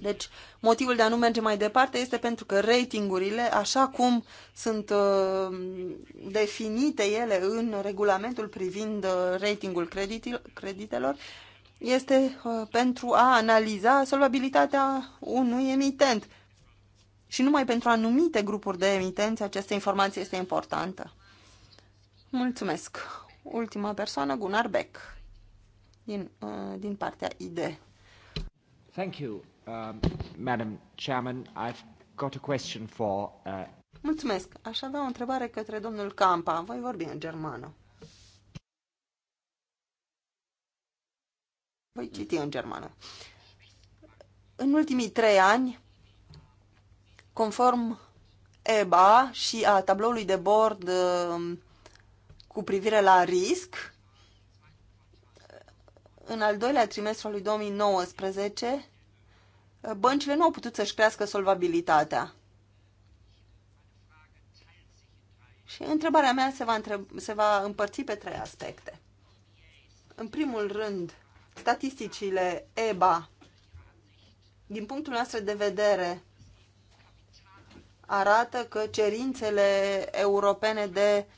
deci, motivul de a nu merge mai departe este pentru că ratingurile, așa cum sunt uh, definite ele în regulamentul privind uh, ratingul creditelor, este uh, pentru a analiza solvabilitatea unui emitent. Și numai pentru anumite grupuri de emitenți această informație este importantă. Mulțumesc. Ultima persoană, Gunnar Beck, din, uh, din partea ID. Thank you. Uh, Madam Chairman, I've got a question for... Uh... Mulțumesc. Aș avea o întrebare către domnul Campa. Voi vorbi în germană. Voi citi în germană. În ultimii trei ani, conform EBA și a tabloului de bord uh, cu privire la risc, în al doilea trimestru al lui 2019, băncile nu au putut să-și crească solvabilitatea. Și întrebarea mea se va, întreb, se va împărți pe trei aspecte. În primul rând, statisticile EBA, din punctul nostru de vedere, arată că cerințele europene de uh,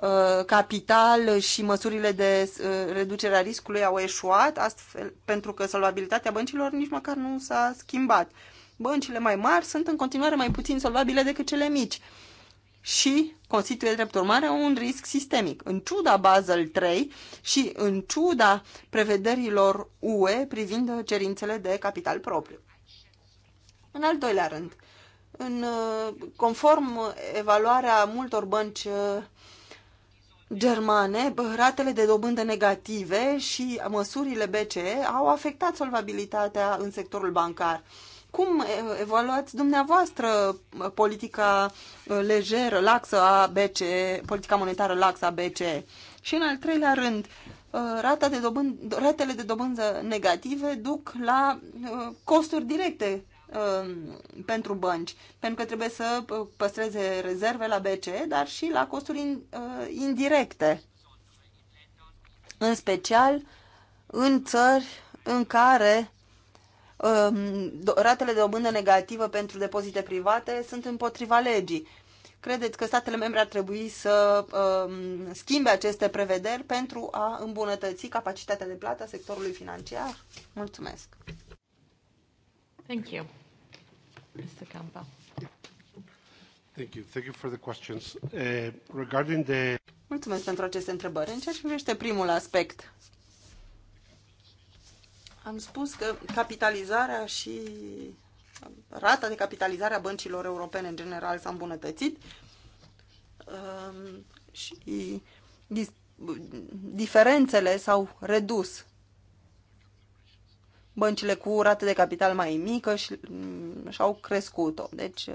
Uh, capital și măsurile de uh, reducere a riscului au eșuat, astfel, pentru că solvabilitatea băncilor nici măcar nu s-a schimbat. Băncile mai mari sunt în continuare mai puțin solvabile decât cele mici și constituie drept urmare un risc sistemic. În ciuda Basel 3 și în ciuda prevederilor UE privind cerințele de capital propriu. În al doilea rând, în, uh, conform evaluarea multor bănci germane, ratele de dobândă negative și măsurile BCE au afectat solvabilitatea în sectorul bancar. Cum evaluați dumneavoastră politica lejeră, laxă a BCE, politica monetară laxă a BCE? Și în al treilea rând, rata de dobând, ratele de dobândă negative duc la costuri directe Um, pentru bănci, pentru că trebuie să păstreze rezerve la BCE, dar și la costuri uh, indirecte, în special în țări în care um, ratele de dobândă negativă pentru depozite private sunt împotriva legii. Credeți că statele membre ar trebui să um, schimbe aceste prevederi pentru a îmbunătăți capacitatea de plată a sectorului financiar? Mulțumesc! Thank you. Mr. Campa. Thank you. Thank you for the questions. Uh, regarding the... Mulțumesc pentru aceste întrebări. În ceea ce privește primul aspect, am spus că capitalizarea și rata de capitalizare a băncilor europene în general s-a îmbunătățit um, și diferențele s-au redus băncile cu rate de capital mai mică și, mm, și au crescut-o. Deci uh,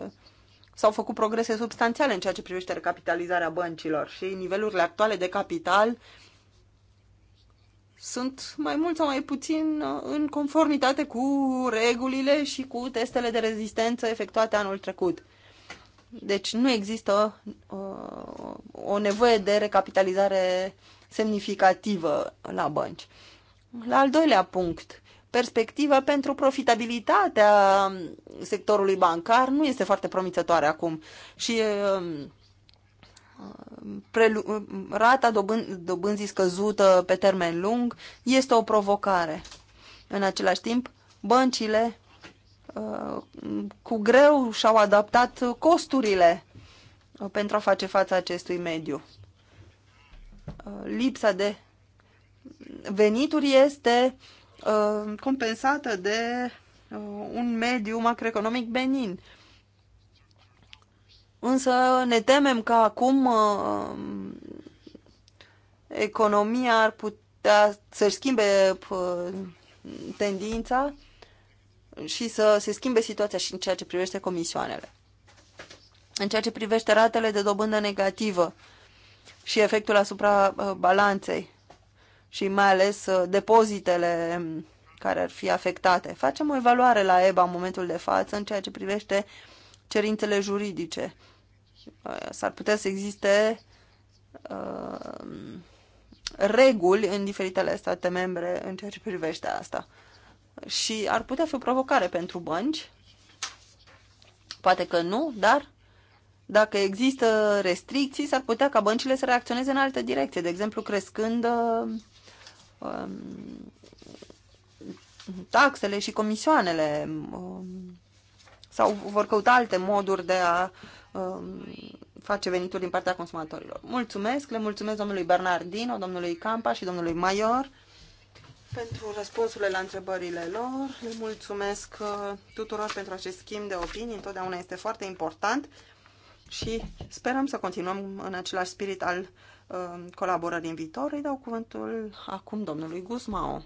s-au făcut progrese substanțiale în ceea ce privește recapitalizarea băncilor și nivelurile actuale de capital sunt mai mult sau mai puțin uh, în conformitate cu regulile și cu testele de rezistență efectuate anul trecut. Deci nu există uh, o nevoie de recapitalizare semnificativă la bănci. La al doilea punct, perspectivă pentru profitabilitatea sectorului bancar nu este foarte promițătoare acum și um, prelu- rata dobân- dobânzii scăzută pe termen lung este o provocare. În același timp, băncile uh, cu greu și-au adaptat costurile uh, pentru a face față acestui mediu. Uh, lipsa de venituri este uh, Uh, compensată de uh, un mediu macroeconomic benin. Însă ne temem că acum uh, economia ar putea să-și schimbe tendința și să se schimbe situația și în ceea ce privește comisioanele. În ceea ce privește ratele de dobândă negativă și efectul asupra balanței și mai ales uh, depozitele um, care ar fi afectate. Facem o evaluare la EBA în momentul de față în ceea ce privește cerințele juridice. Uh, s-ar putea să existe uh, reguli în diferitele state membre în ceea ce privește asta. Și ar putea fi o provocare pentru bănci, poate că nu, dar dacă există restricții, s-ar putea ca băncile să reacționeze în altă direcție, de exemplu crescând uh, um, taxele și comisioanele um, sau vor căuta alte moduri de a um, face venituri din partea consumatorilor. Mulțumesc, le mulțumesc domnului Bernardino, domnului Campa și domnului Maior pentru răspunsurile la întrebările lor. Le mulțumesc uh, tuturor pentru acest schimb de opinii, întotdeauna este foarte important și sperăm să continuăm în același spirit al Um, colaborări în viitor. Îi dau cuvântul acum domnului Guzmao.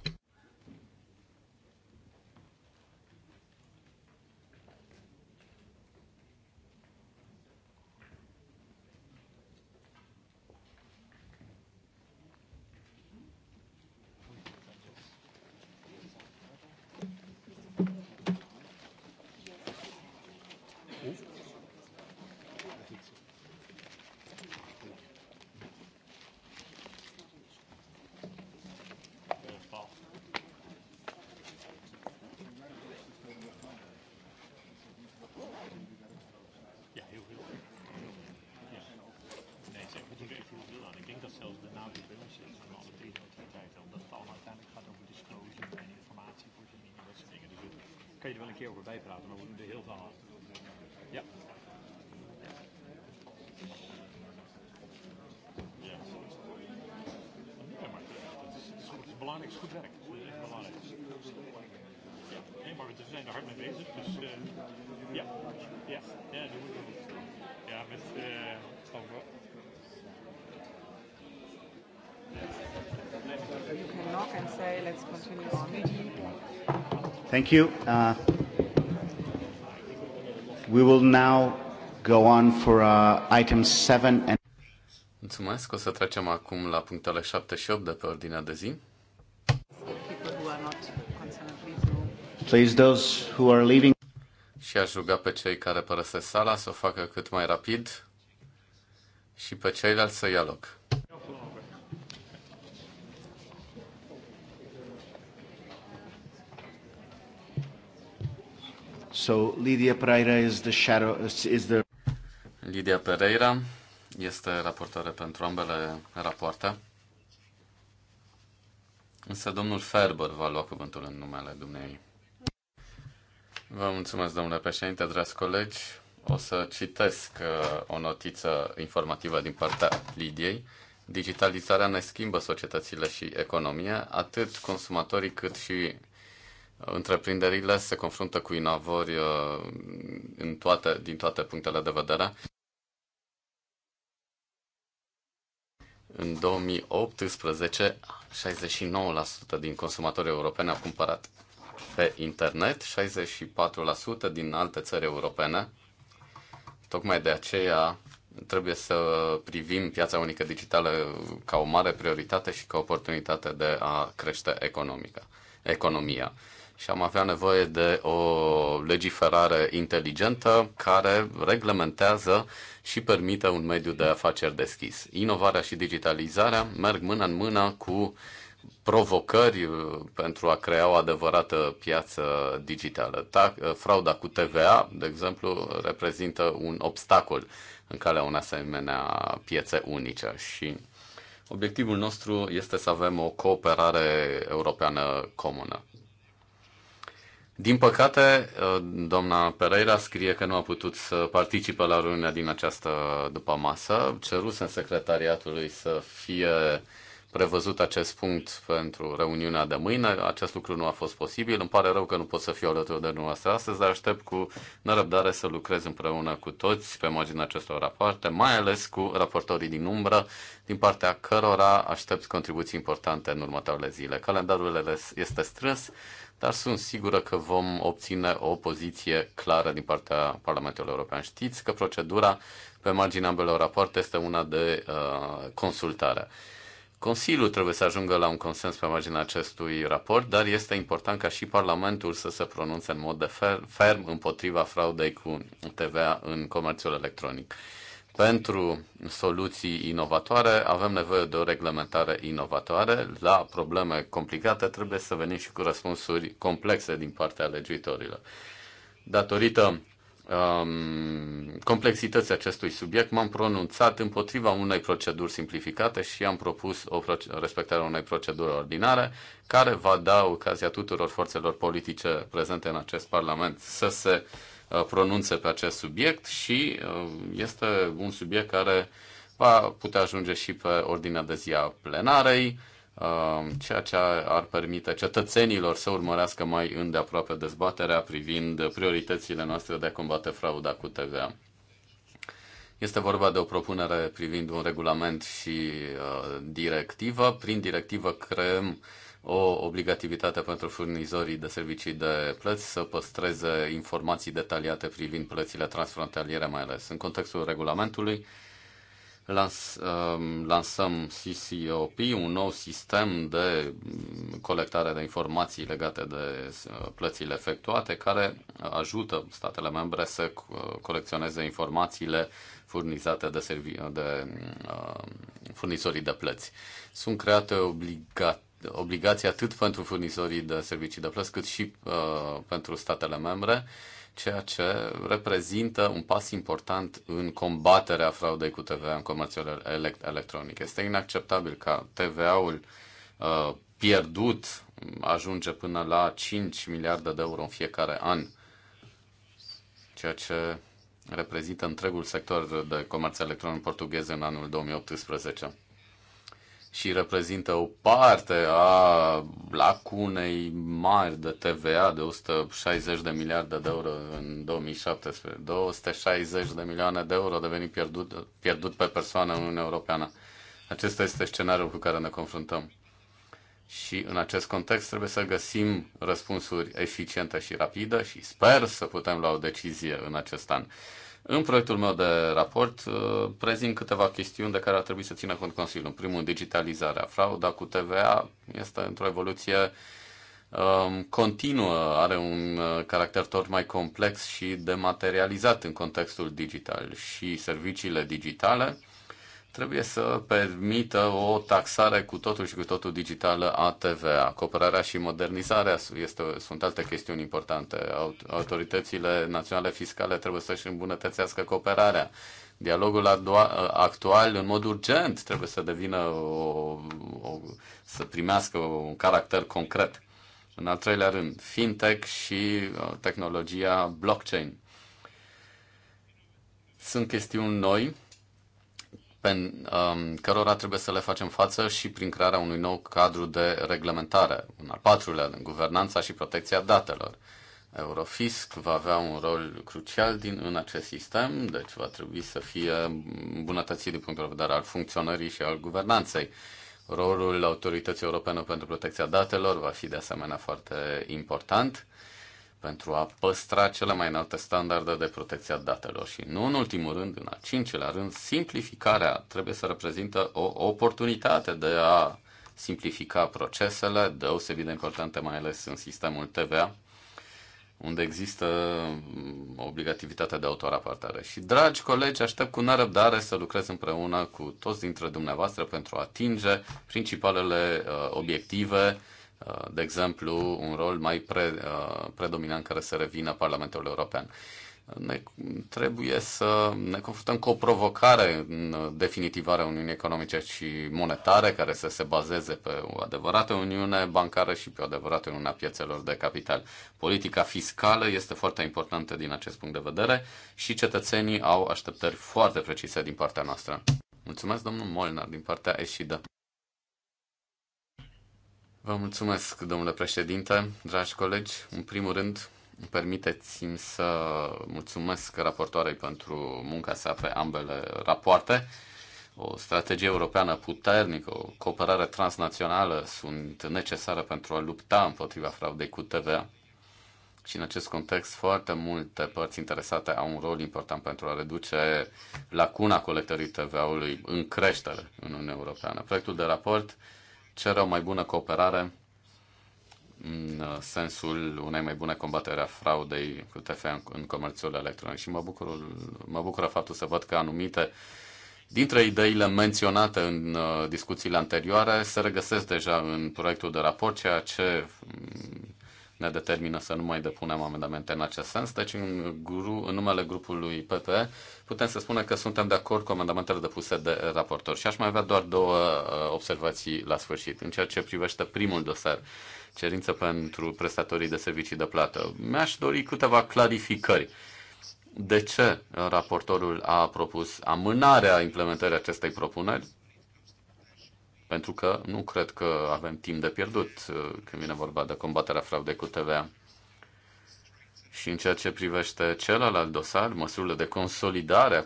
Thank you. Uh, we will now go on for uh, item 7 and Mulțumesc. O să trecem acum la punctele 7 și 8 de pe ordinea de zi. Please those who are leaving și aș ruga pe cei care părăsesc sala să o facă cât mai rapid și pe ceilalți să ia loc. So Lidia Pereira is the shadow is the Lidia Pereira este raportoare pentru ambele rapoarte. Însă domnul Ferber va lua cuvântul în numele dumnei. Vă mulțumesc, domnule președinte, dragi colegi. O să citesc uh, o notiță informativă din partea Lidiei. Digitalizarea ne schimbă societățile și economia, atât consumatorii cât și întreprinderile se confruntă cu inovări uh, în toate, din toate punctele de vedere. În 2018, 69% din consumatorii europeni au cumpărat pe internet, 64% din alte țări europene. Tocmai de aceea trebuie să privim piața unică digitală ca o mare prioritate și ca oportunitate de a crește economica, economia și am avea nevoie de o legiferare inteligentă care reglementează și permite un mediu de afaceri deschis. Inovarea și digitalizarea merg mână în mână cu provocări uh, pentru a crea o adevărată piață digitală. Uh, frauda cu TVA, de exemplu, reprezintă un obstacol în calea unei asemenea piețe unice și Obiectivul nostru este să avem o cooperare europeană comună. Din păcate, uh, doamna Pereira scrie că nu a putut să participe la reuniunea din această după masă. Ceruse secretariatului să fie prevăzut acest punct pentru reuniunea de mâine. Acest lucru nu a fost posibil. Îmi pare rău că nu pot să fiu alături de dumneavoastră astăzi, dar aștept cu nerăbdare să lucrez împreună cu toți pe marginea acestor rapoarte, mai ales cu raportorii din umbră, din partea cărora aștept contribuții importante în următoarele zile. Calendarul este strâns dar sunt sigură că vom obține o poziție clară din partea Parlamentului European. Știți că procedura pe marginea ambelor rapoarte este una de uh, consultare. Consiliul trebuie să ajungă la un consens pe marginea acestui raport, dar este important ca și Parlamentul să se pronunțe în mod de ferm împotriva fraudei cu TVA în comerțul electronic pentru soluții inovatoare avem nevoie de o reglementare inovatoare. La probleme complicate trebuie să venim și cu răspunsuri complexe din partea legiuitorilor. Datorită um, complexității acestui subiect, m-am pronunțat împotriva unei proceduri simplificate și am propus o respectarea unei proceduri ordinare care va da ocazia tuturor forțelor politice prezente în acest Parlament să se uh, Uh, pronunțe pe acest subiect și uh, este un subiect care va putea ajunge și pe ordinea de zi a plenarei, uh, ceea ce ar permite cetățenilor să urmărească mai îndeaproape dezbaterea privind prioritățile noastre de a combate frauda cu TVA. Este vorba de o propunere privind un regulament și uh, directivă. Prin directivă creăm uh, o obligativitate pentru furnizorii de servicii de plăți să păstreze informații detaliate privind plățile transfrontaliere, mai ales în contextul regulamentului. Lans, um, lansăm CCOP, un nou sistem de colectare de informații legate de uh, plățile efectuate, care ajută statele membre să uh, colecționeze informațiile furnizate de, servi- de uh, furnizorii de plăți. Sunt create obligat obligații atât pentru furnizorii de servicii de plăți, cât și uh, pentru statele membre, ceea ce reprezintă un pas important în combaterea fraudei cu TVA în comerțul elect- electronic. Este inacceptabil ca TVA-ul uh, pierdut ajunge până la 5 miliarde de euro în fiecare an, ceea ce reprezintă întregul sector de comerț electronic portughez în anul 2018 și reprezintă o parte a lacunei mari de TVA de 160 de miliarde de euro în 2017. 260 de milioane de euro de venit pierdut, pierdut pe persoană în Uniunea Europeană. Acesta este scenariul cu care ne confruntăm. Și în acest context trebuie să găsim răspunsuri eficiente și rapide și sper să putem lua o decizie în acest an. În proiectul meu de raport uh, prezint câteva chestiuni de care ar trebui să țină cont Consiliul. În primul, digitalizarea. Frauda cu TVA este într-o evoluție um, continuă, are un uh, caracter tot mai complex și dematerializat în contextul digital și serviciile digitale trebuie să permită o taxare cu totul și cu totul digitală a TVA. Cooperarea și modernizarea este, sunt alte chestiuni importante. Autoritățile naționale fiscale trebuie să-și îmbunătățească cooperarea. Dialogul actual, în mod urgent, trebuie să devină o, o, să primească un caracter concret. În al treilea rând, fintech și uh, tehnologia blockchain. Sunt chestiuni noi pe, um, cărora trebuie să le facem față și prin crearea unui nou cadru de reglementare, un al patrulea, în guvernanța și protecția datelor. Eurofisc va avea un rol crucial din, în acest sistem, deci va trebui să fie îmbunătățit din punctul de vedere al funcționării și al guvernanței. Rolul Autorității Europene pentru Protecția Datelor va fi de asemenea foarte important pentru a păstra cele mai înalte standarde de protecție a datelor. Și nu în ultimul rând, în al cincilea rând, simplificarea trebuie să reprezintă o oportunitate de a simplifica procesele, deosebit de importante mai ales în sistemul TVA, unde există mm, obligativitatea de autoraportare. Și, dragi colegi, aștept cu nerăbdare să lucrez împreună cu toți dintre dumneavoastră pentru a atinge principalele uh, obiective Uh, de exemplu, un rol mai pre, uh, predominant care să revină Parlamentul European. Ne, trebuie să ne confruntăm cu o provocare în definitivarea Uniunii Economice și Monetare, care să se bazeze pe o adevărată Uniune bancară și pe o adevărată Uniune a piețelor de capital. Politica fiscală este foarte importantă din acest punct de vedere și cetățenii au așteptări foarte precise din partea noastră. Mulțumesc, domnul Molnar, din partea Eșidă. Vă mulțumesc, domnule președinte, dragi colegi. În primul rând, permiteți-mi să mulțumesc raportoarei pentru munca sa pe ambele rapoarte. O strategie europeană puternică, o cooperare transnațională sunt necesare pentru a lupta împotriva fraudei cu TVA. Și în acest context, foarte multe părți interesate au un rol important pentru a reduce lacuna colectării TVA-ului în creștere în Uniunea Europeană. Proiectul de raport cere o mai bună cooperare în uh, sensul unei mai bune combatere a fraudei cu TF în comerțul electronic. Și mă, bucur, mă bucură faptul să văd că anumite dintre ideile menționate în uh, discuțiile anterioare se regăsesc deja în proiectul de raport, ceea ce mm, ne determină să nu mai depunem amendamente în acest sens. Deci, în, guru, în numele grupului PP, putem să spunem că suntem de acord cu amendamentele depuse de raportor. Și aș mai avea doar două uh, observații la sfârșit. În ceea ce privește primul dosar, cerință pentru prestatorii de servicii de plată, mi-aș dori câteva clarificări. De ce raportorul a propus amânarea implementării acestei propuneri? pentru că nu cred că avem timp de pierdut uh, când vine vorba de combaterea fraudei cu TVA. Și în ceea ce privește celălalt dosar, măsurile de consolidare a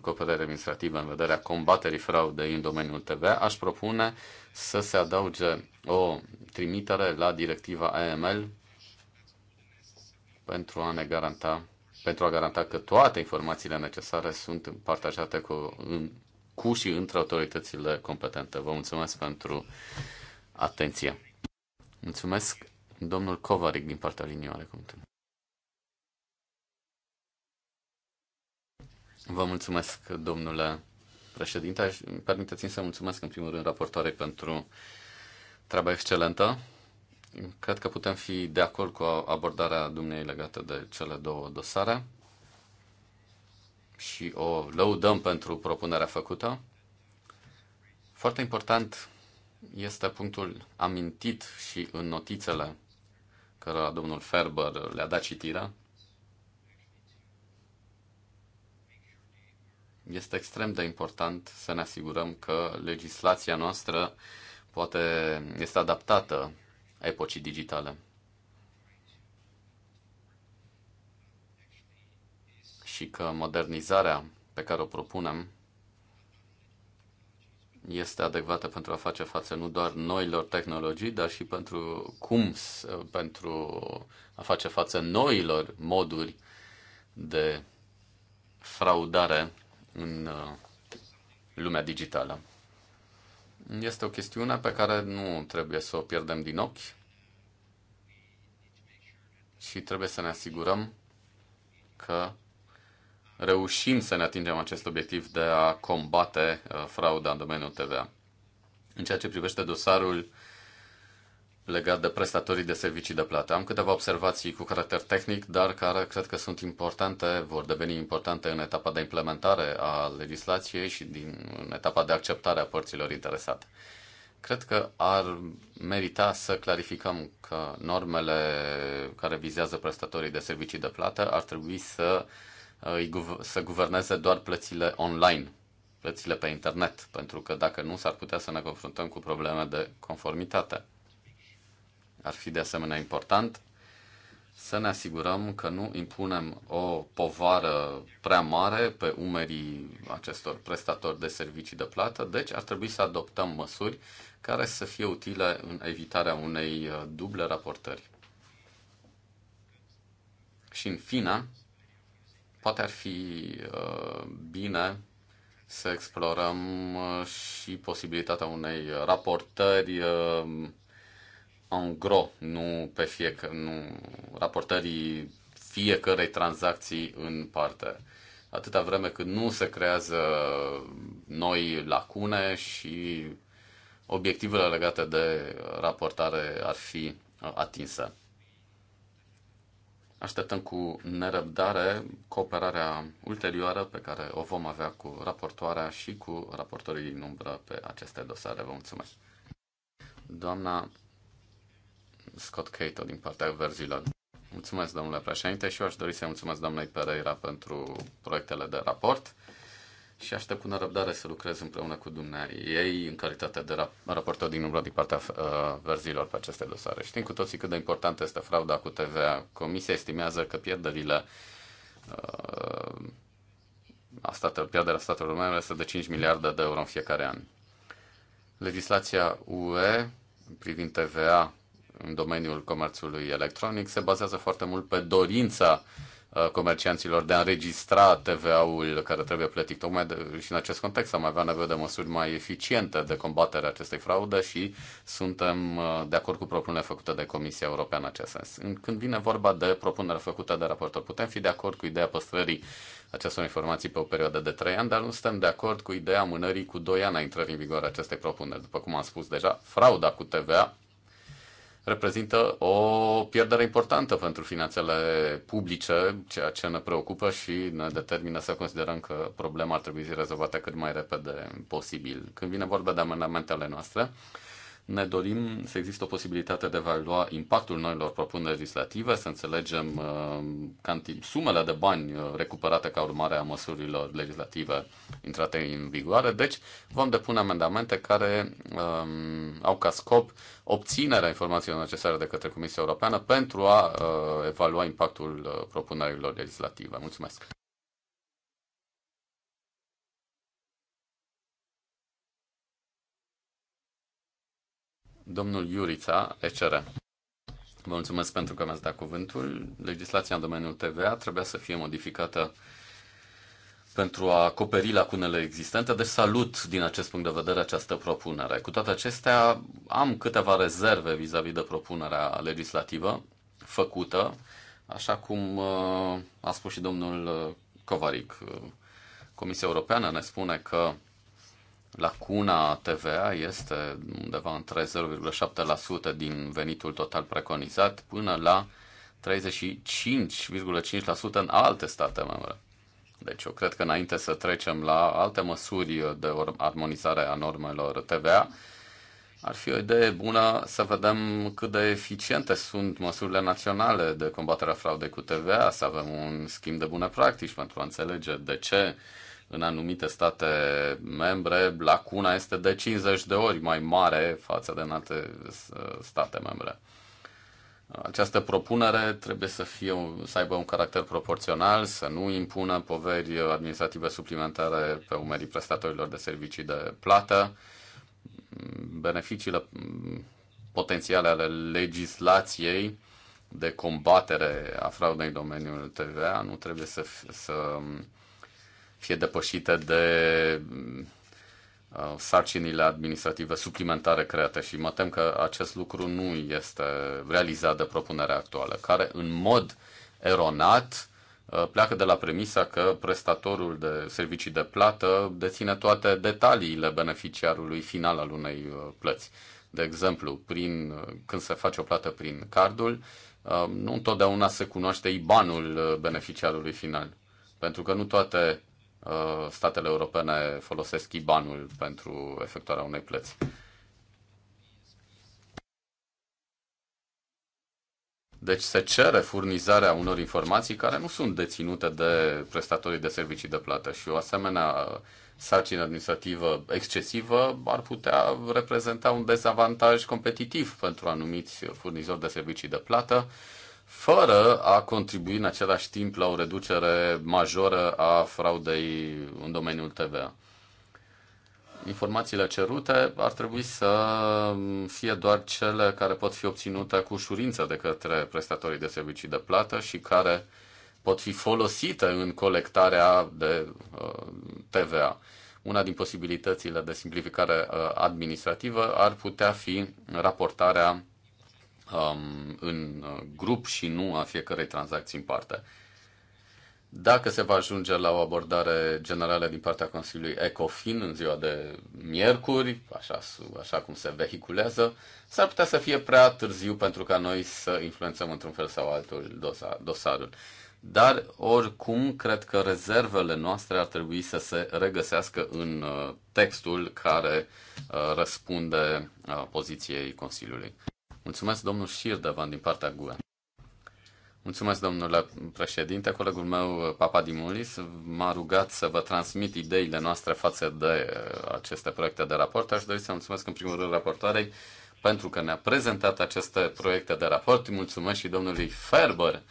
cooperării administrative în vederea combaterii fraudei în domeniul TVA, aș propune să se adauge o trimitere la directiva AML pentru a ne garanta pentru a garanta că toate informațiile necesare sunt partajate cu cu și între autoritățile competente. Vă mulțumesc pentru atenție. Mulțumesc, domnul Covaric, din partea linioare Cuvântul. Vă mulțumesc, domnule președinte. Permiteți-mi să mulțumesc, în primul rând, raportoarei pentru treaba excelentă. Cred că putem fi de acord cu abordarea dumnei legată de cele două dosare și o lăudăm pentru propunerea făcută. Foarte important este punctul amintit și în notițele cărora domnul Ferber le-a dat citirea. Este extrem de important să ne asigurăm că legislația noastră poate este adaptată epocii digitale. și că modernizarea pe care o propunem este adecvată pentru a face față nu doar noilor tehnologii, dar și pentru cum, pentru a face față noilor moduri de fraudare în uh, lumea digitală. Este o chestiune pe care nu trebuie să o pierdem din ochi și trebuie să ne asigurăm că reușim să ne atingem acest obiectiv de a combate uh, frauda în domeniul TVA. În ceea ce privește dosarul legat de prestatorii de servicii de plată. Am câteva observații cu caracter tehnic, dar care cred că sunt importante, vor deveni importante în etapa de implementare a legislației și din, în etapa de acceptare a părților interesate. Cred că ar merita să clarificăm că normele care vizează prestatorii de servicii de plată ar trebui să uh, Uh, să guverneze doar plățile online, plățile pe internet, pentru că dacă nu, s-ar putea să ne confruntăm cu probleme de conformitate. Ar fi de asemenea important să ne asigurăm că nu impunem o povară prea mare pe umerii acestor prestatori de servicii de plată, deci ar trebui să adoptăm măsuri care să fie utile în evitarea unei uh, duble raportări. Și în final Poate ar fi uh, bine să explorăm uh, și posibilitatea unei raportări în uh, gro, nu pe fiecare, nu raportării fiecarei tranzacții în parte. Atâta vreme cât nu se creează noi lacune și obiectivele legate de raportare ar fi atinse. Așteptăm cu nerăbdare cooperarea ulterioară pe care o vom avea cu raportoarea și cu raportorii din umbră pe aceste dosare. Vă mulțumesc. Doamna Scott Cato din partea verzilor. Mulțumesc, domnule președinte, și eu aș dori să mulțumesc doamnei Pereira pentru proiectele de raport și aștept cu nerăbdare să lucrez împreună cu dumneavoastră ei în calitate de rap- raportor din umbră din partea uh, verzilor pe aceste dosare. Știm cu toții cât de importantă este frauda cu TVA. Comisia estimează că pierderile uh, a statelor, pierderea statelor membre este de 5 miliarde de euro în fiecare an. Legislația UE privind TVA în domeniul comerțului electronic se bazează foarte mult pe dorința uh, Uh, comercianților de a înregistra TVA-ul care trebuie plătit. Tocmai de, și în acest context am avea nevoie de măsuri mai eficiente de combatere acestei fraude și suntem uh, de acord cu propunerile făcute de Comisia Europeană în acest sens. Când vine vorba de propunerea făcută de raportor, putem fi de acord cu ideea păstrării acestor informații pe o perioadă de 3 ani, dar nu suntem de acord cu ideea mânării cu 2 ani a intrării în vigoare acestei propuneri. După cum am spus deja, frauda cu TVA reprezintă o pierdere importantă pentru finanțele publice, ceea ce ne preocupă și ne determină să considerăm că problema ar trebui rezolvată cât mai repede posibil. Când vine vorba de amendamentele noastre, ne dorim să existe o posibilitate de a evalua impactul noilor propuneri legislative, să înțelegem uh, canti- sumele de bani uh, recuperate ca urmare a măsurilor legislative intrate în vigoare. Deci vom depune amendamente care um, au ca scop obținerea informațiilor necesare de către Comisia Europeană pentru a uh, evalua impactul uh, propunerilor legislative. Mulțumesc! Domnul Iurița, ECR. Vă mulțumesc pentru că mi-ați dat cuvântul. Legislația în domeniul TVA trebuia să fie modificată pentru a acoperi lacunele existente, deci salut din acest punct de vedere această propunere. Cu toate acestea, am câteva rezerve vis-a-vis -vis de propunerea legislativă făcută, așa cum uh, a spus și domnul uh, Covaric. Comisia Europeană ne spune că lacuna TVA este undeva între 0,7% din venitul total preconizat până la 35,5% în alte state membre. Deci eu cred că înainte să trecem la alte măsuri de armonizare a normelor TVA, ar fi o idee bună să vedem cât de eficiente sunt măsurile naționale de combatere a fraudei cu TVA, să avem un schimb de bune practici pentru a înțelege de ce în anumite state membre, lacuna este de 50 de ori mai mare față de în alte state membre. Această propunere trebuie să, fie, să aibă un caracter proporțional, să nu impună poveri administrative suplimentare pe umerii prestatorilor de servicii de plată. Beneficiile potențiale ale legislației de combatere a fraudei în domeniul TVA nu trebuie să, să fie depășite de mm, uh, sarcinile administrative suplimentare create și mă tem că acest lucru nu este realizat de propunerea actuală, care în mod eronat uh, pleacă de la premisa că prestatorul de servicii de plată deține toate detaliile beneficiarului final al unei uh, plăți. De exemplu, prin, când se face o plată prin cardul, nu întotdeauna se cunoaște IBAN-ul beneficiarului final, pentru că nu toate Uh, statele europene folosesc IBAN-ul pentru efectuarea unei plăți. Deci se cere furnizarea unor informații care nu sunt deținute de prestatorii de servicii de plată și o asemenea sarcină administrativă excesivă ar putea reprezenta un dezavantaj competitiv pentru anumiți furnizori de servicii de plată fără a contribui în același timp la o reducere majoră a fraudei în domeniul TVA. Informațiile cerute ar trebui să fie doar cele care pot fi obținute cu ușurință de către prestatorii de servicii de plată și care pot fi folosite în colectarea de uh, TVA. Una din posibilitățile de simplificare uh, administrativă ar putea fi raportarea um, în uh, grup și nu a fiecărei tranzacții în parte. Dacă se va ajunge la o abordare generală din partea Consiliului ECOFIN în ziua de miercuri, așa, așa cum se vehiculează, s-ar putea să fie prea târziu pentru ca noi să influențăm într-un fel sau altul dosarul. Dar, oricum, cred că rezervele noastre ar trebui să se regăsească în uh, textul care uh, răspunde poziției Consiliului. Mulțumesc, domnul Șirdăvan, din partea GUE. Mulțumesc, domnule președinte. Colegul meu, papa Papadimulis, m-a rugat să vă transmit ideile noastre față de uh, aceste proiecte de raport. Aș dori să mulțumesc, în primul rând, raportoarei pentru că ne-a prezentat aceste proiecte de raport. Mulțumesc și domnului Ferber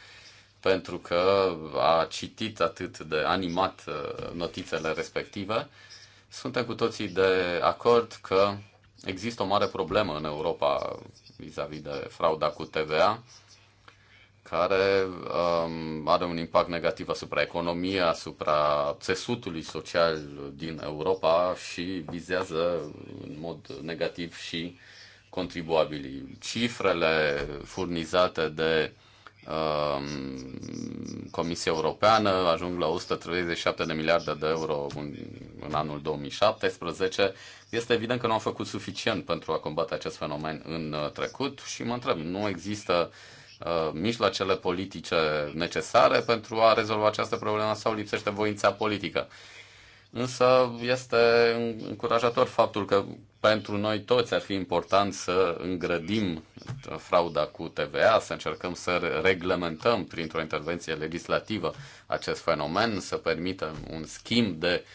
pentru că a citit atât de animat uh, notițele respective. Suntem cu toții de acord că există o mare problemă în Europa vis-a-vis -vis de frauda cu TVA, care um, are un impact negativ asupra economiei, asupra țesutului social din Europa și vizează în mod negativ și contribuabilii. Cifrele furnizate de Um, Comisia Europeană, ajung la 137 de miliarde de euro în, în anul 2017. Este evident că nu am făcut suficient pentru a combate acest fenomen în uh, trecut și mă întreb, nu există uh, mijloacele politice necesare pentru a rezolva această problemă sau lipsește voința politică? Uh, Însă este încurajator faptul că pentru noi toți ar fi important să îngrădim frauda cu TVA, să încercăm să reglementăm printr-o intervenție legislativă acest fenomen, să permitem un schimb de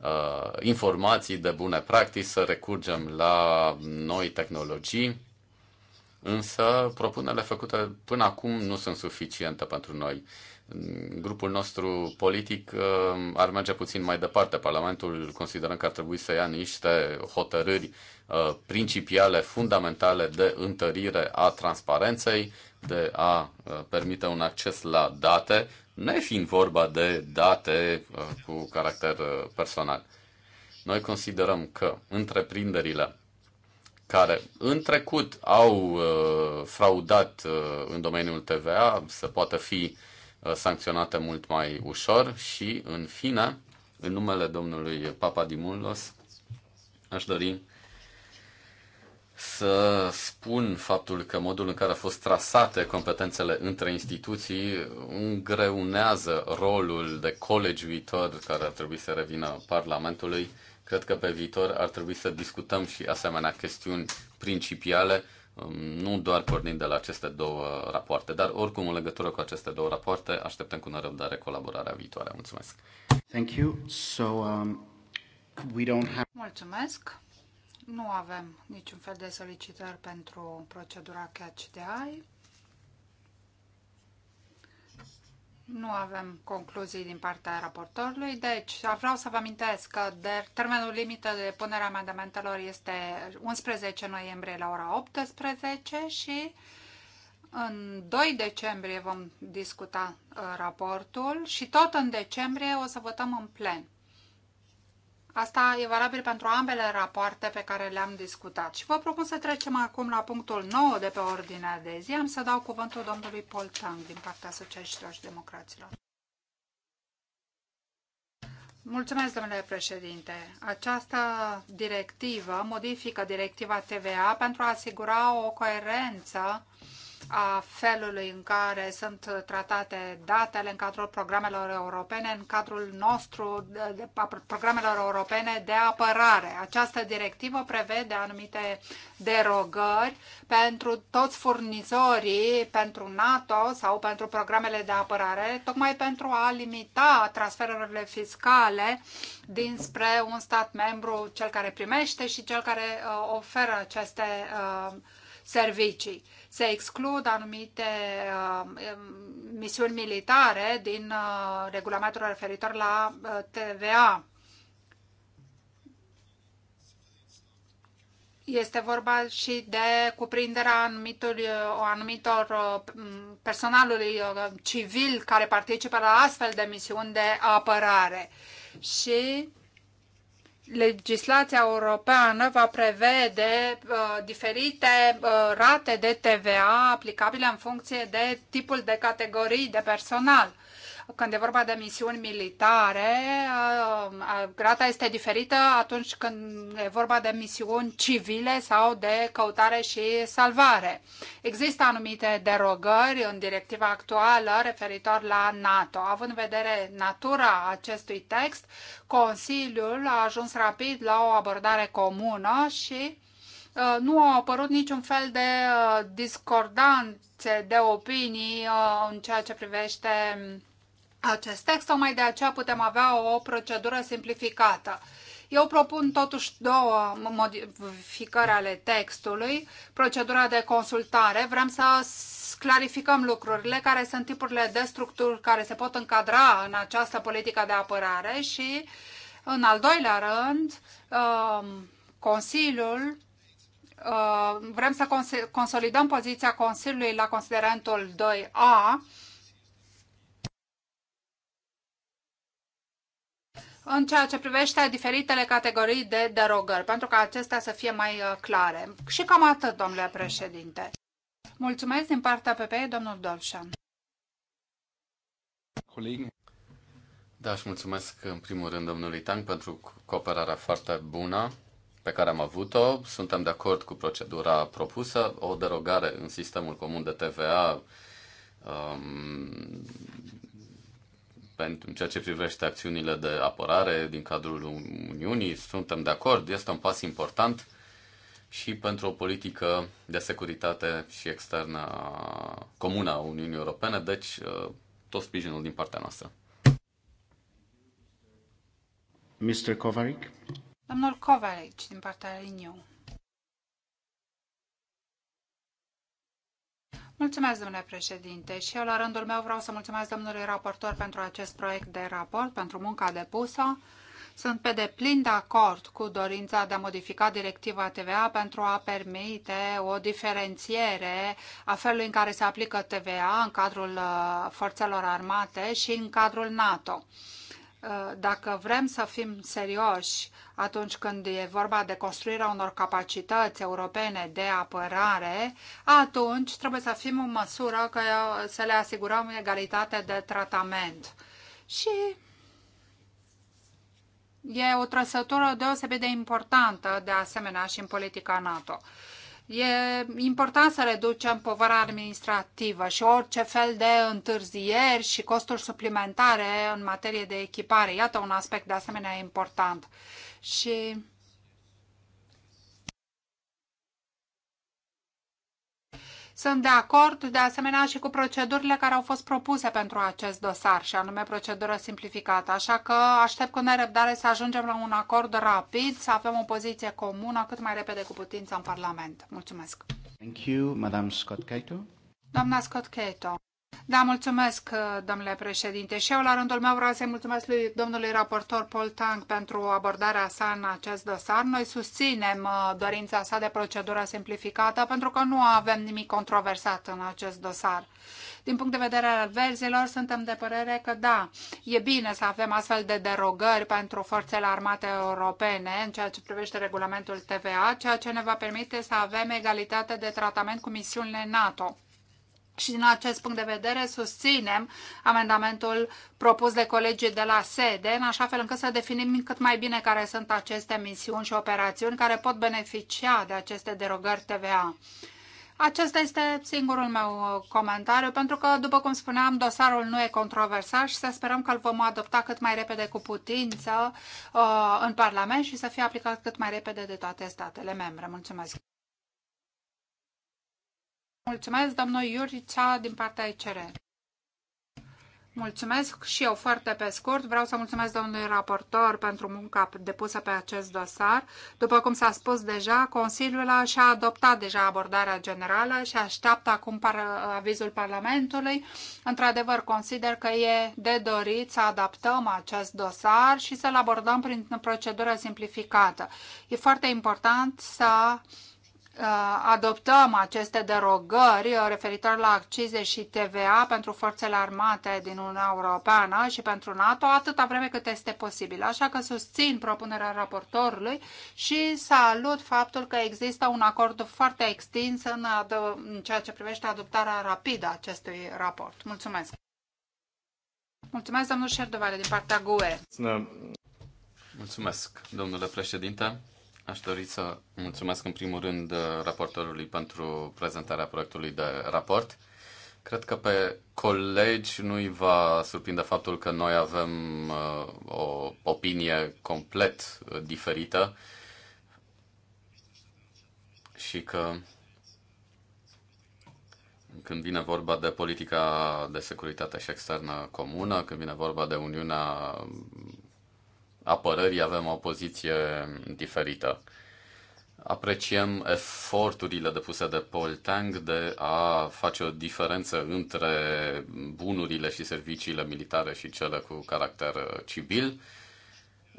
uh, informații, de bune practici, să recurgem la noi tehnologii. Însă propunerile făcute până acum nu sunt suficiente pentru noi. Uh, grupul nostru politic uh, ar merge puțin mai departe. Parlamentul considerăm că ar trebui să ia niște hotărâri uh, principiale, fundamentale de întărire a transparenței, de a uh, permite un acces la date, ne fiind vorba de date cu caracter personal. Noi considerăm că întreprinderile care în trecut au fraudat în domeniul TVA, se poate fi uh, sancționate mult mai ușor și, în fine, în numele domnului papa Dimulos, aș dori să spun faptul că modul în care au fost trasate competențele între instituții îngreunează rolul de colegi viitor care ar trebui să revină Parlamentului. Cred că pe viitor ar trebui să discutăm și asemenea chestiuni principiale Um, nu doar pornind de la aceste două rapoarte, dar oricum în legătură cu aceste două rapoarte așteptăm cu nerăbdare colaborarea viitoare. Mulțumesc! Thank you. So, um, we don't have... Mulțumesc! Nu avem niciun fel de solicitări pentru procedura catch the AI. Nu avem concluzii din partea raportorului, deci vreau să vă amintesc că de termenul limită de punere a amendamentelor este 11 noiembrie la ora 18 și în 2 decembrie vom discuta uh, raportul și tot în decembrie o să votăm în plen. Asta e valabil pentru ambele rapoarte pe care le-am discutat. Și vă propun să trecem acum la punctul 9 de pe ordinea de zi. Am să dau cuvântul domnului Paul Tang din partea Socialiștilor și Democraților. Mulțumesc, domnule președinte. Această directivă modifică directiva TVA pentru a asigura o coerență a felului în care sunt tratate datele în cadrul programelor europene, în cadrul nostru, de, programelor europene de apărare. Această directivă prevede anumite derogări pentru toți furnizorii, pentru NATO sau pentru programele de apărare, tocmai pentru a limita transferurile fiscale dinspre un stat membru, cel care primește și cel care uh, oferă aceste uh, servicii se exclud anumite uh, um, misiuni militare din uh, regulamentul referitor la uh, TVA. Este vorba și de cuprinderea anumitor, anumitor personalului civil care participă la astfel de misiuni de apărare. Și legislația europeană va prevede uh, diferite uh, rate de TVA aplicabile în funcție de tipul de categorii de personal când e vorba de misiuni militare, grata este diferită atunci când e vorba de misiuni civile sau de căutare și salvare. Există anumite derogări în directiva actuală referitor la NATO. Având în vedere natura acestui text, Consiliul a ajuns rapid la o abordare comună și nu au apărut niciun fel de discordanțe de opinii în ceea ce privește acest text, tocmai de aceea putem avea o procedură simplificată. Eu propun totuși două modificări ale textului, procedura de consultare. Vrem să clarificăm lucrurile, care sunt tipurile de structuri care se pot încadra în această politică de apărare și, în al doilea rând, um, Consiliul uh, vrem să consolidăm poziția Consiliului la considerentul 2A în ceea ce privește diferitele categorii de derogări, pentru ca acestea să fie mai uh, clare. Și cam atât, domnule președinte. Mulțumesc din partea PPE, domnul Dolșan. Da, și mulțumesc în primul rând domnului Tang pentru cooperarea foarte bună pe care am avut-o. Suntem de acord cu procedura propusă, o derogare în sistemul comun de TVA um, pentru ceea ce privește acțiunile de apărare din cadrul Uniunii, suntem de acord, este un pas important și pentru o politică de securitate și externă comună a Uniunii Europene, deci uh, tot sprijinul din partea noastră. Mr. Kovarik? Domnul Kovarik, din partea Renew. Mulțumesc, domnule președinte, și eu la rândul meu vreau să mulțumesc domnului raportor pentru acest proiect de raport, pentru munca depusă. Sunt pe deplin de acord cu dorința de a modifica directiva TVA pentru a permite o diferențiere a felului în care se aplică TVA în cadrul uh, forțelor armate și în cadrul NATO. Uh, dacă vrem să fim serioși atunci când e vorba de construirea unor capacități europene de apărare, atunci trebuie să fim în măsură că uh, să le asigurăm egalitate de tratament. Și e o trăsătură deosebit de importantă, de asemenea, și în politica NATO. E important să reducem povara administrativă și orice fel de întârzieri și costuri suplimentare în materie de echipare. Iată un aspect de asemenea important. Și Sunt de acord, de asemenea, și cu procedurile care au fost propuse pentru acest dosar, și anume procedură simplificată. Așa că aștept cu nerăbdare să ajungem la un acord rapid, să avem o poziție comună cât mai repede cu putință în Parlament. Mulțumesc! Thank you, Madam Scott Cato. Doamna Scott Cato. Da, mulțumesc, uh, domnule președinte. Și eu, la rândul meu, vreau să-i mulțumesc lui domnului raportor Paul Tang pentru abordarea sa în acest dosar. Noi susținem uh, dorința sa de procedură simplificată pentru că nu avem nimic controversat în acest dosar. Din punct de vedere al verzilor, suntem de părere că da, e bine să avem astfel de derogări pentru forțele armate europene în ceea ce privește regulamentul TVA, ceea ce ne va permite să avem egalitate de tratament cu misiunile NATO. Și din acest punct de vedere susținem amendamentul propus de colegii de la sede, în așa fel încât să definim cât mai bine care sunt aceste misiuni și operațiuni care pot beneficia de aceste derogări TVA. Acesta este singurul meu comentariu, pentru că, după cum spuneam, dosarul nu e controversat și să sperăm că îl vom adopta cât mai repede cu putință uh, în Parlament și să fie aplicat cât mai repede de toate statele membre. Mulțumesc! Mulțumesc, domnul Iuricea, din partea ICR. Mulțumesc și eu foarte pe scurt. Vreau să mulțumesc domnului raportor pentru munca depusă pe acest dosar. După cum s-a spus deja, Consiliul și-a adoptat deja abordarea generală și așteaptă acum par- avizul Parlamentului. Într-adevăr, consider că e de dorit să adaptăm acest dosar și să-l abordăm prin procedură simplificată. E foarte important să Uh, adoptăm aceste derogări uh, referitor la accize și TVA pentru forțele armate din Uniunea Europeană și pentru NATO atâta vreme cât este posibil. Așa că susțin propunerea raportorului și salut faptul că există un acord foarte extins în, în ceea ce privește adoptarea rapidă a acestui raport. Mulțumesc! Mulțumesc, domnul Șerdovale, din partea GUE. Mulțumesc, domnule președinte. Aș dori să mulțumesc în primul rând uh, raportorului pentru prezentarea proiectului de raport. Cred că pe colegi nu-i va surprinde faptul că noi avem uh, o opinie complet uh, diferită și că când vine vorba de politica de securitate și externă comună, când vine vorba de Uniunea apărării avem o poziție diferită. Apreciem eforturile depuse de Paul Tang de a face o diferență între bunurile și serviciile militare și cele cu caracter civil,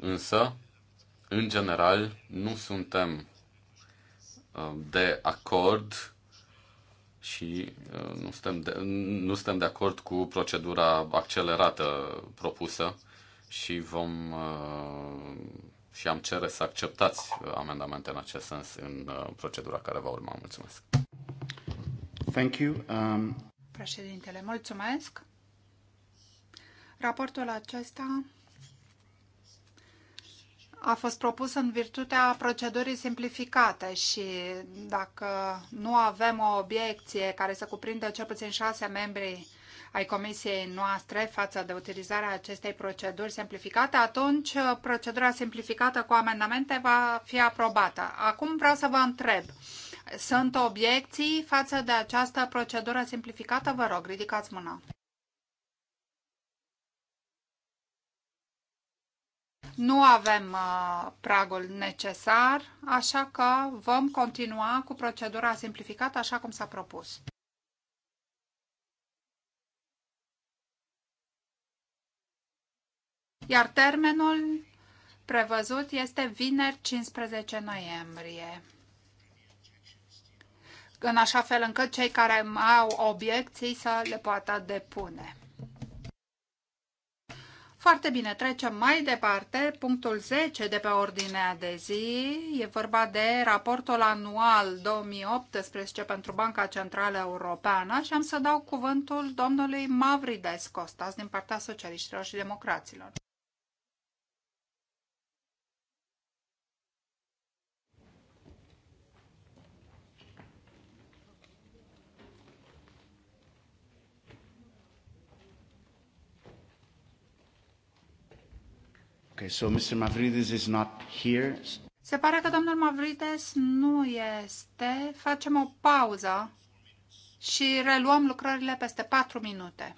însă, în general, nu suntem uh, de acord și uh, nu suntem de, nu suntem de acord cu procedura accelerată propusă și vom uh, și am cere să acceptați uh, amendamente în acest sens în uh, procedura care va urma. Mulțumesc. Thank you. Um... Președintele, mulțumesc. Raportul acesta a fost propus în virtutea procedurii simplificate și dacă nu avem o obiecție care să cuprindă cel puțin șase membri ai comisiei noastre față de utilizarea acestei proceduri simplificate, atunci uh, procedura simplificată cu amendamente va fi aprobată. Acum vreau să vă întreb, sunt obiecții față de această procedură simplificată? Vă rog, ridicați mâna. Nu avem uh, pragul necesar, așa că vom continua cu procedura simplificată așa cum s-a propus. iar termenul prevăzut este vineri 15 noiembrie. În așa fel încât cei care au obiecții să le poată depune. Foarte bine, trecem mai departe. Punctul 10 de pe ordinea de zi e vorba de raportul anual 2018 pentru Banca Centrală Europeană și am să dau cuvântul domnului Mavrides Costas din partea Socialiștilor și Democraților. Okay, so Mr. Mavridis is not here. Se pare că domnul Mavrides nu este. Facem o pauză și reluăm lucrările peste 4 minute.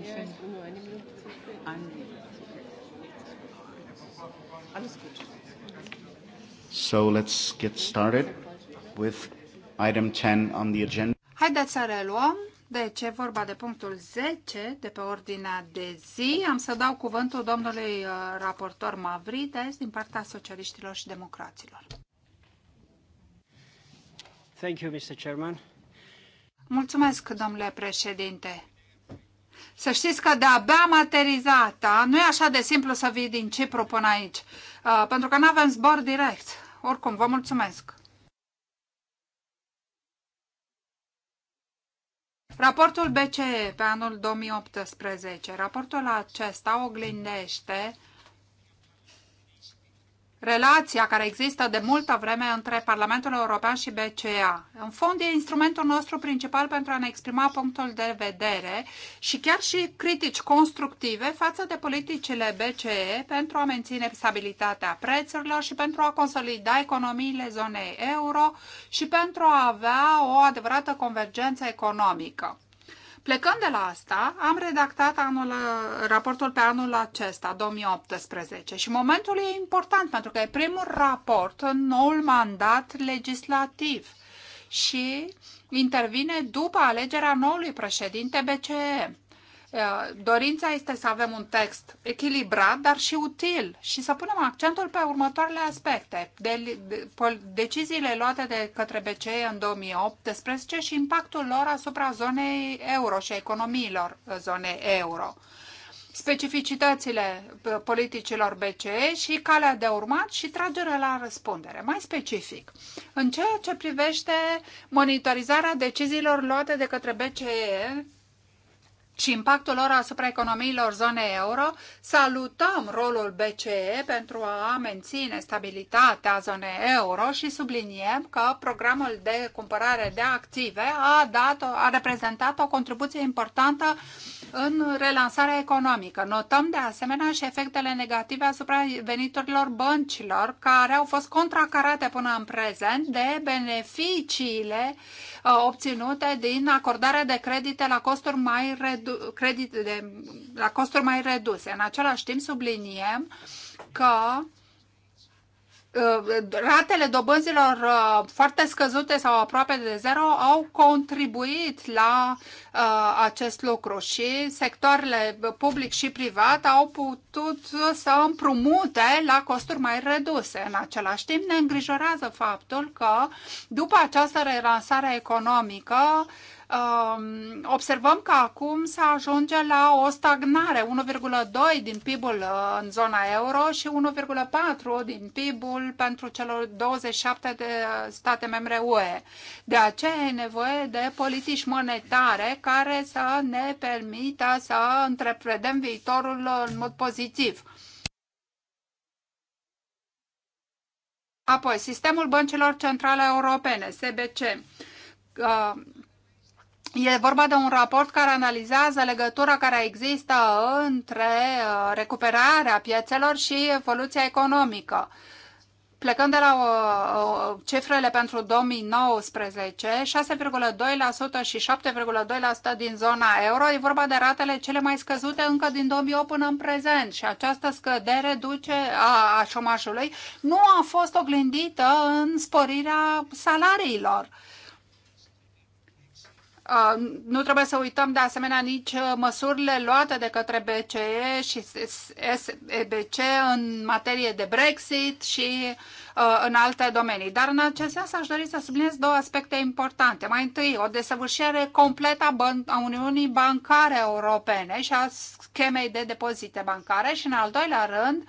ja, nur eine Minute zu spät. Alles gut. So let's get started with item 10 on the agenda. Haideți să reluăm. Deci e vorba de punctul 10 de pe ordinea de zi. Am să dau cuvântul domnului uh, raportor Mavrides din partea socialiștilor și democraților. Thank you, Mr. Chairman. Mulțumesc, domnule președinte. Să știți că de-abia am aterizat, da? nu e așa de simplu să vii din ce propun aici, uh, pentru că nu avem zbor direct. Oricum, vă mulțumesc! Raportul BCE pe anul 2018, raportul acesta oglindește relația care există de multă vreme între Parlamentul European și BCA. În fond, e instrumentul nostru principal pentru a ne exprima punctul de vedere și chiar și critici constructive față de politicile BCE pentru a menține stabilitatea prețurilor și pentru a consolida economiile zonei euro și pentru a avea o adevărată convergență economică. Plecând de la asta, am redactat anul, raportul pe anul acesta, 2018, și momentul e important pentru că e primul raport în noul mandat legislativ și intervine după alegerea noului președinte BCE. Eh, dorința este să avem un text echilibrat, dar și util și să punem accentul pe următoarele aspecte. De, de, deciziile luate de către BCE în 2018 și impactul lor asupra zonei euro și economiilor zonei euro specificitățile eh, politicilor BCE și calea de urmat și tragerea la răspundere. Mai specific, în ceea ce privește monitorizarea deciziilor luate de către BCE și impactul lor asupra economiilor zonei euro, salutăm rolul BCE pentru a menține stabilitatea zonei euro și subliniem că programul de cumpărare de active a, dat, a reprezentat o contribuție importantă uh, în relansarea economică. Notăm de asemenea și efectele negative asupra veniturilor băncilor, care au fost contracarate până în prezent de beneficiile uh, obținute din acordarea de credite la costuri mai, redu- credite de, la costuri mai reduse. În același timp subliniem că Uh, ratele dobânzilor uh, foarte scăzute sau aproape de zero au contribuit la uh, acest lucru și sectoarele public și privat au putut să împrumute la costuri mai reduse. În același timp ne îngrijorează faptul că după această relansare economică Um, observăm că acum se ajunge la o stagnare, 1,2 din PIB-ul uh, în zona euro și 1,4 din PIB-ul pentru celor 27 de state membre UE. De aceea e nevoie de politici monetare care să ne permită să întreprindem viitorul în mod pozitiv. Apoi, sistemul băncilor centrale europene, SBC uh, E vorba de un raport care analizează legătura care există între uh, recuperarea piețelor și evoluția economică. Plecând de la uh, uh, cifrele pentru 2019, 6,2% și 7,2% din zona euro, e vorba de ratele cele mai scăzute încă din 2008 până în prezent și această scădere duce a, a șomajului nu a fost oglindită în sporirea salariilor. Uh, nu trebuie să uităm de asemenea nici uh, măsurile luate de către BCE și SBC în materie de Brexit și uh, în alte domenii. Dar în acest sens aș dori să subliniez două aspecte importante. Mai întâi, o desăvârșire completă a Uniunii Bancare Europene și a schemei de depozite bancare și, în al doilea rând,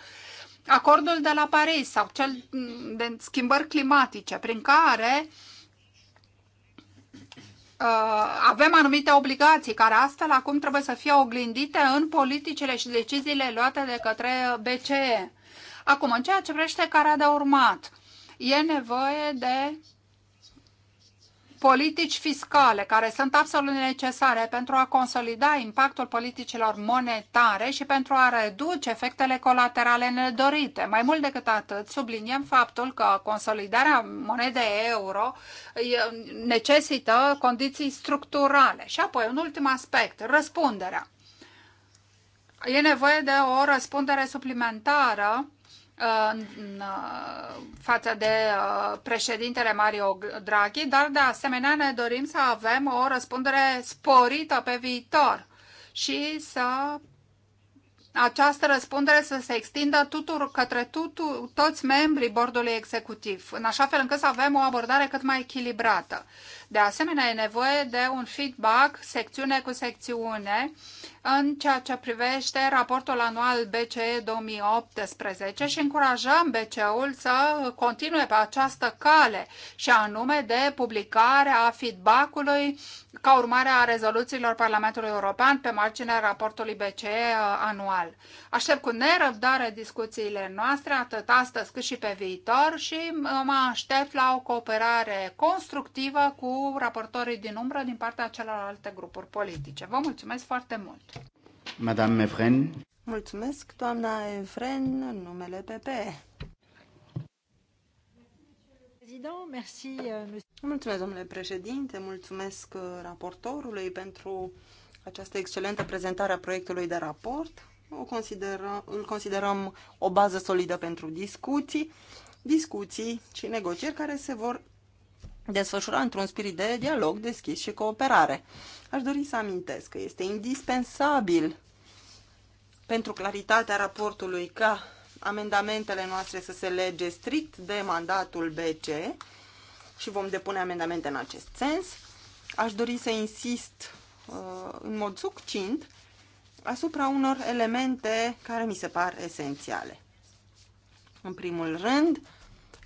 acordul de la Paris sau cel mm, de schimbări climatice, prin care uh, Uh, avem anumite obligații care astfel acum trebuie să fie oglindite în politicile și deciziile luate de către BCE. Acum, în ceea ce vrește care de urmat, e nevoie de politici fiscale care sunt absolut necesare pentru a consolida impactul politicilor monetare și pentru a reduce efectele colaterale nedorite. Mai mult decât atât, subliniem faptul că consolidarea monedei euro necesită condiții structurale. Și apoi, un ultim aspect, răspunderea. E nevoie de o răspundere suplimentară în uh, față de uh, președintele Mario Draghi, dar de asemenea ne dorim să avem o răspundere sporită pe viitor și să această răspundere să se extindă tutur, către tutu, toți membrii bordului executiv, în așa fel încât să avem o abordare cât mai echilibrată. De asemenea, e nevoie de un feedback secțiune cu secțiune în ceea ce privește raportul anual BCE 2018 și încurajăm BCE-ul să continue pe această cale și anume de publicare a feedback-ului ca urmare a rezoluțiilor Parlamentului European pe marginea raportului BCE uh, anual. Aștept cu nerăbdare discuțiile noastre, atât astăzi cât și pe viitor și uh, mă aștept la o cooperare constructivă cu raportorii din umbră din partea celorlalte grupuri politice. Vă mulțumesc foarte mult! Madame Evren. Mulțumesc, doamna Evren, în numele PP. Euh, mulțumesc, domnule președinte, mulțumesc uh, raportorului pentru această excelentă prezentare a proiectului de raport. O consideră, îl considerăm o bază solidă pentru discuții, discuții și negocieri care se vor desfășura într-un spirit de dialog deschis și cooperare. Aș dori să amintesc că este indispensabil pentru claritatea raportului ca amendamentele noastre să se lege strict de mandatul BC și vom depune amendamente în acest sens. Aș dori să insist uh, în mod succint asupra unor elemente care mi se par esențiale. În primul rând,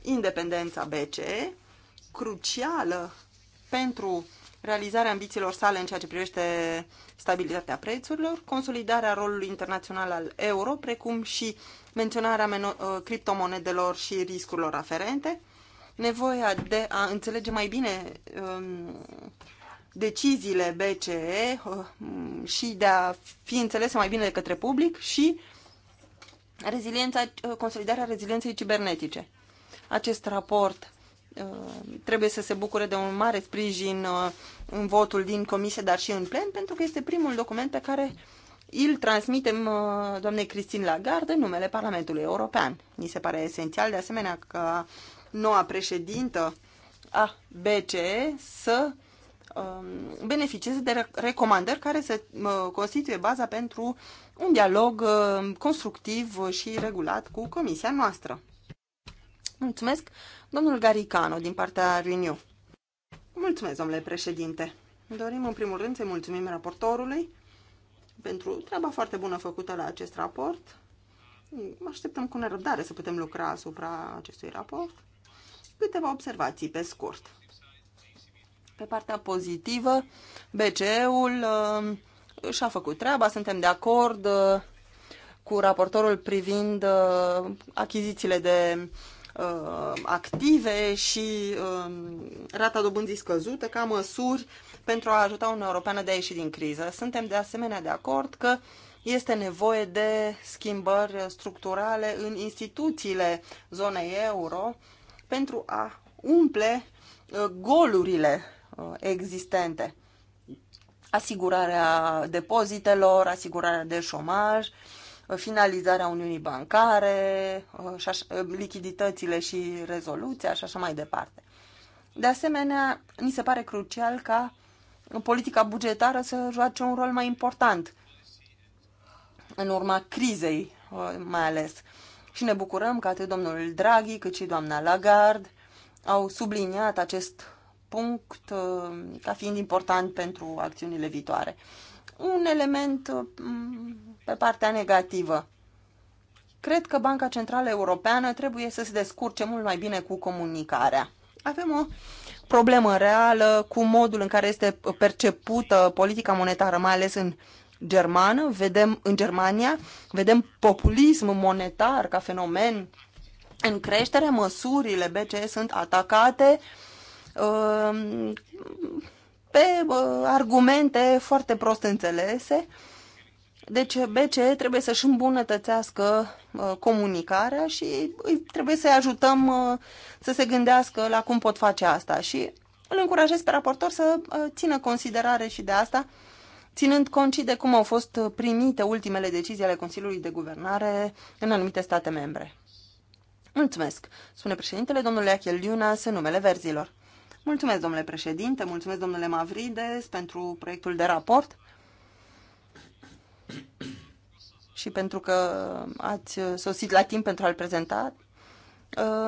independența BCE, crucială pentru realizarea ambițiilor sale în ceea ce privește stabilitatea prețurilor, consolidarea rolului internațional al euro, precum și menționarea uh, criptomonedelor și riscurilor aferente, nevoia de a înțelege mai bine um, deciziile BCE um, uh, și de a fi înțelese mai bine de către public și reziliența, uh, consolidarea rezilienței cibernetice. Acest raport Uh, trebuie să se bucure de un mare sprijin uh, în votul din comisie, dar și în plen, pentru că este primul document pe care îl transmitem uh, doamnei Cristin Lagarde în numele Parlamentului European. Mi se pare esențial, de asemenea, că noua președintă a BCE să um, beneficieze de recomandări care să constituie baza pentru un dialog constructiv și regulat cu comisia noastră. Mulțumesc! Domnul Garicano, din partea Renew. Mulțumesc, domnule președinte. Dorim, în primul rând, să-i mulțumim raportorului pentru treaba foarte bună făcută la acest raport. Așteptăm cu nerăbdare să putem lucra asupra acestui raport. Câteva observații pe scurt. Pe partea pozitivă, BCE-ul uh, și-a făcut treaba, suntem de acord uh, cu raportorul privind uh, achizițiile de Uh, active și um, rata dobânzii scăzută ca măsuri pentru a ajuta Uniunea Europeană de a ieși din criză. Suntem de asemenea de acord că este nevoie de schimbări structurale în instituțiile zonei euro pentru a umple uh, golurile uh, existente. Asigurarea depozitelor, asigurarea de șomaj, finalizarea Uniunii Bancare, uh, uh, lichiditățile și rezoluția și așa mai departe. De asemenea, ni se pare crucial ca politica bugetară să joace un rol mai important în urma crizei, uh, mai ales. Și ne bucurăm că atât domnul Draghi cât și doamna Lagarde au subliniat acest punct ca fiind important pentru acțiunile viitoare un element uh, pe partea negativă. Cred că Banca Centrală Europeană trebuie să se descurce mult mai bine cu comunicarea. Avem o problemă reală cu modul în care este percepută politica monetară, mai ales în germană, vedem în Germania, vedem populism monetar ca fenomen în creștere, măsurile BCE sunt atacate uh, pe argumente foarte prost înțelese. Deci BCE trebuie să-și îmbunătățească comunicarea și trebuie să-i ajutăm să se gândească la cum pot face asta. Și îl încurajez pe raportor să țină considerare și de asta, ținând cont și de cum au fost primite ultimele decizii ale Consiliului de Guvernare în anumite state membre. Mulțumesc, spune președintele domnule Achel Liuna, în numele verzilor. Mulțumesc, domnule președinte, mulțumesc, domnule Mavrides, pentru proiectul de raport și pentru că ați sosit la timp pentru a-l prezenta.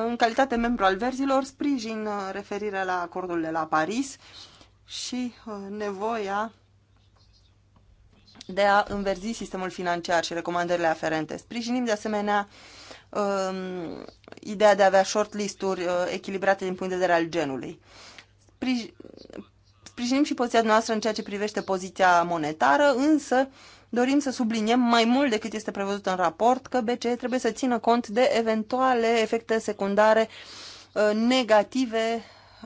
În calitate membru al verzilor, sprijin referirea la acordul de la Paris și uh, nevoia de a înverzi sistemul financiar și recomandările aferente. Sprijinim de asemenea um, ideea de a avea shortlist-uri uh, echilibrate din punct de vedere al genului sprijinim și poziția noastră în ceea ce privește poziția monetară, însă dorim să subliniem mai mult decât este prevăzut în raport că BCE trebuie să țină cont de eventuale efecte secundare uh, negative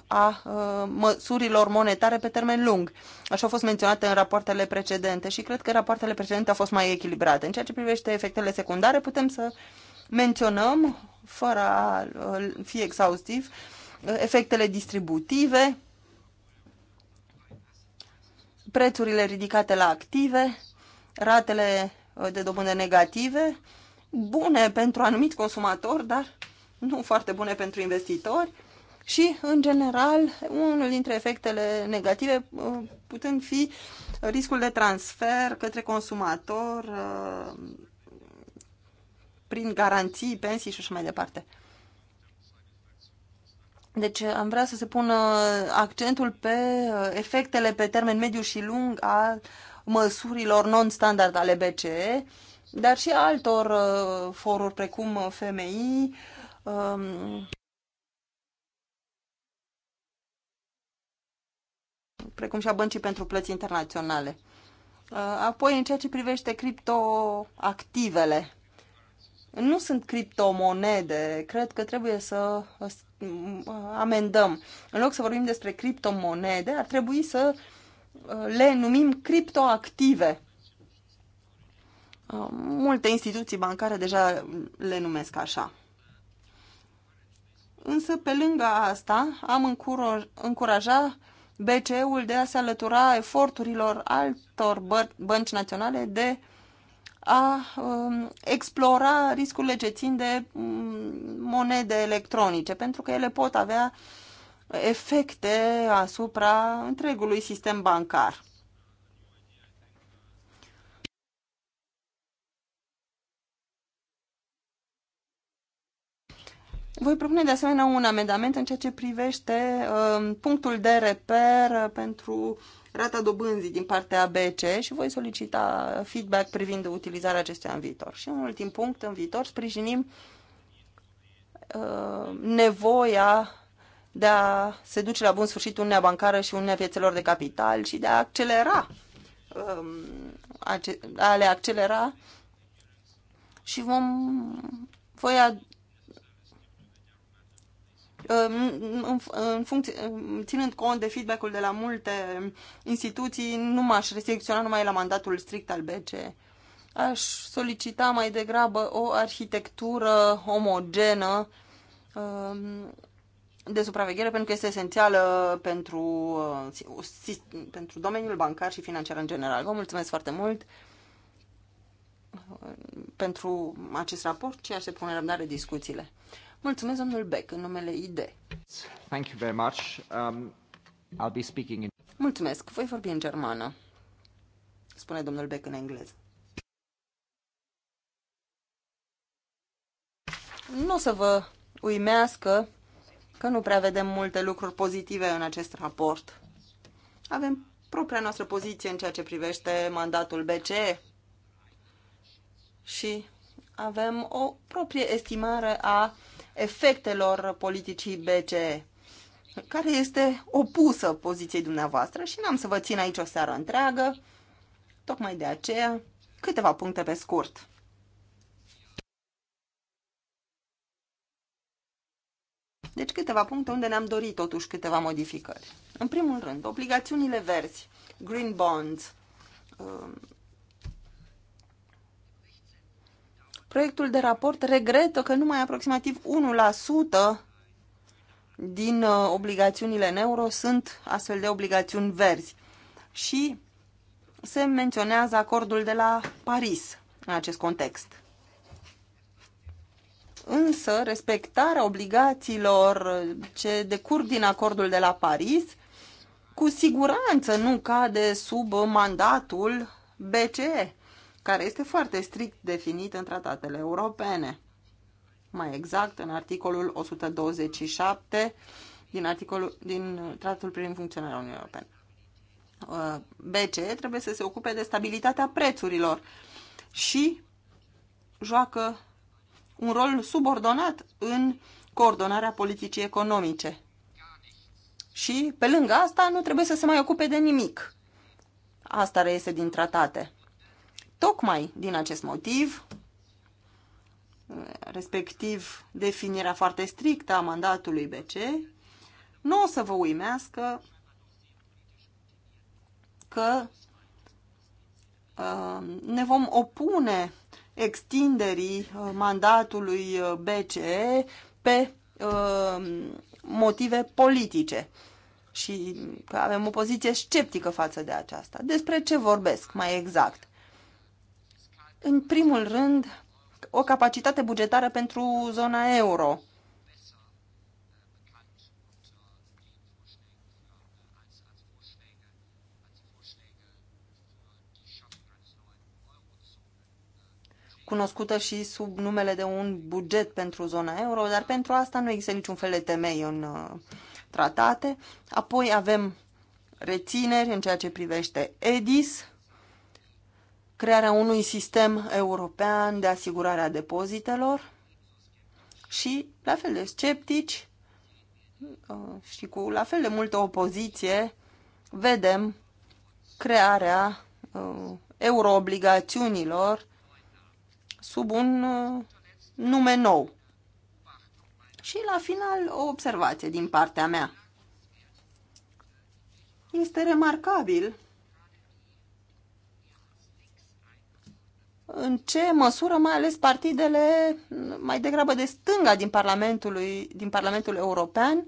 a uh, măsurilor monetare pe termen lung. Așa au fost menționate în rapoartele precedente și cred că rapoartele precedente au fost mai echilibrate. În ceea ce privește efectele secundare, putem să menționăm, fără a uh, fi exhaustiv, efectele distributive, prețurile ridicate la active, ratele uh, de dobândă negative, bune pentru anumit consumator, dar nu foarte bune pentru investitori și, în general, unul dintre efectele negative uh, putând fi riscul de transfer către consumator uh, prin garanții, pensii și așa mai departe. Deci uh, am vrea să se pună uh, accentul pe uh, efectele pe termen mediu și lung a măsurilor non-standard ale BCE, dar și altor foruri precum FMI, um, precum și a băncii pentru plăți internaționale. Apoi, în ceea ce privește criptoactivele, nu sunt criptomonede, cred că trebuie să amendăm. În loc să vorbim despre criptomonede, ar trebui să uh, le numim criptoactive. Uh, multe instituții bancare deja le numesc așa. Însă, pe lângă asta, am încuraja BCE-ul de a se alătura eforturilor altor bănci naționale de uh, a um, explora riscurile ce țin de mm, monede electronice, pentru că ele pot avea efecte asupra întregului sistem bancar. Voi propune de asemenea un amendament în ceea ce privește uh, punctul de reper uh, pentru rata dobânzii din partea BC și voi solicita feedback privind utilizarea acestuia în viitor. Și un ultim punct, în viitor sprijinim uh, nevoia de a se duce la bun sfârșit Uniunea Bancară și Uniunea Piețelor de Capital și de a accelera um, a le accelera și vom voi în, în funcție, ținând cont de feedback-ul de la multe instituții, nu m-aș restricționa numai la mandatul strict al BCE. Aș solicita mai degrabă o arhitectură omogenă um, de supraveghere pentru că este esențială pentru, uh, pentru domeniul bancar și financiar în general. Vă mulțumesc foarte mult uh, pentru acest raport și aștept cu nerăbdare discuțiile. Mulțumesc, domnul Beck, în numele ID. Thank you very much. Um, I'll be speaking in... Mulțumesc, voi vorbi în germană, spune domnul Beck în engleză. Nu o să vă uimească că nu prea vedem multe lucruri pozitive în acest raport. Avem propria noastră poziție în ceea ce privește mandatul BCE și avem o proprie estimare a efectelor politicii BCE, care este opusă poziției dumneavoastră și n-am să vă țin aici o seară întreagă. Tocmai de aceea, câteva puncte pe scurt. Deci câteva puncte unde ne-am dorit totuși câteva modificări. În primul rând, obligațiunile verzi, green bonds, um, Proiectul de raport regretă că numai aproximativ 1% din uh, obligațiunile în euro sunt astfel de obligațiuni verzi și se menționează acordul de la Paris în acest context. Însă, respectarea obligațiilor uh, ce decurg din acordul de la Paris cu siguranță nu cade sub uh, mandatul BCE care este foarte strict definit în tratatele europene. Mai exact, în articolul 127 din, articolul, din tratatul privind funcționarea Uniunii Europene. Uh, BCE trebuie să se ocupe de stabilitatea prețurilor și joacă un rol subordonat în coordonarea politicii economice. Și, pe lângă asta, nu trebuie să se mai ocupe de nimic. Asta reiese din tratate. Tocmai din acest motiv, respectiv definirea foarte strictă a mandatului BC, nu o să vă uimească că uh, ne vom opune extinderii uh, mandatului uh, BCE pe motive politice și că avem o poziție sceptică față de aceasta. Despre ce vorbesc mai exact? În primul rând, o capacitate bugetară pentru zona euro. cunoscută și sub numele de un buget pentru zona euro, dar pentru asta nu există niciun fel de temei în uh, tratate. Apoi avem rețineri în ceea ce privește EDIS, crearea unui sistem european de asigurare a depozitelor și, la fel de sceptici uh, și cu la fel de multă opoziție, vedem crearea uh, euroobligațiunilor sub un uh, nume nou. Și la final o observație din partea mea. Este remarcabil în ce măsură mai ales partidele mai degrabă de stânga din Parlamentul, din Parlamentul European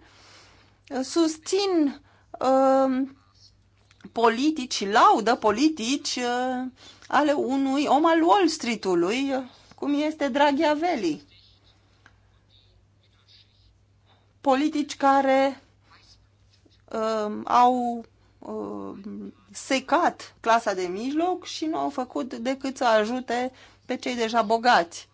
susțin uh, politici laudă politici uh, ale unui om al Wall Street-ului, cum este Draghiavelli. Politici care uh, au uh, secat clasa de mijloc și nu au făcut decât să ajute pe cei deja bogați.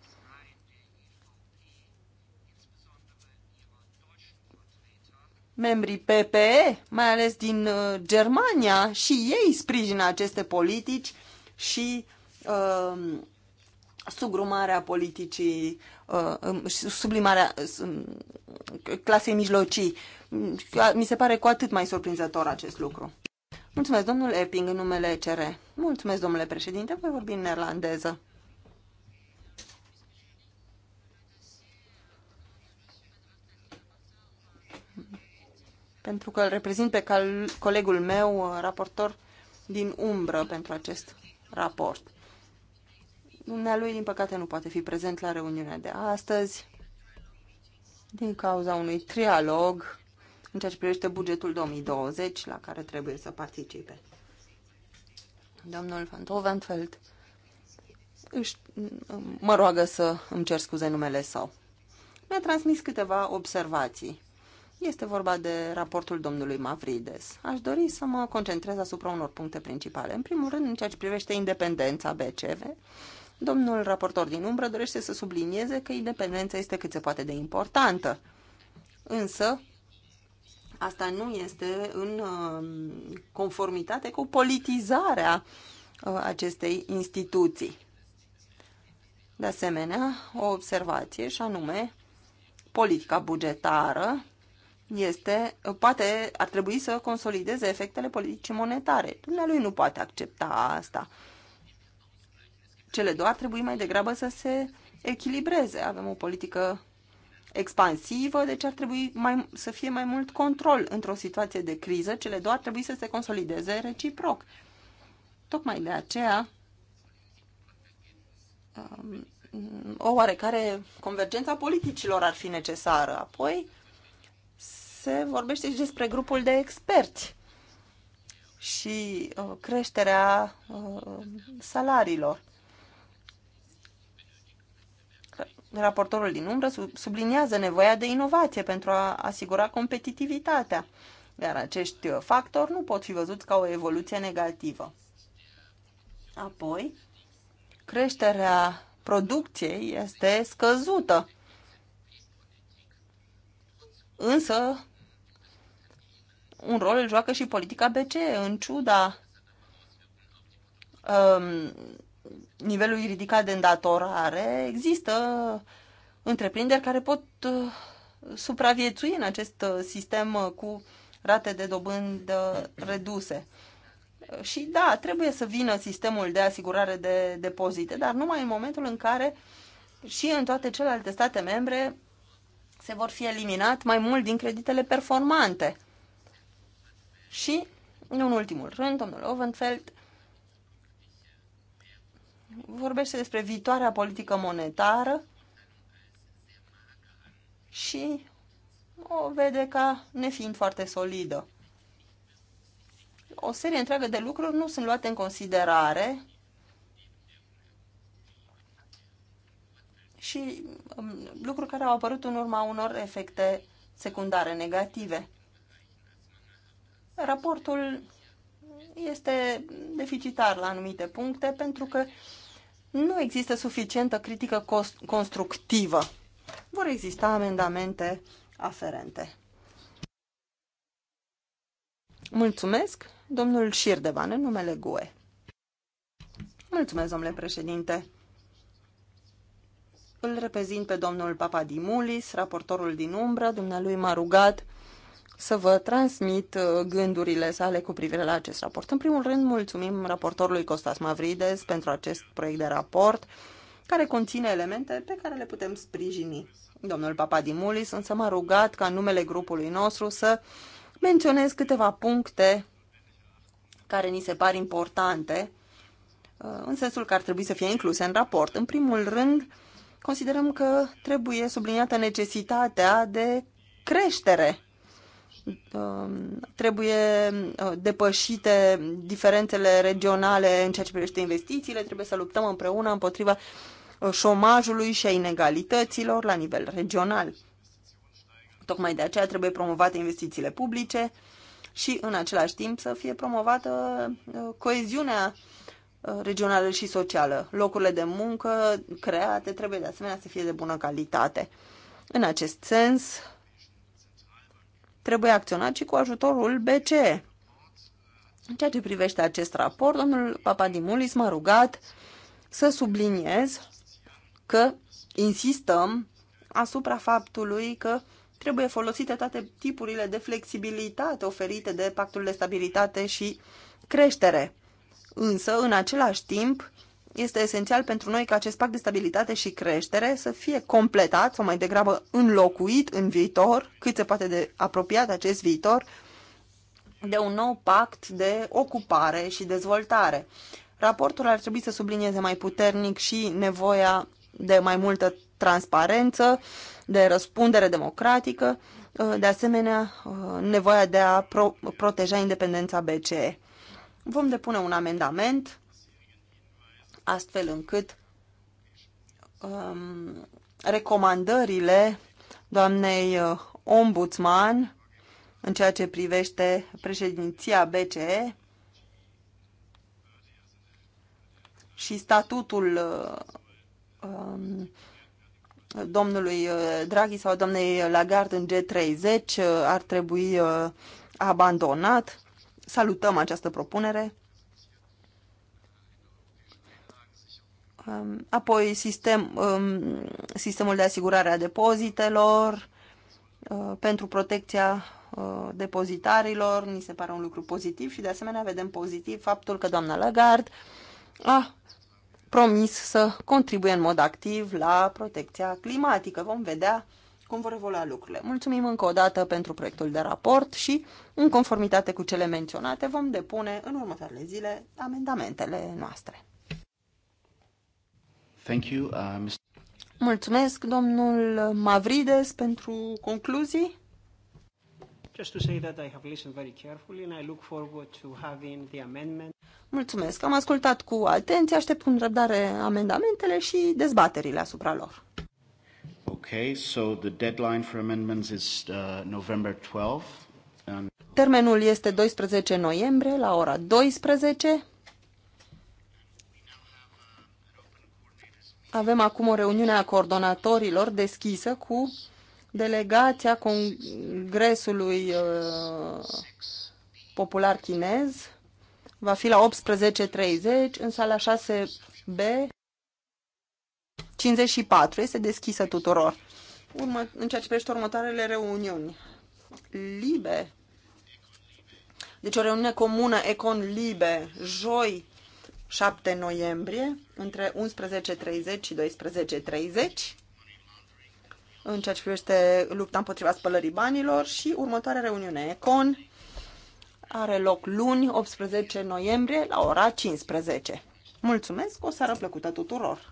Membrii PPE, mai ales din uh, Germania, și ei sprijină aceste politici și uh, sugrumarea politicii, uh, um, sublimarea uh, clasei mijlocii. Mi se pare cu atât mai surprinzător acest lucru. Mulțumesc, domnul Epping, în numele CR. Mulțumesc, domnule președinte, voi vorbi în neerlandeză. Pentru că îl reprezint pe colegul meu, raportor din umbră pentru acest raport. Dumnealui, din păcate, nu poate fi prezent la reuniunea de astăzi din cauza unui trialog în ceea ce privește bugetul 2020 la care trebuie să participe. Domnul Van Tovenfeld își, mă roagă să îmi cer scuze numele sau. Mi-a transmis câteva observații. Este vorba de raportul domnului Mavrides. Aș dori să mă concentrez asupra unor puncte principale. În primul rând, în ceea ce privește independența BCV, domnul raportor din umbră dorește să sublinieze că independența este cât se poate de importantă. Însă, Asta nu este în um, conformitate cu politizarea uh, acestei instituții. De asemenea, o observație și anume politica bugetară este, poate, ar trebui să consolideze efectele politicii monetare. Dumnealui nu poate accepta asta. Cele două ar trebui mai degrabă să se echilibreze. Avem o politică expansivă, deci ar trebui mai, să fie mai mult control într-o situație de criză. Cele două ar trebui să se consolideze reciproc. Tocmai de aceea um, o oarecare convergență a politicilor ar fi necesară. Apoi se vorbește și despre grupul de experți și uh, creșterea uh, salariilor. Raportorul din umbră subliniază nevoia de inovație pentru a asigura competitivitatea, iar acești factori nu pot fi văzuți ca o evoluție negativă. Apoi, creșterea producției este scăzută. Însă, un rol îl joacă și politica BCE, în ciuda um, nivelului ridicat de îndatorare, există întreprinderi care pot uh, supraviețui în acest uh, sistem uh, cu rate de dobândă reduse. Și da, trebuie să vină sistemul de asigurare de depozite, dar numai în momentul în care și în toate celelalte state membre se vor fi eliminat mai mult din creditele performante. Și, în ultimul rând, domnul Ovenfeld vorbește despre viitoarea politică monetară și o vede ca nefiind foarte solidă. O serie întreagă de lucruri nu sunt luate în considerare și um, lucruri care au apărut în urma unor efecte secundare negative. Raportul este deficitar la anumite puncte pentru că nu există suficientă critică constructivă. Vor exista amendamente aferente. Mulțumesc, domnul Șirdevan, în numele GUE. Mulțumesc, domnule președinte. Îl reprezint pe domnul Papadimulis, raportorul din umbră, dumnealui m-a rugat să vă transmit uh, gândurile sale cu privire la acest raport. În primul rând, mulțumim raportorului Costas Mavrides pentru acest proiect de raport care conține elemente pe care le putem sprijini. Domnul Papadimulis însă m-a rugat ca numele grupului nostru să menționez câteva puncte care ni se par importante, uh, în sensul că ar trebui să fie incluse în raport. În primul rând, considerăm că trebuie subliniată necesitatea de creștere Um, trebuie uh, depășite diferențele regionale în ceea ce privește investițiile, trebuie să luptăm împreună împotriva uh, șomajului și a inegalităților la nivel regional. Tocmai de aceea trebuie promovate investițiile publice și în același timp să fie promovată uh, coeziunea regională și socială. Locurile de muncă create trebuie de asemenea să fie de bună calitate. În acest sens, trebuie acționat și cu ajutorul BCE. În ceea ce privește acest raport, domnul Papadimulis m-a rugat să subliniez că insistăm asupra faptului că trebuie folosite toate tipurile de flexibilitate oferite de pactul de stabilitate și creștere. Însă, în același timp, este esențial pentru noi ca acest pact de stabilitate și creștere să fie completat sau mai degrabă înlocuit în viitor, cât se poate de apropiat acest viitor, de un nou pact de ocupare și dezvoltare. Raportul ar trebui să sublinieze mai puternic și nevoia de mai multă transparență, de răspundere democratică, uh, de asemenea uh, nevoia de a pro proteja independența BCE. Vom depune un amendament astfel încât um, recomandările doamnei uh, ombudsman în ceea ce privește președinția BCE și statutul uh, um, domnului uh, Draghi sau doamnei Lagarde în G30 ar trebui abandonat. Salutăm această propunere Um, apoi sistem, um, sistemul de asigurare a depozitelor uh, pentru protecția uh, depozitarilor, ni se pare un lucru pozitiv și de asemenea vedem pozitiv faptul că doamna Lagarde a promis să contribuie în mod activ la protecția climatică. Vom vedea cum vor evolua lucrurile. Mulțumim încă o dată pentru proiectul de raport și, în conformitate cu cele menționate, vom depune în următoarele zile amendamentele noastre. Thank you, uh, Mr. Mulțumesc, domnul Mavrides, pentru concluzii. Just to say that I have listened very carefully and I look forward to having the amendment. Mulțumesc, am ascultat cu atenție, aștept cu răbdare amendamentele și dezbaterile asupra lor. Okay, so the deadline for amendments is uh, November 12. And... Termenul este 12 noiembrie la ora 12. Avem acum o reuniune a coordonatorilor deschisă cu delegația Congresului uh, Popular Chinez. Va fi la 18.30 în sala 6B 54. Este deschisă tuturor. Urmă, în ceea ce privește următoarele reuniuni. Libe. Deci o reuniune comună Econ Libe, joi 7 noiembrie între 11.30 și 12.30 în ceea ce privește lupta împotriva spălării banilor și următoarea reuniune ECON are loc luni, 18 noiembrie, la ora 15. Mulțumesc, o seară plăcută tuturor!